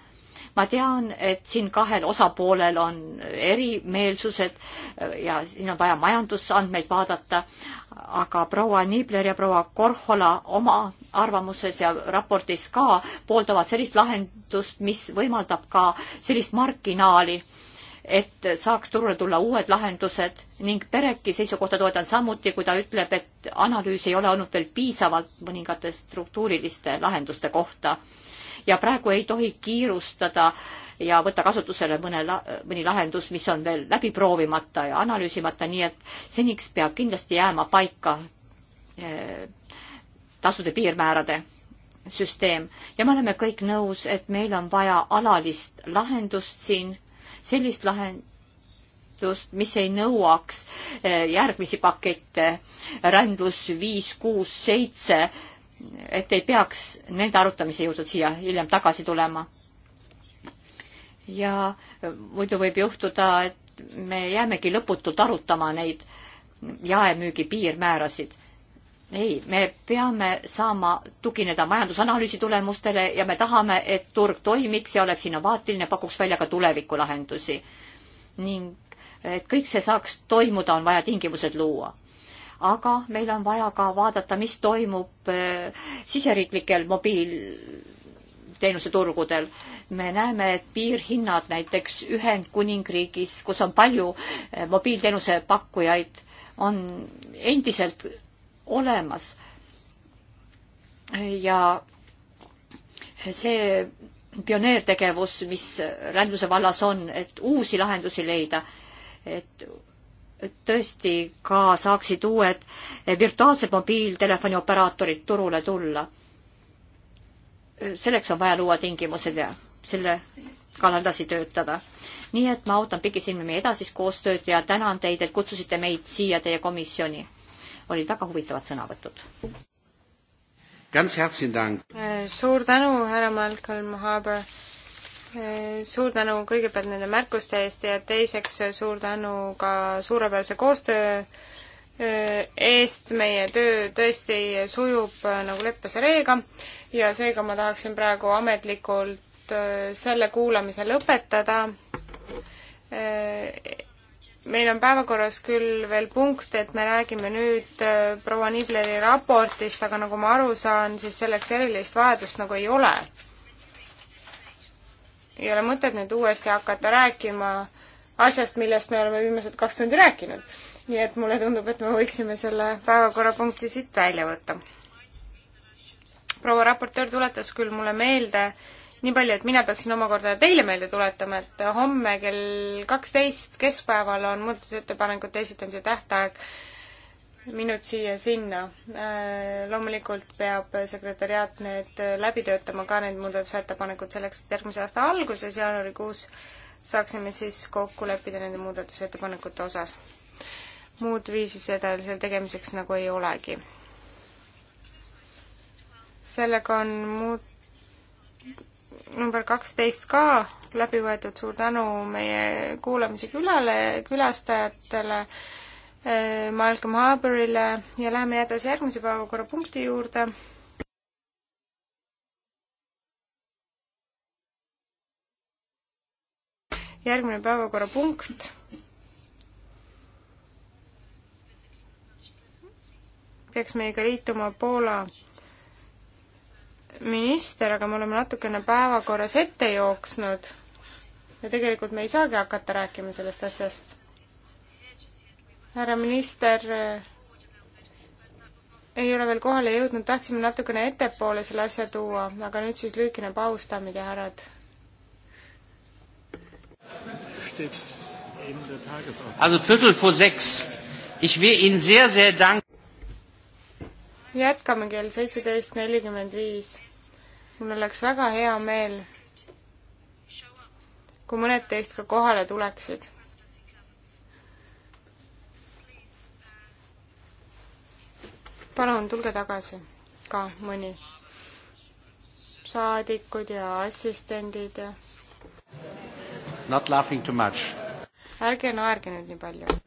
ma tean, et siin kahel osapoolel on erimeelsused ja siin on vaja majandusandmeid vaadata, aga proua Niibler ja proua Korhola oma arvamuses ja raportis ka pooldavad sellist lahendust, mis võimaldab ka sellist marginaali et saaks turule tulla uued lahendused ning Pereki seisukohta toetan samuti, kui ta ütleb, et analüüs ei ole olnud veel piisavalt mõningate struktuuriliste lahenduste kohta. ja praegu ei tohi kiirustada ja võtta kasutusele mõne la-, mõni lahendus, mis on veel läbi proovimata ja analüüsimata, nii et seniks peab kindlasti jääma paika eh, tasude piirmäärade süsteem ja me oleme kõik nõus, et meil on vaja alalist lahendust siin sellist lahendust, mis ei nõuaks eh, järgmisi pakette, rändlus viis, kuus, seitse, et ei peaks nende arutamise juurde siia hiljem tagasi tulema. ja eh, muidu võib juhtuda, et me jäämegi lõputult arutama neid jaemüügi piirmäärasid ei, me peame saama tugineda majandusanalüüsi tulemustele ja me tahame, et turg toimiks ja oleks innovaatiline, pakuks välja ka tulevikulahendusi. ning et kõik see saaks toimuda, on vaja tingimused luua. aga meil on vaja ka vaadata, mis toimub äh, siseriiklikel mobiilteenuse turgudel. me näeme, et piirhinnad näiteks Ühendkuningriigis, kus on palju äh, mobiilteenuse pakkujaid, on endiselt olemas. ja see pioneertegevus, mis rändluse vallas on, et uusi lahendusi leida, et tõesti ka saaksid uued virtuaalsed mobiiltelefoni operaatorid turule tulla. selleks on vaja luua tingimused ja selle kallal edasi töötada. nii et ma ootan pikisilmi meie edasist koostööd ja tänan teid, et kutsusite meid siia teie komisjoni olid väga huvitavad sõnavõtud. Äh, suur tänu, härra Malcolm Harbour äh, suur tänu kõigepealt nende märkuste eest ja teiseks äh, suur tänu ka suurepärase koostöö eest. meie töö tõesti sujub nagu leppes reega ja seega ma tahaksin praegu ametlikult selle kuulamise lõpetada meil on päevakorras küll veel punkt, et me räägime nüüd äh, proua Nibleri raportist, aga nagu ma aru saan, siis selleks erilist vajadust nagu ei ole. ei ole mõtet nüüd uuesti hakata rääkima asjast, millest me oleme viimased kaks tundi rääkinud. nii et mulle tundub, et me võiksime selle päevakorrapunkti siit välja võtta. proua raportöör tuletas küll mulle meelde, nii palju, et mina peaksin omakorda teile meelde tuletama, et homme kell kaksteist keskpäeval on muudatusettepanekute esitamise tähtaeg minut siia-sinna. Äh, loomulikult peab sekretäriaat need läbi töötama, ka need muudatusettepanekud, selleks et järgmise aasta alguses, jaanuarikuus, saaksime siis kokku leppida nende muudatusettepanekute osas. muud viisi seda seal tegemiseks nagu ei olegi. sellega on muud number kaksteist ka läbi võetud, suur tänu meie kuulamise külale, külastajatele, eh, Malcolm Harbourile ja läheme edasi järgmise päevakorrapunkti juurde. järgmine päevakorrapunkt peaks meiega liituma Poola minister, aga me oleme natukene päevakorras ette jooksnud ja tegelikult me ei saagi hakata rääkima sellest asjast. härra minister ei ole veel kohale jõudnud, tahtsime natukene ettepoole selle asja tuua, aga nüüd siis lühikene paus, daamid ja härrad. Also Viertel vor sechs. Ich will Ihnen sehr, sehr danken jätkame kell seitseteist nelikümmend viis. mul oleks väga hea meel, kui mõned teist ka kohale tuleksid. palun tulge tagasi ka mõni saadikud ja assistendid ja. Not laughing too much. ärge naerge nüüd nii palju.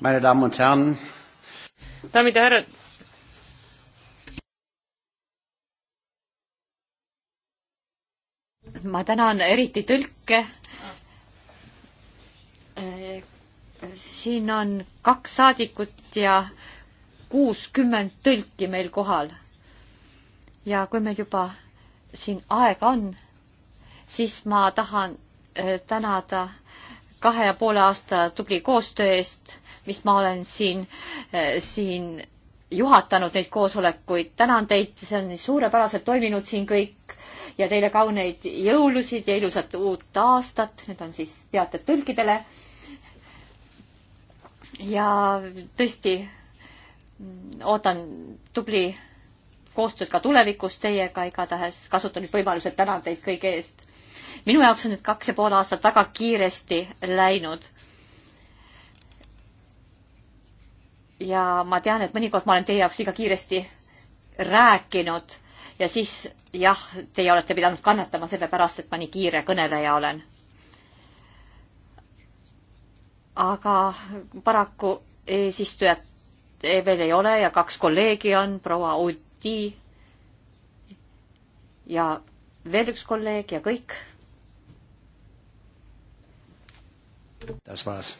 meine Damen und Herren. daamid ja härrad. ma tänan eriti tõlke. Eh, siin on kaks saadikut ja kuuskümmend tõlki meil kohal. ja kui meil juba siin aega on, siis ma tahan eh, tänada kahe ja poole aasta tubli koostöö eest mis ma olen siin, eh, siin juhatanud neid koosolekuid. tänan teid, see on suurepäraselt toiminud siin kõik ja teile kauneid jõulusid ja ilusat uut aastat. Need on siis teated tõlkidele. ja tõesti ootan tubli koostööd ka tulevikus teiega, igatahes kasutan nüüd võimalused, tänan teid kõige eest. minu jaoks on nüüd kaks ja pool aastat väga kiiresti läinud ja ma tean, et mõnikord ma olen teie jaoks liiga kiiresti rääkinud ja siis jah, teie olete pidanud kannatama selle pärast, et ma nii kiire kõneleja olen. aga paraku eesistujat veel ei ole ja kaks kolleegi on, proua Udi ja veel üks kolleeg ja kõik. Das war's.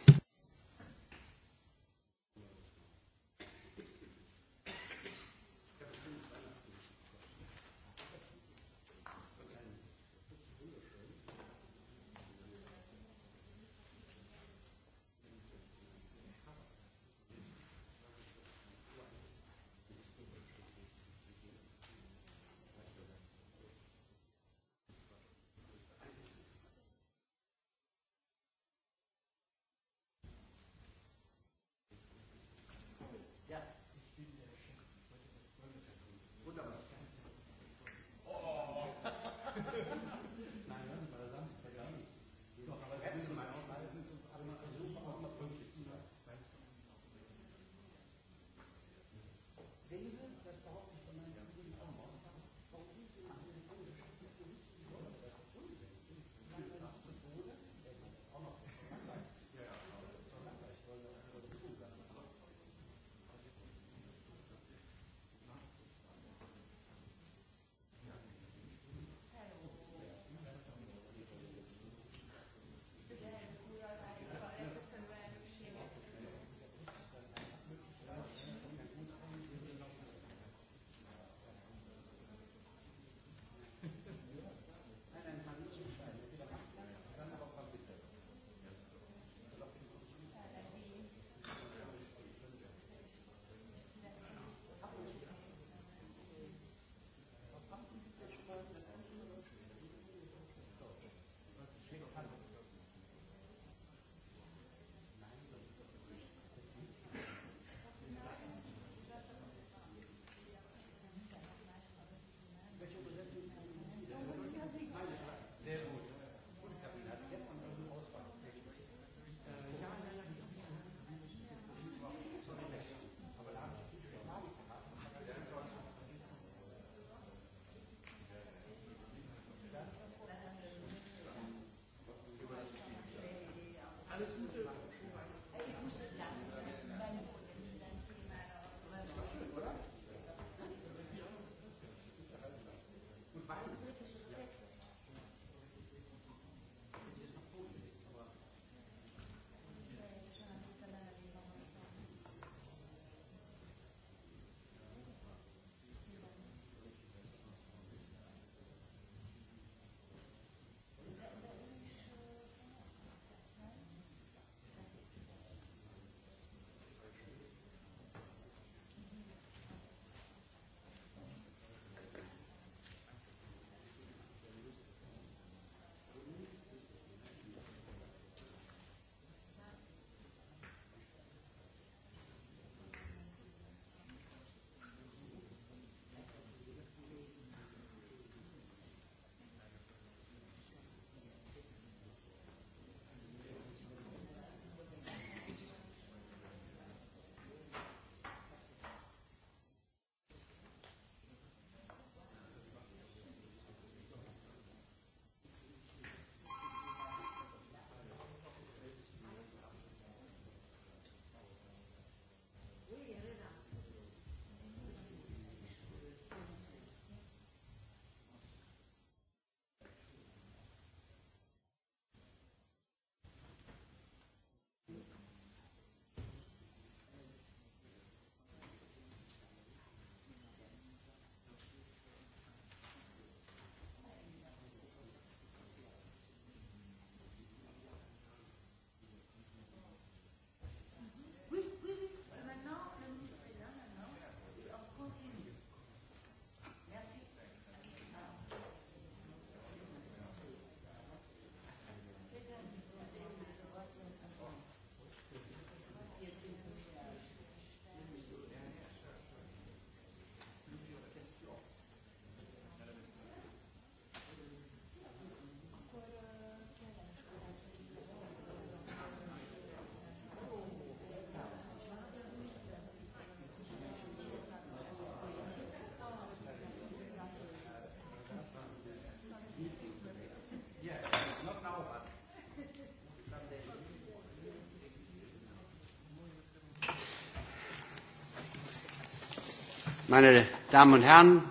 meine Damen und Herren,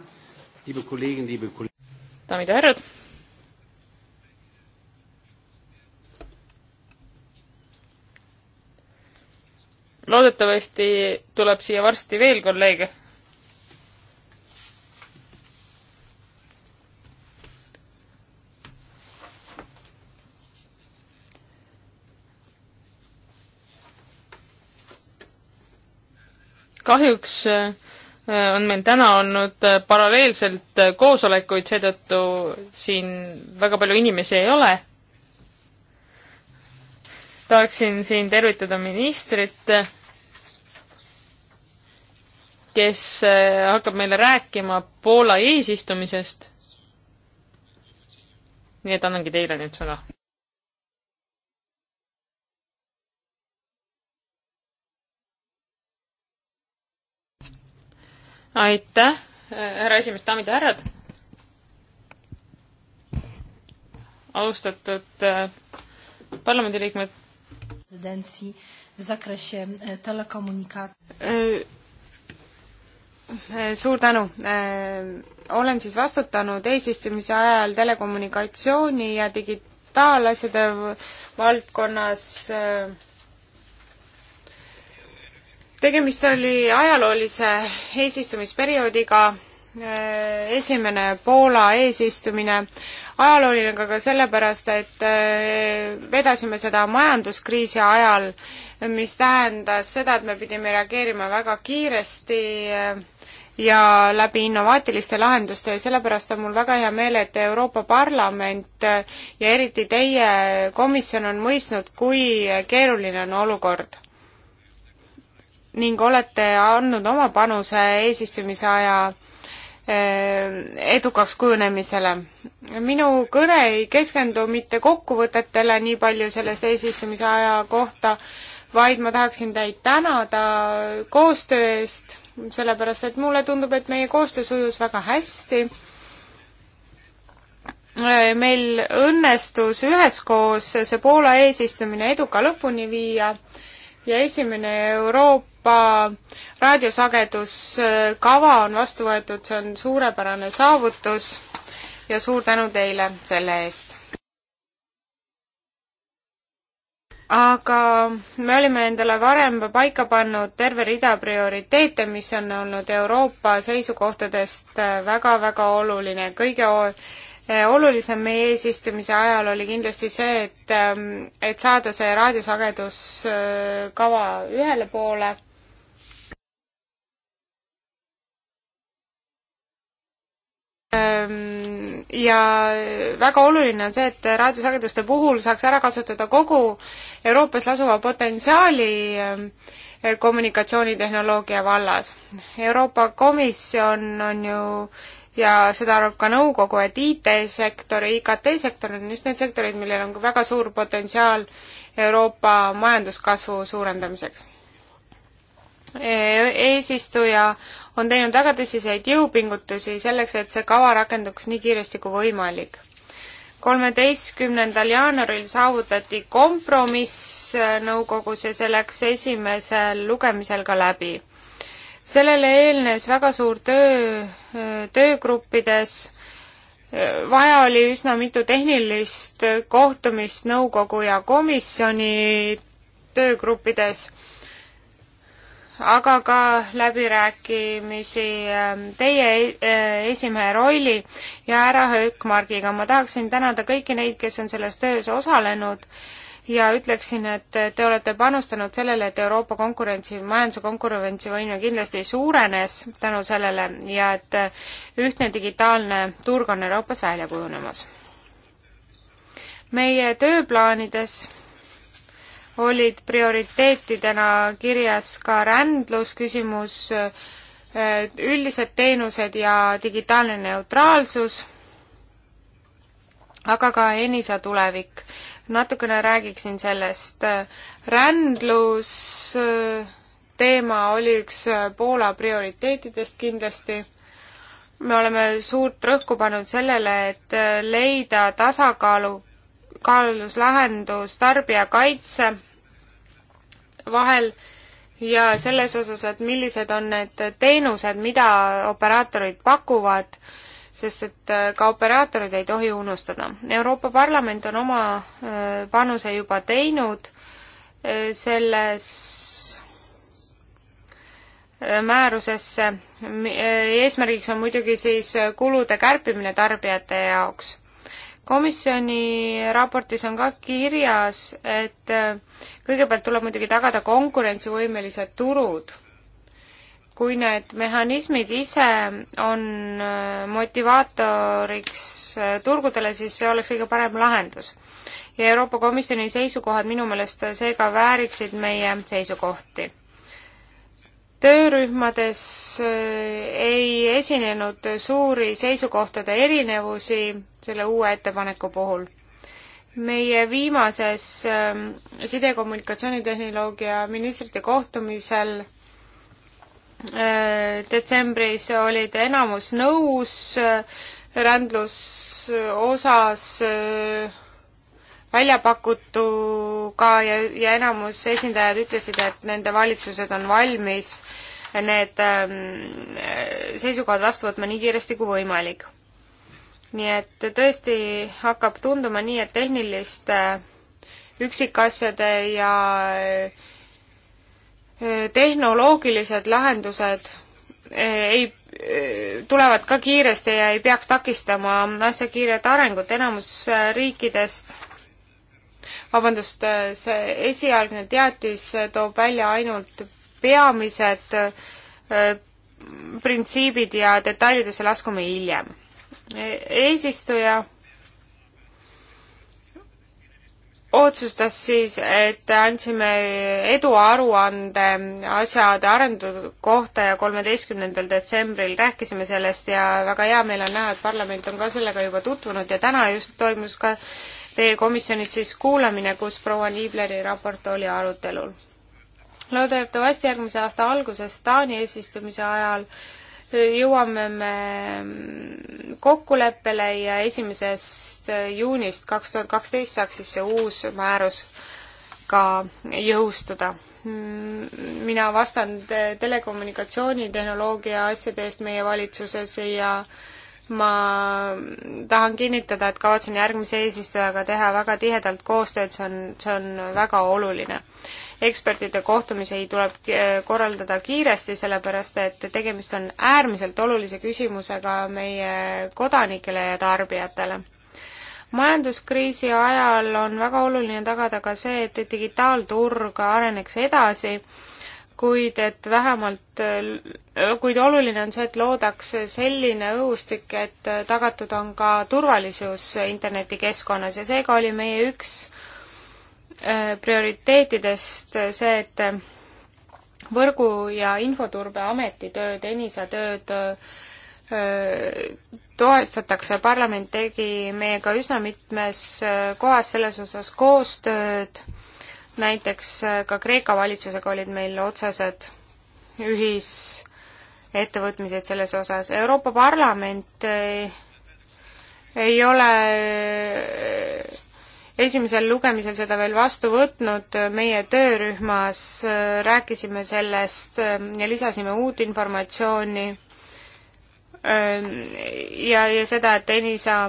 liebe Kollegen, liebe Kollegen. daamid ja härrad. loodetavasti tuleb siia varsti veel kolleege. kahjuks äh, on meil täna olnud äh, paralleelselt äh, koosolekuid, seetõttu siin väga palju inimesi ei ole. tahaksin siin tervitada ministrit, kes äh, hakkab meile rääkima Poola eesistumisest. nii et annangi teile nüüd sõna aitäh, härra esimees, daamid ja härrad. austatud äh, parlamendiliikmed. E, äh, e, suur tänu äh, olen siis vastutanud eesistumise ajal telekommunikatsiooni ja digitaalasjade valdkonnas äh, tegemist oli ajaloolise eesistumisperioodiga, äh, esimene Poola eesistumine, ajalooline ka ka sellepärast, et äh, vedasime seda majanduskriisi ajal, mis tähendas seda, et me pidime reageerima väga kiiresti äh, ja läbi innovaatiliste lahenduste ja sellepärast on mul väga hea meel, et Euroopa Parlament ja eriti teie komisjon on mõistnud, kui keeruline on olukord ning olete andnud oma panuse eesistumise aja eh, edukaks kujunemisele. minu kõne ei keskendu mitte kokkuvõtetele nii palju sellest eesistumise aja kohta, vaid ma tahaksin teid tänada koostöö eest, sellepärast et mulle tundub, et meie koostöö sujus väga hästi. Eh, meil õnnestus üheskoos see Poola eesistumine eduka lõpuni viia ja esimene Euroopa raadiosageduskava on vastu võetud, see on suurepärane saavutus ja suur tänu teile selle eest. aga me olime endale varem paika pannud terve rida prioriteete, mis on olnud Euroopa seisukohtadest väga-väga oluline, kõige Eh, olulisem meie eesistumise ajal oli kindlasti see, et, ähm, et saada see raadiosageduskava äh, ühele poole. Ähm, ja väga oluline on see, et raadiosageduste puhul saaks ära kasutada kogu Euroopas lasuva potentsiaali äh, kommunikatsioonitehnoloogia vallas. Euroopa Komisjon on ju ja seda arvab ka nõukogu, et IT-sektor ja IKT-sektor on just need sektorid, millel on väga suur potentsiaal Euroopa majanduskasvu suurendamiseks e. eesistuja on teinud väga tõsiseid jõupingutusi selleks, et see kava rakenduks nii kiiresti kui võimalik. kolmeteistkümnendal jaanuaril saavutati kompromiss nõukogus ja see läks esimesel lugemisel ka läbi sellele eelnes väga suur töö töögruppides, vaja oli üsna mitu tehnilist kohtumist nõukogu ja komisjoni töögruppides, aga ka läbirääkimisi ähm, teie äh, esimehe rolli ja härra Höökmargiga. ma tahaksin tänada kõiki neid, kes on selles töös osalenud ja ütleksin, et te olete panustanud sellele, et Euroopa konkurentsi, majanduse konkurentsivõime kindlasti suurenes tänu sellele ja et ühtne digitaalne turg on Euroopas välja kujunemas. meie tööplaanides olid prioriteetidena kirjas ka rändlusküsimus, üldised teenused ja digitaalne neutraalsus, aga ka ENISA tulevik natukene räägiksin sellest. rändlus teema oli üks Poola prioriteetidest kindlasti. me oleme suurt rõhku pannud sellele, et leida tasakaalu, kaalus lahendus tarbijakaitse vahel ja selles osas, et millised on need teenused, mida operaatorid pakuvad sest et äh, ka operaatorid ei tohi unustada. Euroopa Parlament on oma äh, panuse juba teinud äh, selles määrusesse, eesmärgiks on muidugi siis kulude kärpimine tarbijate jaoks komisjoni raportis on ka kirjas, et kõigepealt tuleb muidugi tagada konkurentsivõimelised turud kui need mehhanismid ise on äh, motivaatoriks äh, turgudele, siis see oleks kõige parem lahendus. ja Euroopa Komisjoni seisukohad minu meelest seega vääriksid meie seisukohti. töörühmades äh, ei esinenud suuri seisukohtade erinevusi selle uue ettepaneku puhul meie viimases sidekommunikatsioonitehnoloogia ministrite kohtumisel Äh, detsembris olid enamus nõus äh, rändluse osas äh, välja pakutuga ja, ja enamus esindajad ütlesid, et nende valitsused on valmis need ähm, seisukohad vastu võtma nii kiiresti kui võimalik. nii et tõesti hakkab tunduma nii, et tehniliste üksikasjade ja äh, tehnoloogilised lahendused eh, ei, eh, tulevad ka kiiresti ja ei peaks takistama asja kiiret arengut, enamus eh, riikidest vabandust, see esialgne teatis toob välja ainult peamised printsiibid ja detailidesse laskume hiljem. eesistuja otsustas siis, et andsime eduaruande asjaajade arendu kohta ja kolmeteistkümnendal detsembril rääkisime sellest ja väga hea meel on näha, et parlament on ka sellega juba tutvunud ja täna just toimus ka teie komisjonis siis kuulamine, kus proua Niibleri raport oli arutelul. loodetavasti järgmise aasta alguses Taani eesistumise ajal äh, jõuame me kokkuleppele ja esimesest juunist kaks tuhat kaksteist saaks siis see uus määrus ka jõustuda. mina vastan telekommunikatsioonitehnoloogia asjade eest meie valitsuses ja ma tahan kinnitada, et kavatsen järgmise eesistujaga teha väga tihedalt koostööd, see on, see on väga oluline ekspertide kohtumisi tuleb eh, korraldada kiiresti, sellepärast et tegemist on äärmiselt olulise küsimusega meie kodanikele ja tarbijatele majanduskriisi ajal on väga oluline tagada ka see, et digitaalturg areneks edasi, kuid et vähemalt, eh, kuid oluline on see, et loodaks selline õhustik, et tagatud on ka turvalisus internetikeskkonnas ja seega oli meie üks Äh, prioriteetidest äh, see, et äh, võrgu- ja infoturbeameti tööd, ENISA tööd toestatakse, parlament tegi meiega üsna mitmes kohas selles osas koostööd, näiteks ka Kreeka valitsusega olid meil otsesed ühisettevõtmised selles osas. Euroopa Parlament ei ole esimesel lugemisel seda veel vastu võtnud, meie töörühmas äh, rääkisime sellest äh, ja lisasime uut informatsiooni ähm, ja, ja seda, et Enisa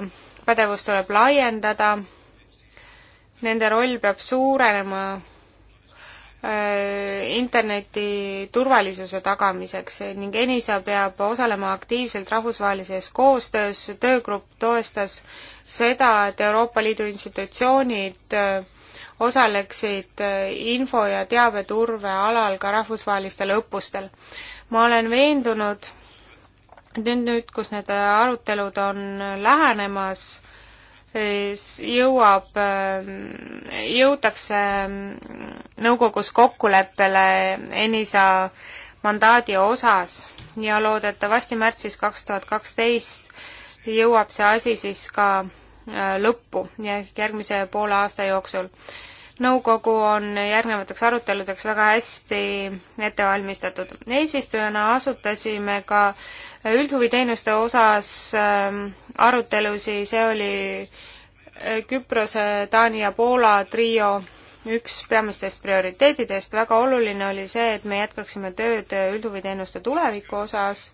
pädevust tuleb laiendada, nende roll peab suurenema Äh, interneti turvalisuse tagamiseks ning ENISA peab osalema aktiivselt rahvusvahelises koostöös, töögrupp toestas seda, et Euroopa Liidu institutsioonid äh, osaleksid äh, info- ja teabeturve alal ka rahvusvahelistel õppustel. ma olen veendunud, et nüüd, nüüd, kus need arutelud on lähenemas, jõuab, ähm, jõutakse ähm, nõukogus kokkuleppele ENISA mandaadi osas ja loodetavasti märtsis kaks tuhat kaksteist jõuab see asi siis ka äh, lõppu ja ehk järgmise poole aasta jooksul nõukogu on järgnevateks aruteludeks väga hästi ette valmistatud. eesistujana asutasime ka üldhuviteenuste osas ähm, arutelusi, see oli äh, Küprose, Taani ja Poola trio üks peamistest prioriteetidest, väga oluline oli see, et me jätkaksime tööd üldhuviteenuste tuleviku osas,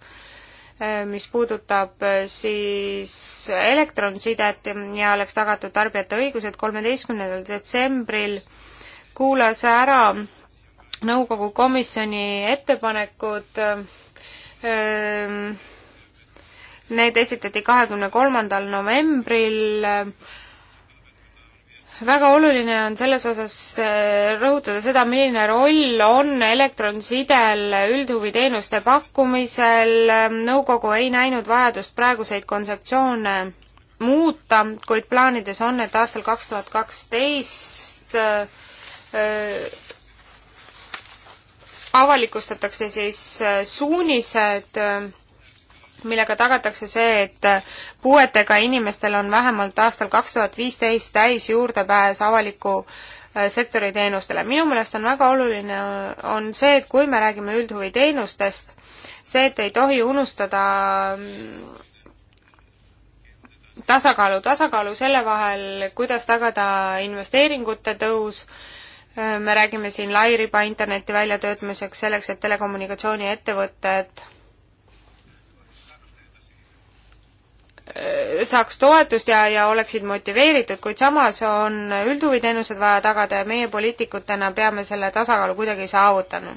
Äh, mis puudutab äh, siis elektronsidet ja oleks tagatud tarbijate õigused. kolmeteistkümnendal detsembril kuulas ära nõukogu komisjoni ettepanekud. Äh, need esitati kahekümne kolmandal novembril väga oluline on selles osas äh, rõhutada seda, milline roll on elektronsidel üldhuviteenuste pakkumisel, nõukogu ei näinud vajadust praeguseid kontseptsioone muuta, kuid plaanides on, et aastal kaks tuhat kaksteist äh, äh, avalikustatakse siis suunised öö, millega tagatakse see, et puuetega inimestel on vähemalt aastal kaks tuhat viisteist täis juurdepääs avaliku äh, sektori teenustele. minu meelest on väga oluline, äh, on see, et kui me räägime üldhuviteenustest, see, et ei tohi unustada mm, tasakaalu, tasakaalu selle vahel, kuidas tagada investeeringute tõus, äh, me räägime siin lairiba interneti väljatöötamiseks selleks, et telekommunikatsiooniettevõtted et Äh, saaks toetust ja, ja oleksid motiveeritud, kuid samas on üldhuviteenused vaja tagada ja meie poliitikutena peame selle tasakaalu kuidagi saavutama.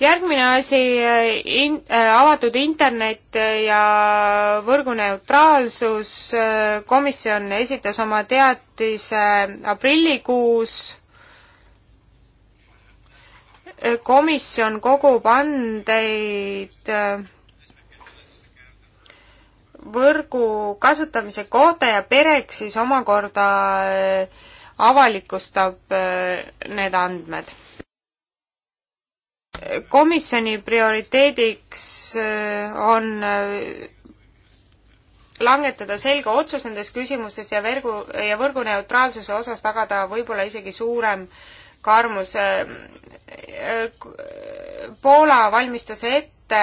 järgmine asi, äh, in-, äh, avatud internet ja võrguneutraalsus, komisjon esitas oma teatise aprillikuus, komisjon kogub andeid võrgu kasutamise koode ja pereks siis omakorda äh, avalikustab äh, need andmed. komisjoni prioriteediks äh, on langetada selge otsus nendes küsimustes ja vergu, ja võrgu neutraalsuse osas tagada võib-olla isegi suurem karmus. Poola valmistas ette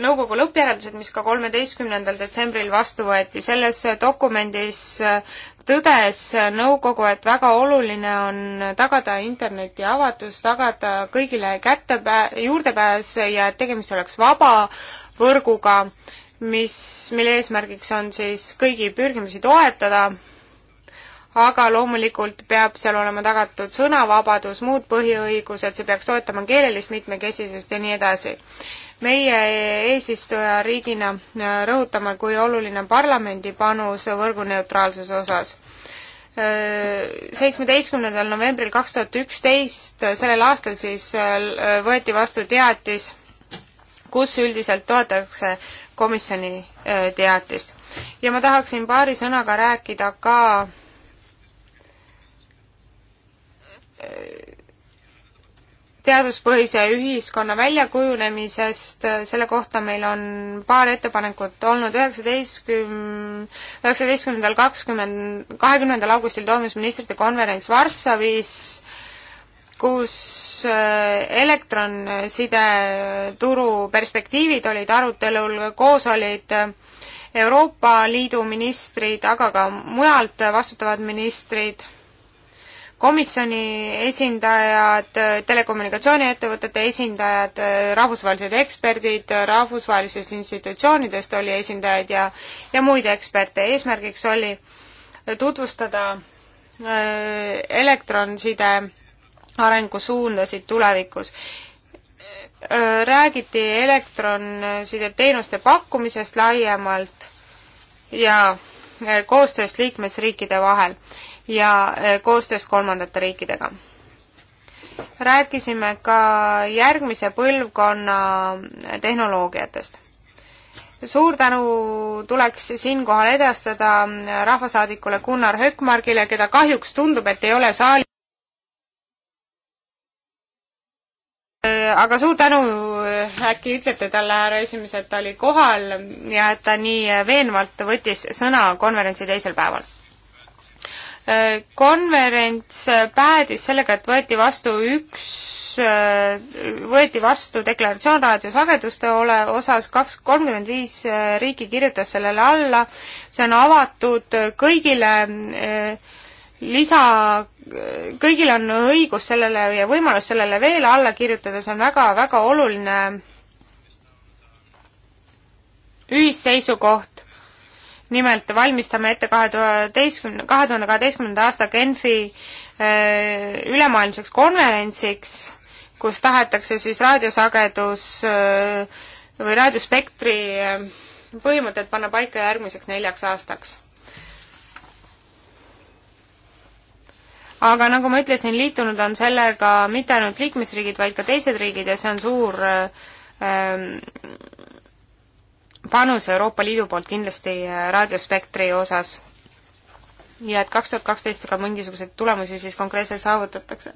nõukogu lõppjäreldused, mis ka kolmeteistkümnendal detsembril vastu võeti, selles dokumendis äh, tõdes nõukogu, et väga oluline on tagada interneti avatus, tagada kõigile kättepää-, juurdepääs ja et tegemist oleks vaba võrguga, mis, mille eesmärgiks on siis kõigi pürgimusi toetada, aga loomulikult peab seal olema tagatud sõnavabadus, muud põhiõigused, see peaks toetama keelelist mitmekesisust ja nii edasi meie eesistujariigina äh, rõhutame, kui oluline on parlamendi panus võrguneutraalsuse osas. Äh, seitsmeteistkümnendal novembril kaks tuhat üksteist, äh, sellel aastal siis võeti vastu teatis, kus üldiselt toetatakse komisjoni teatist. ja ma tahaksin paari sõnaga rääkida ka teaduspõhise ühiskonna väljakujunemisest, selle kohta meil on paar ettepanekut olnud, üheksateistküm-, üheksateistkümnendal kakskümmend, kahekümnendal augustil toimus ministrite konverents Varssavis, kus äh, elektronsideturu perspektiivid olid arutelul, koos olid äh, Euroopa Liidu ministrid, aga ka mujalt vastutavad ministrid komisjoni esindajad, telekommunikatsiooniettevõtete esindajad, rahvusvahelised eksperdid, rahvusvahelisest institutsioonidest oli esindajaid ja, ja muid eksperte. eesmärgiks oli tutvustada äh, elektronside arengusuundasid tulevikus äh, räägiti elektronsideteenuste pakkumisest laiemalt ja äh, koostööst liikmesriikide vahel ja eh, koostöös kolmandate riikidega. rääkisime ka järgmise põlvkonna eh, tehnoloogiatest. suur tänu tuleks siinkohal edastada eh, rahvasaadikule Gunnar Hökmargile, keda kahjuks tundub, et ei ole saalis. aga suur tänu, äkki ütlete talle, härra esimees, et ta oli kohal ja et ta nii veenvalt võttis sõna konverentsi teisel päeval konverents päädis sellega, et võeti vastu üks, võeti vastu deklaratsioon raadiosageduste ole osas, kaks, kolmkümmend viis riiki kirjutas sellele alla, see on avatud kõigile lisa, kõigil on õigus sellele ja võimalus sellele veel alla kirjutada, see on väga-väga oluline ühisseisukoht nimelt valmistame ette kahe tuhateistkümne, kahe tuhande kaheteistkümnenda aasta Genfi äh, ülemaailmseks konverentsiks, kus tahetakse siis raadiosagedus äh, või raadiospektri äh, põhimõtted panna paika järgmiseks neljaks aastaks. aga nagu ma ütlesin, liitunud on sellega mitte ainult liikmesriigid, vaid ka teised riigid ja see on suur ähm, panus Euroopa Liidu poolt kindlasti äh, raadiospektri osas ja et kaks tuhat kaksteist ka mingisuguseid tulemusi siis konkreetselt saavutatakse.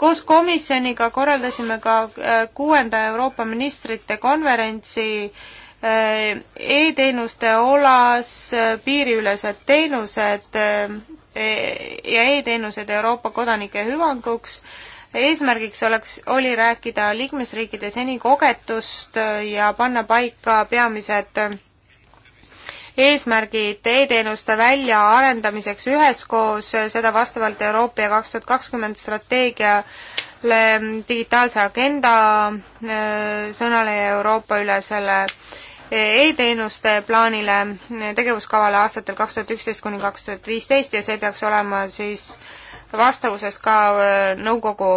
koos komisjoniga korraldasime ka äh, kuuenda Euroopa ministrite konverentsi äh, e-teenuste olas piiriülesed teenused e-, ja e-teenused Euroopa kodanike hüvanguks eesmärgiks oleks, oli rääkida liikmesriikide seni kogetust ja panna paika peamised eesmärgid e-teenuste väljaarendamiseks üheskoos, seda vastavalt Euroopa ja kaks tuhat kakskümmend strateegiale, digitaalse agenda äh, sõnale ja Euroopa ülesele e-teenuste plaanile, tegevuskavale aastatel kaks tuhat üksteist kuni kaks tuhat viisteist ja see peaks olema siis äh, vastavuses ka äh, nõukogu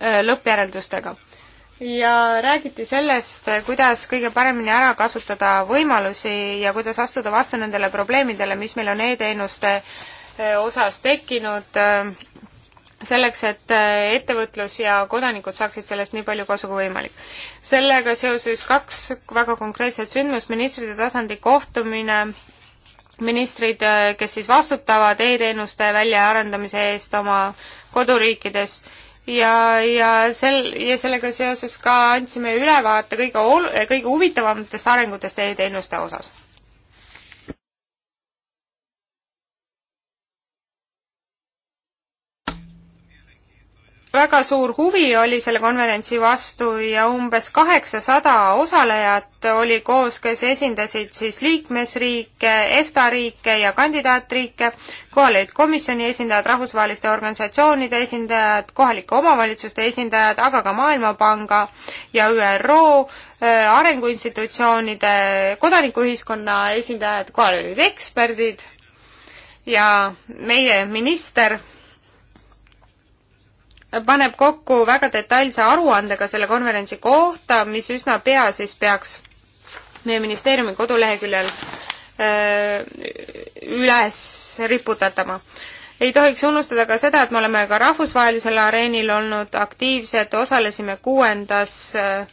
äh, lõppjäreldustega. ja räägiti sellest, äh, kuidas kõige paremini ära kasutada võimalusi ja kuidas astuda vastu nendele probleemidele, mis meil on e-teenuste osas tekkinud, selleks, et ettevõtlus ja kodanikud saaksid sellest nii palju kasu kui võimalik. sellega seoses kaks väga konkreetset sündmust, ministrite tasandi kohtumine ministrid, äh, kes siis vastutavad e-teenuste väljaarendamise eest oma koduriikides ja, ja sel, ja sellega seoses ka andsime ülevaate kõige ol-, kõige huvitavamatest arengutest e-teenuste osas väga suur huvi oli selle konverentsi vastu ja umbes kaheksasada osalejat oli koos, kes esindasid siis liikmesriike, EFTA riike ja kandidaatriike. kohal olid komisjoni esindajad, rahvusvaheliste organisatsioonide esindajad, kohalike omavalitsuste esindajad, aga ka Maailmapanga ja ÜRO äh, arenguinstitutsioonide, kodanikuühiskonna esindajad, kohal olid eksperdid ja meie minister paneb kokku väga detailse aruandega selle konverentsi kohta, mis üsna pea siis peaks meie ministeeriumi koduleheküljel äh, üles riputatama. ei tohiks unustada ka seda, et me oleme ka rahvusvahelisel areenil olnud aktiivsed, osalesime kuuendas, äh,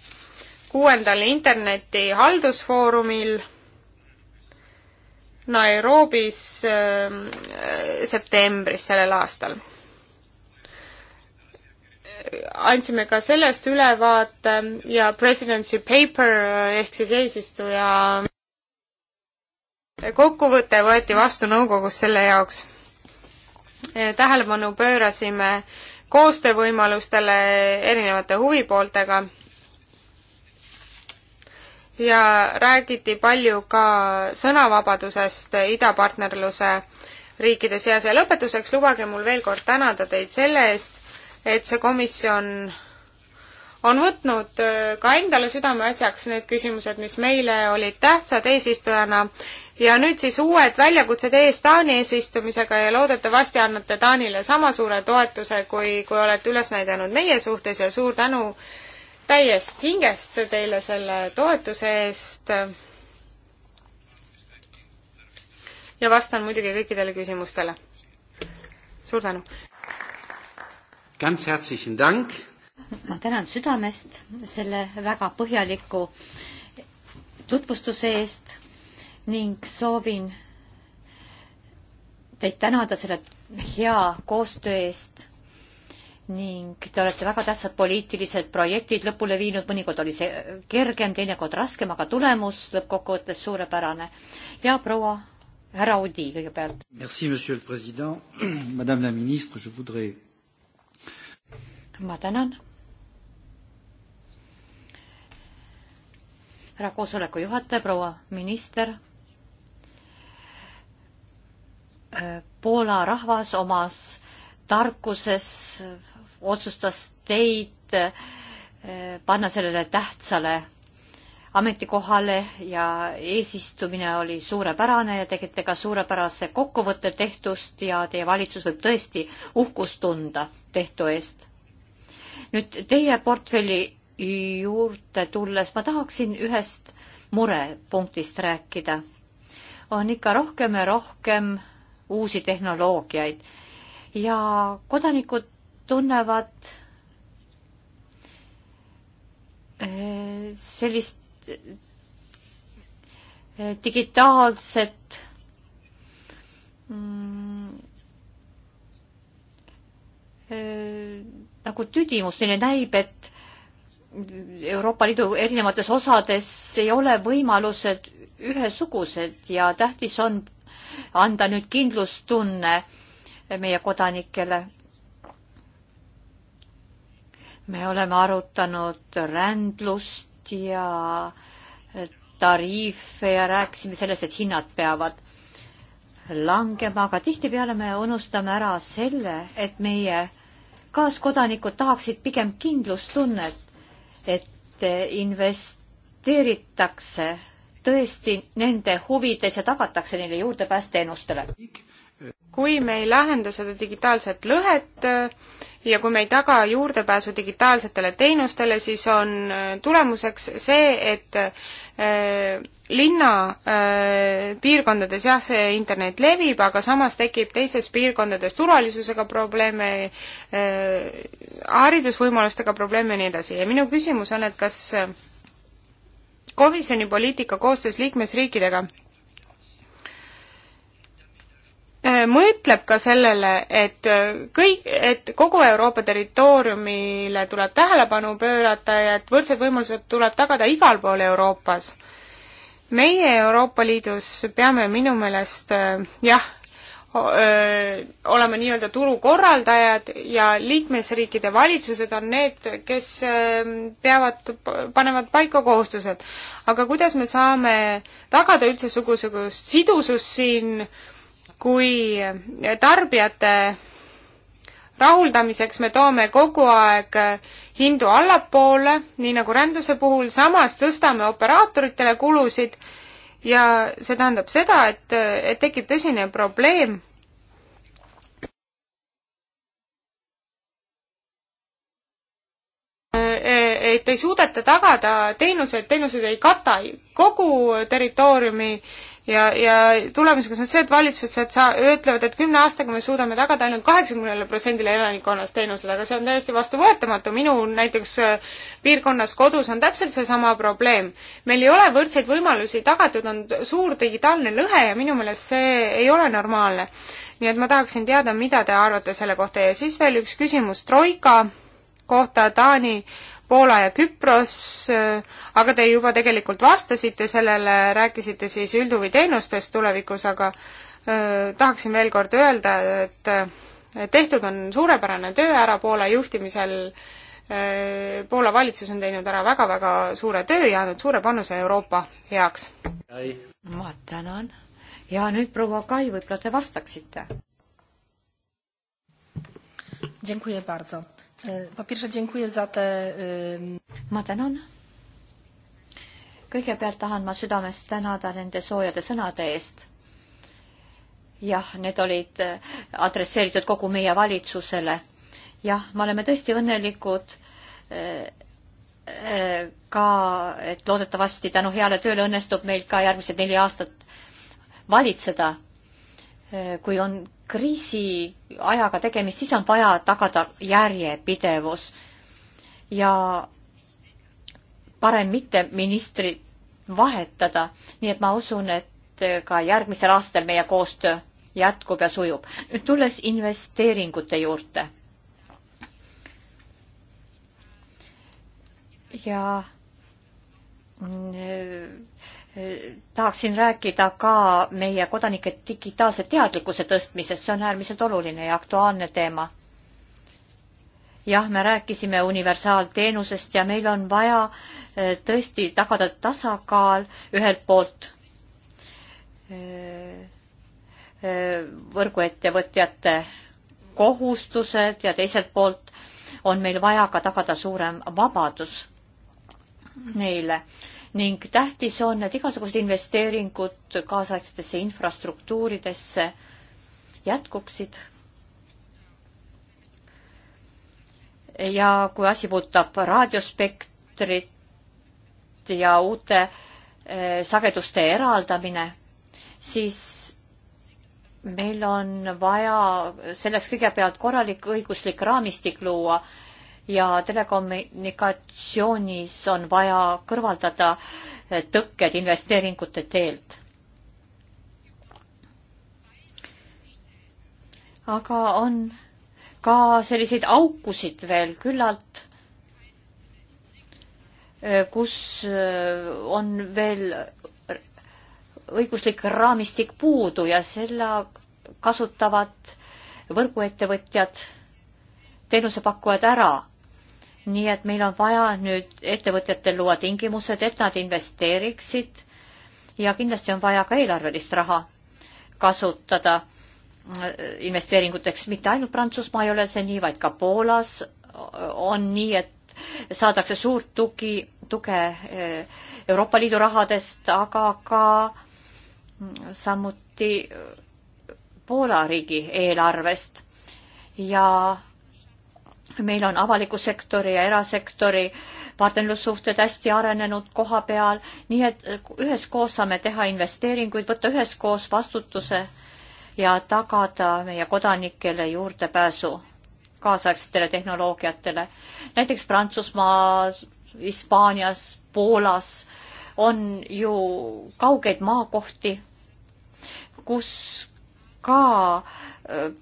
kuuendal interneti haldusfoorumil Nairobis äh, septembris sellel aastal andsime ka sellest ülevaate ja presidency paper eh, ehk siis eesistuja kokkuvõte võeti vastu nõukogus selle jaoks. Eh, tähelepanu pöörasime koostöövõimalustele erinevate huvipooltega ja räägiti palju ka sõnavabadusest idapartnerluse riikide seas ja lõpetuseks lubage mul veel kord tänada teid selle eest, et see komisjon on võtnud äh, ka endale südameasjaks need küsimused, mis meile olid tähtsad eesistujana ja nüüd siis uued väljakutsed ees Taani eesistumisega ja loodetavasti annate Taanile sama suure toetuse, kui, kui olete üles näidanud meie suhtes ja suur tänu täiest hingest teile selle toetuse eest. ja vastan muidugi kõikidele küsimustele. suur tänu! ganz herzlichen Dank. ma tänan südamest selle väga põhjaliku tutvustuse eest ning soovin teid tänada selle hea koostöö eest ning te olete väga tähtsad poliitilised projektid lõpule viinud, mõnikord oli see kergem, teinekord raskem, aga tulemus lõppkokkuvõttes suurepärane. ja proua härra Udi kõigepealt. Merci, monsieur le president, <clears throat> madame la ministre, je voudrais ma tänan. härra koosoleku juhataja, proua minister. Äh, Poola rahvas omas tarkuses otsustas teid äh, panna sellele tähtsale ametikohale ja eesistumine oli suurepärane ja tegite ka suurepärase kokkuvõtte tehtust ja teie valitsus võib tõesti uhkust tunda tehtu eest nüüd teie portfelli juurde tulles ma tahaksin ühest murepunktist rääkida. on ikka rohkem ja rohkem uusi tehnoloogiaid ja kodanikud tunnevad eh, sellist eh, digitaalset mm, eh, nagu tüdimus, neile näib, et Euroopa Liidu erinevates osades ei ole võimalused ühesugused ja tähtis on anda nüüd kindlustunne meie kodanikele. me oleme arutanud rändlust ja tariife ja rääkisime sellest, et hinnad peavad langema, aga tihtipeale me unustame ära selle, et meie kaaskodanikud tahaksid pigem kindlustunnet, et investeeritakse tõesti nende huvides ja tagatakse neile juurdepääs teenustele kui me ei lahenda seda digitaalset lõhet äh, ja kui me ei taga juurdepääsu digitaalsetele teenustele, siis on äh, tulemuseks see, et äh, linna piirkondades jah, see internet levib, aga samas tekib teistes piirkondades turvalisusega probleeme, haridusvõimalustega probleeme ja nii edasi ja minu küsimus on, et kas komisjoni poliitika koostöös liikmesriikidega Äh, mõtleb ka sellele, et äh, kõik, et kogu Euroopa territooriumile tuleb tähelepanu pöörata ja et võrdsed võimalused tuleb tagada igal pool Euroopas. meie Euroopa Liidus peame minu meelest äh, jah, olema nii-öelda turukorraldajad ja liikmesriikide valitsused on need, kes peavad, panevad paika kohustused. aga kuidas me saame tagada üldse sugusugust sidusust siin äh, kui tarbijate rahuldamiseks me toome kogu aeg hindu allapoole, nii nagu ränduse puhul, samas tõstame operaatoritele kulusid ja see tähendab seda, et, et tekib tõsine probleem. et ei suudeta tagada teenuseid, teenused ei kata kogu territooriumi ja, ja tulemuseks on see, et valitsused saa-, ütlevad, et kümne aastaga me suudame tagada ainult kaheksakümnele protsendile elanikkonnast teenused, aga see on täiesti vastuvõetamatu, minu näiteks äh, piirkonnas kodus on täpselt seesama probleem. meil ei ole võrdseid võimalusi tagatud, on suur digitaalne lõhe ja minu meelest see ei ole normaalne. nii et ma tahaksin teada, mida te arvate selle kohta ja siis veel üks küsimus Troika kohta Taani äh, Poola ja Küpros, äh, aga te juba tegelikult vastasite sellele, rääkisite siis üldhuviteenustest tulevikus, aga öö, äh, tahaksin veel kord öelda, et äh, tehtud on suurepärane töö ära Poola juhtimisel, Poola valitsus on teinud ära väga-väga suure töö ja andnud suure panuse Euroopa heaks. ma tänan ja nüüd proua Kai, võib-olla te vastaksite? Dziękuję bardzo. E, po pierwsze, dziękuję za te... E, ma tänan. kõigepealt tahan ma südamest tänada nende soojade sõnade eest. jah, need olid e, adresseeritud kogu meie valitsusele. jah, me oleme tõesti õnnelikud ka, et loodetavasti tänu heale tööle õnnestub meil ka järgmised neli aastat valitseda Äh, kui on kriisiajaga tegemist, siis on vaja tagada järjepidevus ja parem mitte ministrit vahetada, nii et ma usun, et äh, ka järgmisel aastal meie koostöö jätkub ja sujub. nüüd tulles investeeringute juurde. ja mm, äh, tahaksin rääkida ka meie kodanike digitaalse teadlikkuse tõstmisest, see on äärmiselt oluline ja aktuaalne teema. jah, me rääkisime universaalteenusest ja meil on vaja eh, tõesti tagada tasakaal ühelt poolt eh, eh, võrguettevõtjate kohustused ja teiselt poolt on meil vaja ka tagada suurem vabadus neile ning tähtis on, et igasugused investeeringud kaasaegsetesse infrastruktuuridesse jätkuksid. ja kui asi puudutab raadiospektrit ja uute eh, sageduste eraldamine, siis meil on vaja selleks kõigepealt korralik õiguslik raamistik luua ja telekommunikatsioonis on vaja kõrvaldada eh, tõkked investeeringute teelt. aga on ka selliseid aukusid veel küllalt, eh, kus eh, on veel õiguslik raamistik puudu ja selle kasutavad võrguettevõtjad, teenusepakkujad ära nii et meil on vaja nüüd ettevõtjatel luua tingimused, et nad investeeriksid ja kindlasti on vaja ka eelarvelist raha kasutada äh, investeeringuteks, mitte ainult Prantsusmaa ei ole see nii, vaid ka Poolas on nii, et saadakse suurt tugi, tuge äh, Euroopa Liidu rahadest, aga ka mm, samuti Poola riigi eelarvest ja meil on avaliku sektori ja erasektori partnerlussuhted hästi arenenud koha peal, nii et eh, üheskoos saame teha investeeringuid, võtta üheskoos vastutuse ja tagada meie kodanikele juurdepääsu kaasaegsetele tehnoloogiatele. näiteks Prantsusmaa, Hispaanias, Poolas on ju kaugeid maakohti, kus ka äh,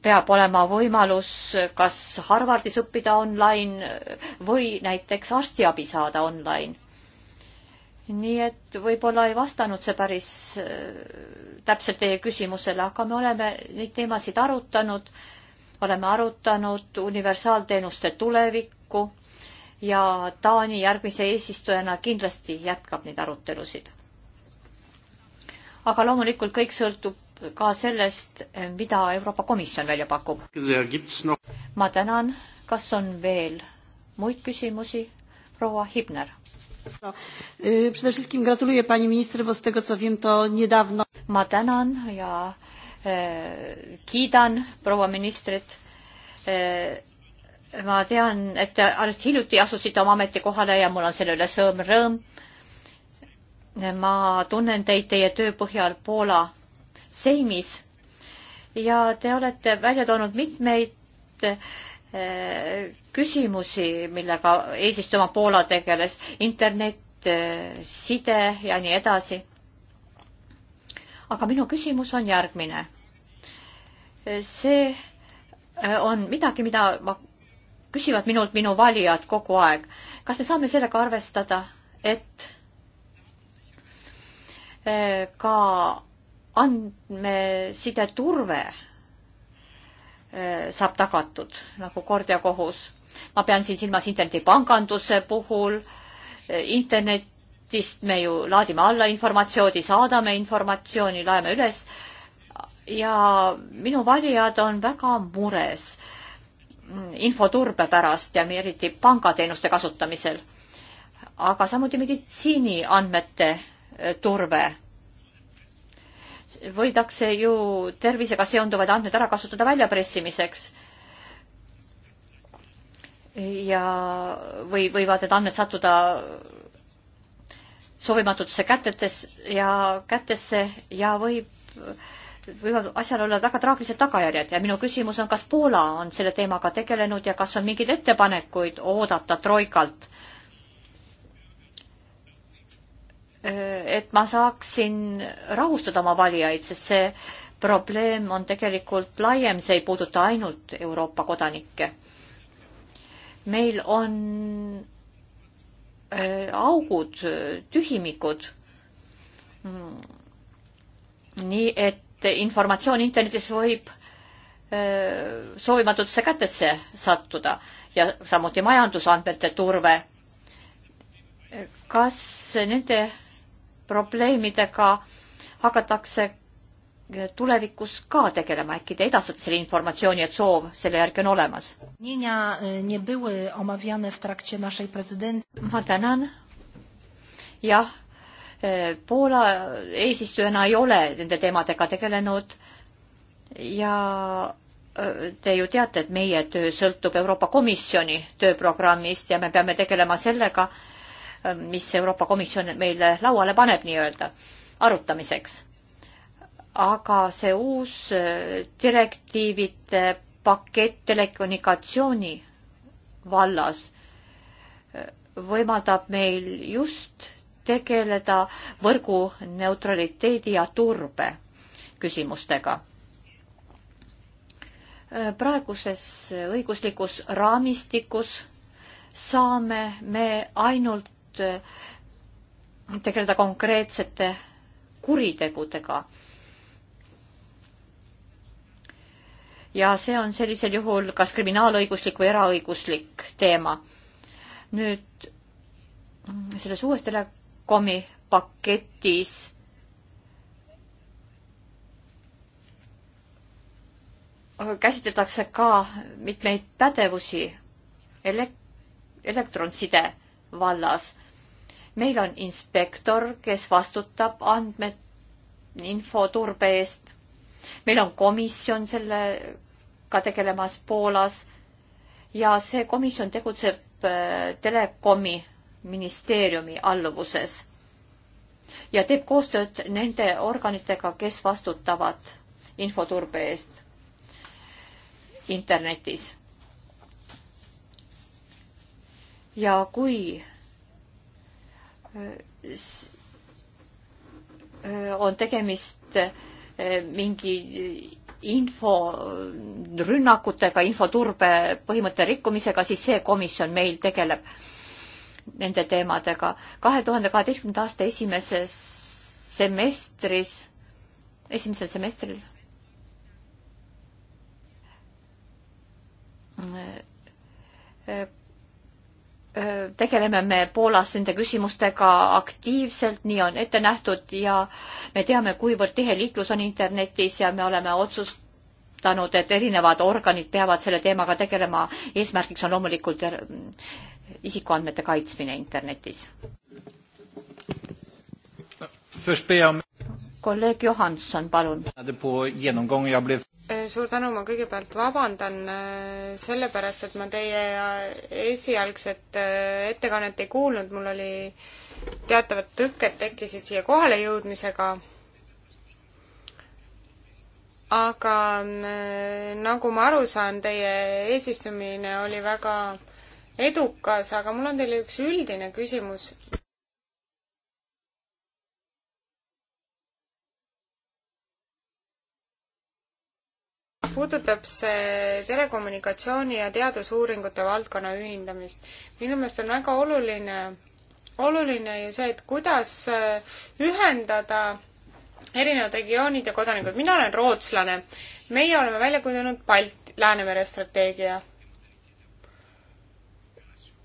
peab olema võimalus kas Harvardis õppida online või näiteks arstiabi saada online. nii et võib-olla ei vastanud see päris äh, täpselt teie küsimusele, aga me oleme neid teemasid arutanud, oleme arutanud universaalteenuste tulevikku ja Taani järgmise eesistujana kindlasti jätkab neid arutelusid. aga loomulikult kõik sõltub ka sellest, mida Euroopa Komisjon välja pakub. ma tänan, kas on veel muid küsimusi? proua Hibner. ma tänan ja e, kiidan proua ministrit. E, ma tean, et te alles hiljuti asusite oma ametikohale ja mul on selle üle sõõm rõõm. ma tunnen teid teie töö põhjal Poola Seimis ja te olete välja toonud mitmeid eh, küsimusi, millega eesistuma Poola tegeles, internet, eh, side ja nii edasi. aga minu küsimus on järgmine. Eh, see on midagi, mida ma, küsivad minult minu valijad kogu aeg. kas me saame sellega arvestada, et ka andmesideturve äh, saab tagatud nagu kord ja kohus. ma pean siin silmas internetipanganduse puhul, äh, internetist me ju laadime alla informatsiooni, saadame informatsiooni, laeme üles ja minu valijad on väga mures infoturbe pärast ja eriti pangateenuste kasutamisel, aga samuti meditsiiniandmete turve võidakse ju tervisega seonduvaid andmeid ära kasutada väljapressimiseks. ja, või võivad need andmed sattuda soovimatutesse kätetes ja kätesse ja võib, võivad asjal olla väga traagilised tagajärjed ja minu küsimus on, kas Poola on selle teemaga tegelenud ja kas on mingeid ettepanekuid oodata Troikalt Äh, et ma saaksin rahustada oma valijaid, sest see probleem on tegelikult laiem, see ei puuduta ainult Euroopa kodanikke. meil on äh, augud, tühimikud. Mm, nii et informatsioon internetis võib äh, soovimatutesse kätesse sattuda ja samuti majandusandmete turve. kas nende probleemidega hakatakse tulevikus ka tegelema, äkki te edastate selle informatsiooni, et soov selle järgi on olemas? Eh, ma tänan. jah, eh, Poola eesistujana ei ole nende teemadega tegelenud ja eh, te ju teate, et meie töö sõltub Euroopa Komisjoni tööprogrammist ja me peame tegelema sellega, mis Euroopa Komisjon meile lauale paneb nii-öelda arutamiseks. aga see uus äh, direktiivide pakett telekommunikatsiooni vallas äh, võimaldab meil just tegeleda võrgu neutraliteedi ja turbe küsimustega. Äh, praeguses õiguslikus raamistikus saame me ainult Äh, tegeleda konkreetsete kuritegudega. ja see on sellisel juhul kas kriminaalõiguslik või eraõiguslik teema. nüüd selles uues telekomi paketis käsitletakse ka mitmeid pädevusi elek-, elektronside vallas meil on inspektor, kes vastutab andmed, infoturbe eest. meil on komisjon sellega tegelemas Poolas ja see komisjon tegutseb äh, telekomi ministeeriumi alluvuses ja teeb koostööd nende organitega, kes vastutavad infoturbe eest internetis. ja kui Äh, äh, on tegemist äh, mingi inforünnakutega, infoturbe põhimõtte rikkumisega, siis see komisjon meil tegeleb nende teemadega. kahe tuhande kaheteistkümnenda aasta esimeses semestris, esimesel semestril tegeleme me Poolas nende küsimustega aktiivselt, nii on ette nähtud ja me teame, kuivõrd tihe liiklus on internetis ja me oleme otsustanud, et erinevad organid peavad selle teemaga tegelema. eesmärgiks on loomulikult äh, isikuandmete kaitsmine internetis kolleeg Johanson, palun. Äh, suur tänu, ma kõigepealt vabandan äh, selle pärast, et ma teie äh, esialgset ettekannet ei kuulnud, mul oli teatavad tõkked tekkisid siia kohale jõudmisega aga nagu ma aru saan, teie eesistumine oli väga edukas, aga mul on teile üks üldine küsimus. puudutab see telekommunikatsiooni ja teadusuuringute valdkonna ühindamist. minu meelest on väga oluline, oluline ju see, et kuidas äh, ühendada erinevad regioonid ja kodanikud. mina olen rootslane. meie oleme välja kujundanud Balt-, Läänemere strateegia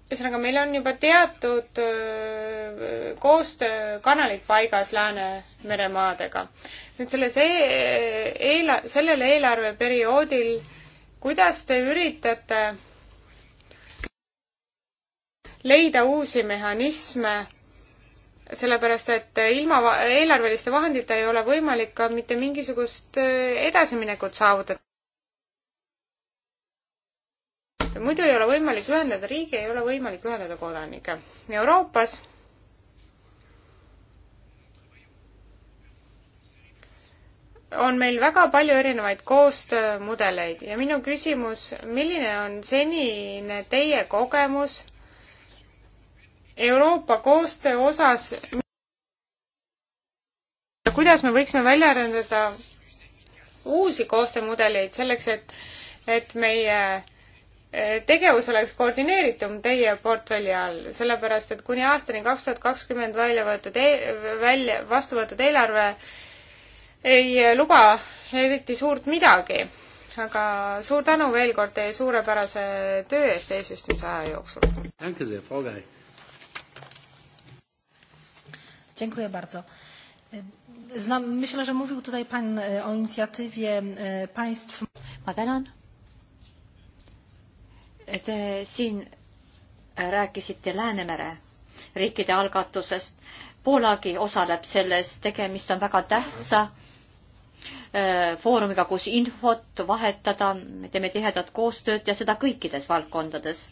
ühesõnaga, meil on juba teatud koostöökanalid paigas Läänemeremaadega. nüüd selles e-, eela-, sellel eelarveperioodil, kuidas te üritate leida uusi mehhanisme, sellepärast et ilma eelarveliste vahendita ei ole võimalik ka mitte mingisugust edasiminekut saavutada. muidu ei ole võimalik ühendada riigi, ei ole võimalik ühendada kodanikke. Euroopas on meil väga palju erinevaid koostöömudeleid ja minu küsimus, milline on senine teie kogemus Euroopa koostöö osas? kuidas me võiksime välja arendada uusi koostöömudeleid selleks, et, et meie tegevus oleks koordineeritum teie portfelli all, sellepärast et kuni aastani kaks tuhat kakskümmend välja võetud e, välja, vastu võetud eelarve ei luba eriti suurt midagi. aga suur tänu veel kord teie suurepärase töö eest eesistumise aja jooksul. Dziękuję bardzo. E, znam, myślę, że mówił tutaj Pan e, o inicjatywie e, państw. Ma tänan Te eh, siin äh, rääkisite Läänemere riikide algatusest. Poolagi osaleb selles, tegemist on väga tähtsa äh, foorumiga, kus infot vahetada, me teeme tihedat koostööd ja seda kõikides valdkondades.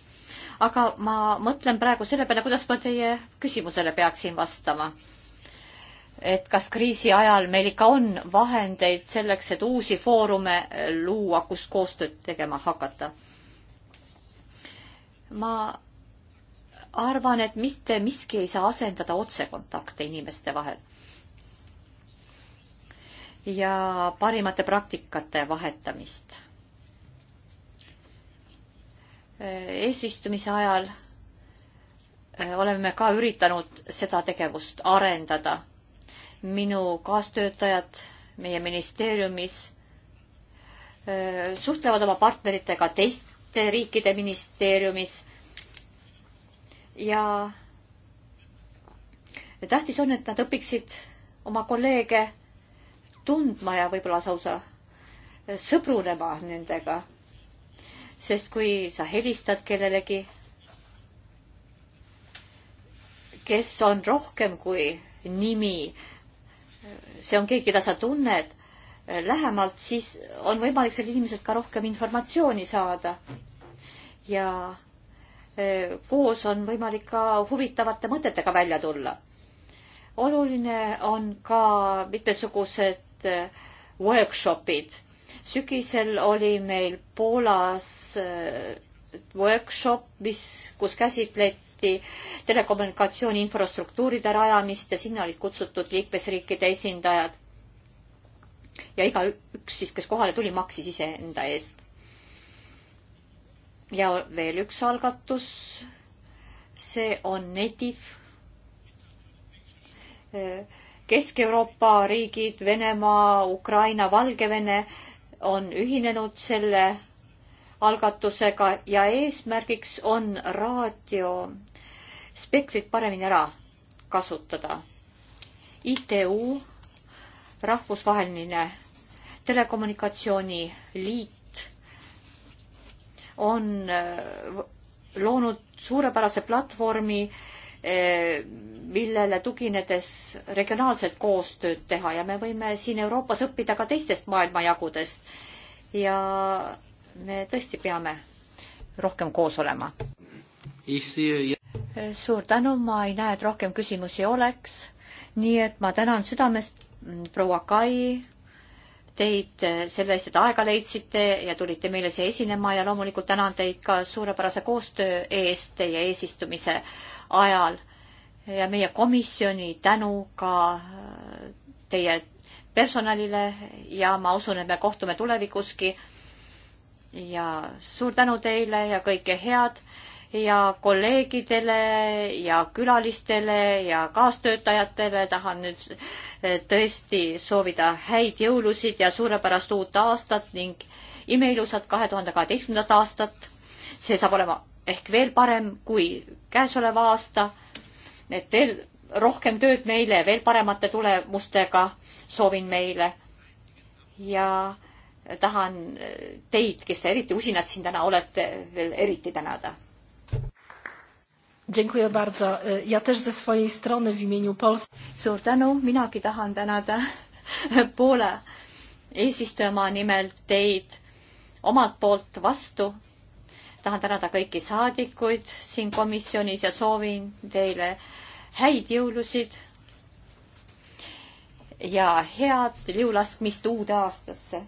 aga ma mõtlen praegu selle peale, kuidas ma teie küsimusele peaksin vastama. et kas kriisi ajal meil ikka on vahendeid selleks, et uusi foorume luua, kus koostööd tegema hakata ma arvan, et mitte miski ei saa asendada otsekontakte inimeste vahel. ja parimate praktikate vahetamist. eesistumise ajal eh, oleme ka üritanud seda tegevust arendada. minu kaastöötajad meie ministeeriumis eh, suhtlevad oma partneritega teist mitte riikide ministeeriumis. ja tähtis on, et nad õpiksid oma kolleege tundma ja võib-olla lausa sõbrunema nendega. sest kui sa helistad kellelegi, kes on rohkem kui nimi, see on keegi, keda sa tunned Äh, lähemalt, siis on võimalik seal inimeselt ka rohkem informatsiooni saada. ja äh, koos on võimalik ka huvitavate mõtetega välja tulla. oluline on ka mitmesugused äh, workshopid. sügisel oli meil Poolas workshop, mis, kus käsitleti telekommunikatsiooni infrastruktuuride rajamist ja sinna olid kutsutud liikmesriikide esindajad ja igaüks siis, kes kohale tuli, maksis iseenda eest. ja veel üks algatus, see on Netiv. Äh, Kesk-Euroopa riigid, Venemaa, Ukraina, Valgevene on ühinenud selle algatusega ja eesmärgiks on raadiospektrit paremini ära kasutada. ITU rahvusvaheline telekommunikatsiooniliit on äh, loonud suurepärase platvormi, äh, millele tuginedes regionaalset koostööd teha ja me võime siin Euroopas õppida ka teistest maailmajagudest. ja me tõesti peame rohkem koos olema. suur tänu, ma ei näe, et rohkem küsimusi oleks. nii et ma tänan südamest proua Kai, teid selle eest, et aega leidsite ja tulite meile siia esinema ja loomulikult tänan teid ka suurepärase koostöö eest teie eesistumise ajal ja meie komisjoni tänu ka äh, teie personalile ja ma usun, et me kohtume tulevikuski. ja suur tänu teile ja kõike head ja kolleegidele ja külalistele ja kaastöötajatele tahan nüüd eh, tõesti soovida häid jõulusid ja suurepärast uut aastat ning imeilusat kahe tuhande kaheteistkümnendat aastat. see saab olema ehk veel parem kui käesolev aasta. et veel rohkem tööd meile, veel paremate tulemustega soovin meile. ja tahan eh, teid, kes te eriti usinad siin täna olete, veel eriti tänada Dziękuję bardzo. Ja też ze swojej strony w imieniu Polski. Suur tänu, minagi tahan tänada <laughs> Poola eesistujamaa nimel teid omalt poolt vastu. tahan tänada kõiki saadikuid siin komisjonis ja soovin teile häid jõulusid ja head liulaskmist uude aastasse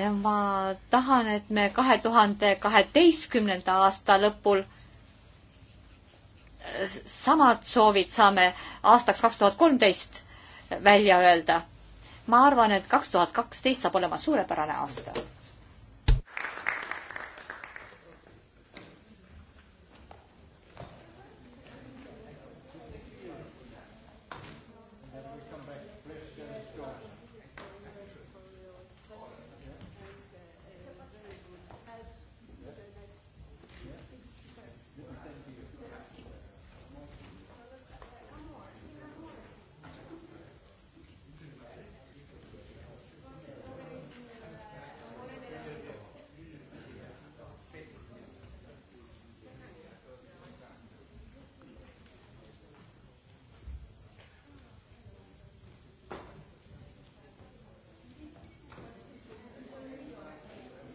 ma tahan, et me kahe tuhande kaheteistkümnenda aasta lõpul samad soovid saame aastaks kaks tuhat kolmteist välja öelda. ma arvan, et kaks tuhat kaksteist saab olema suurepärane aasta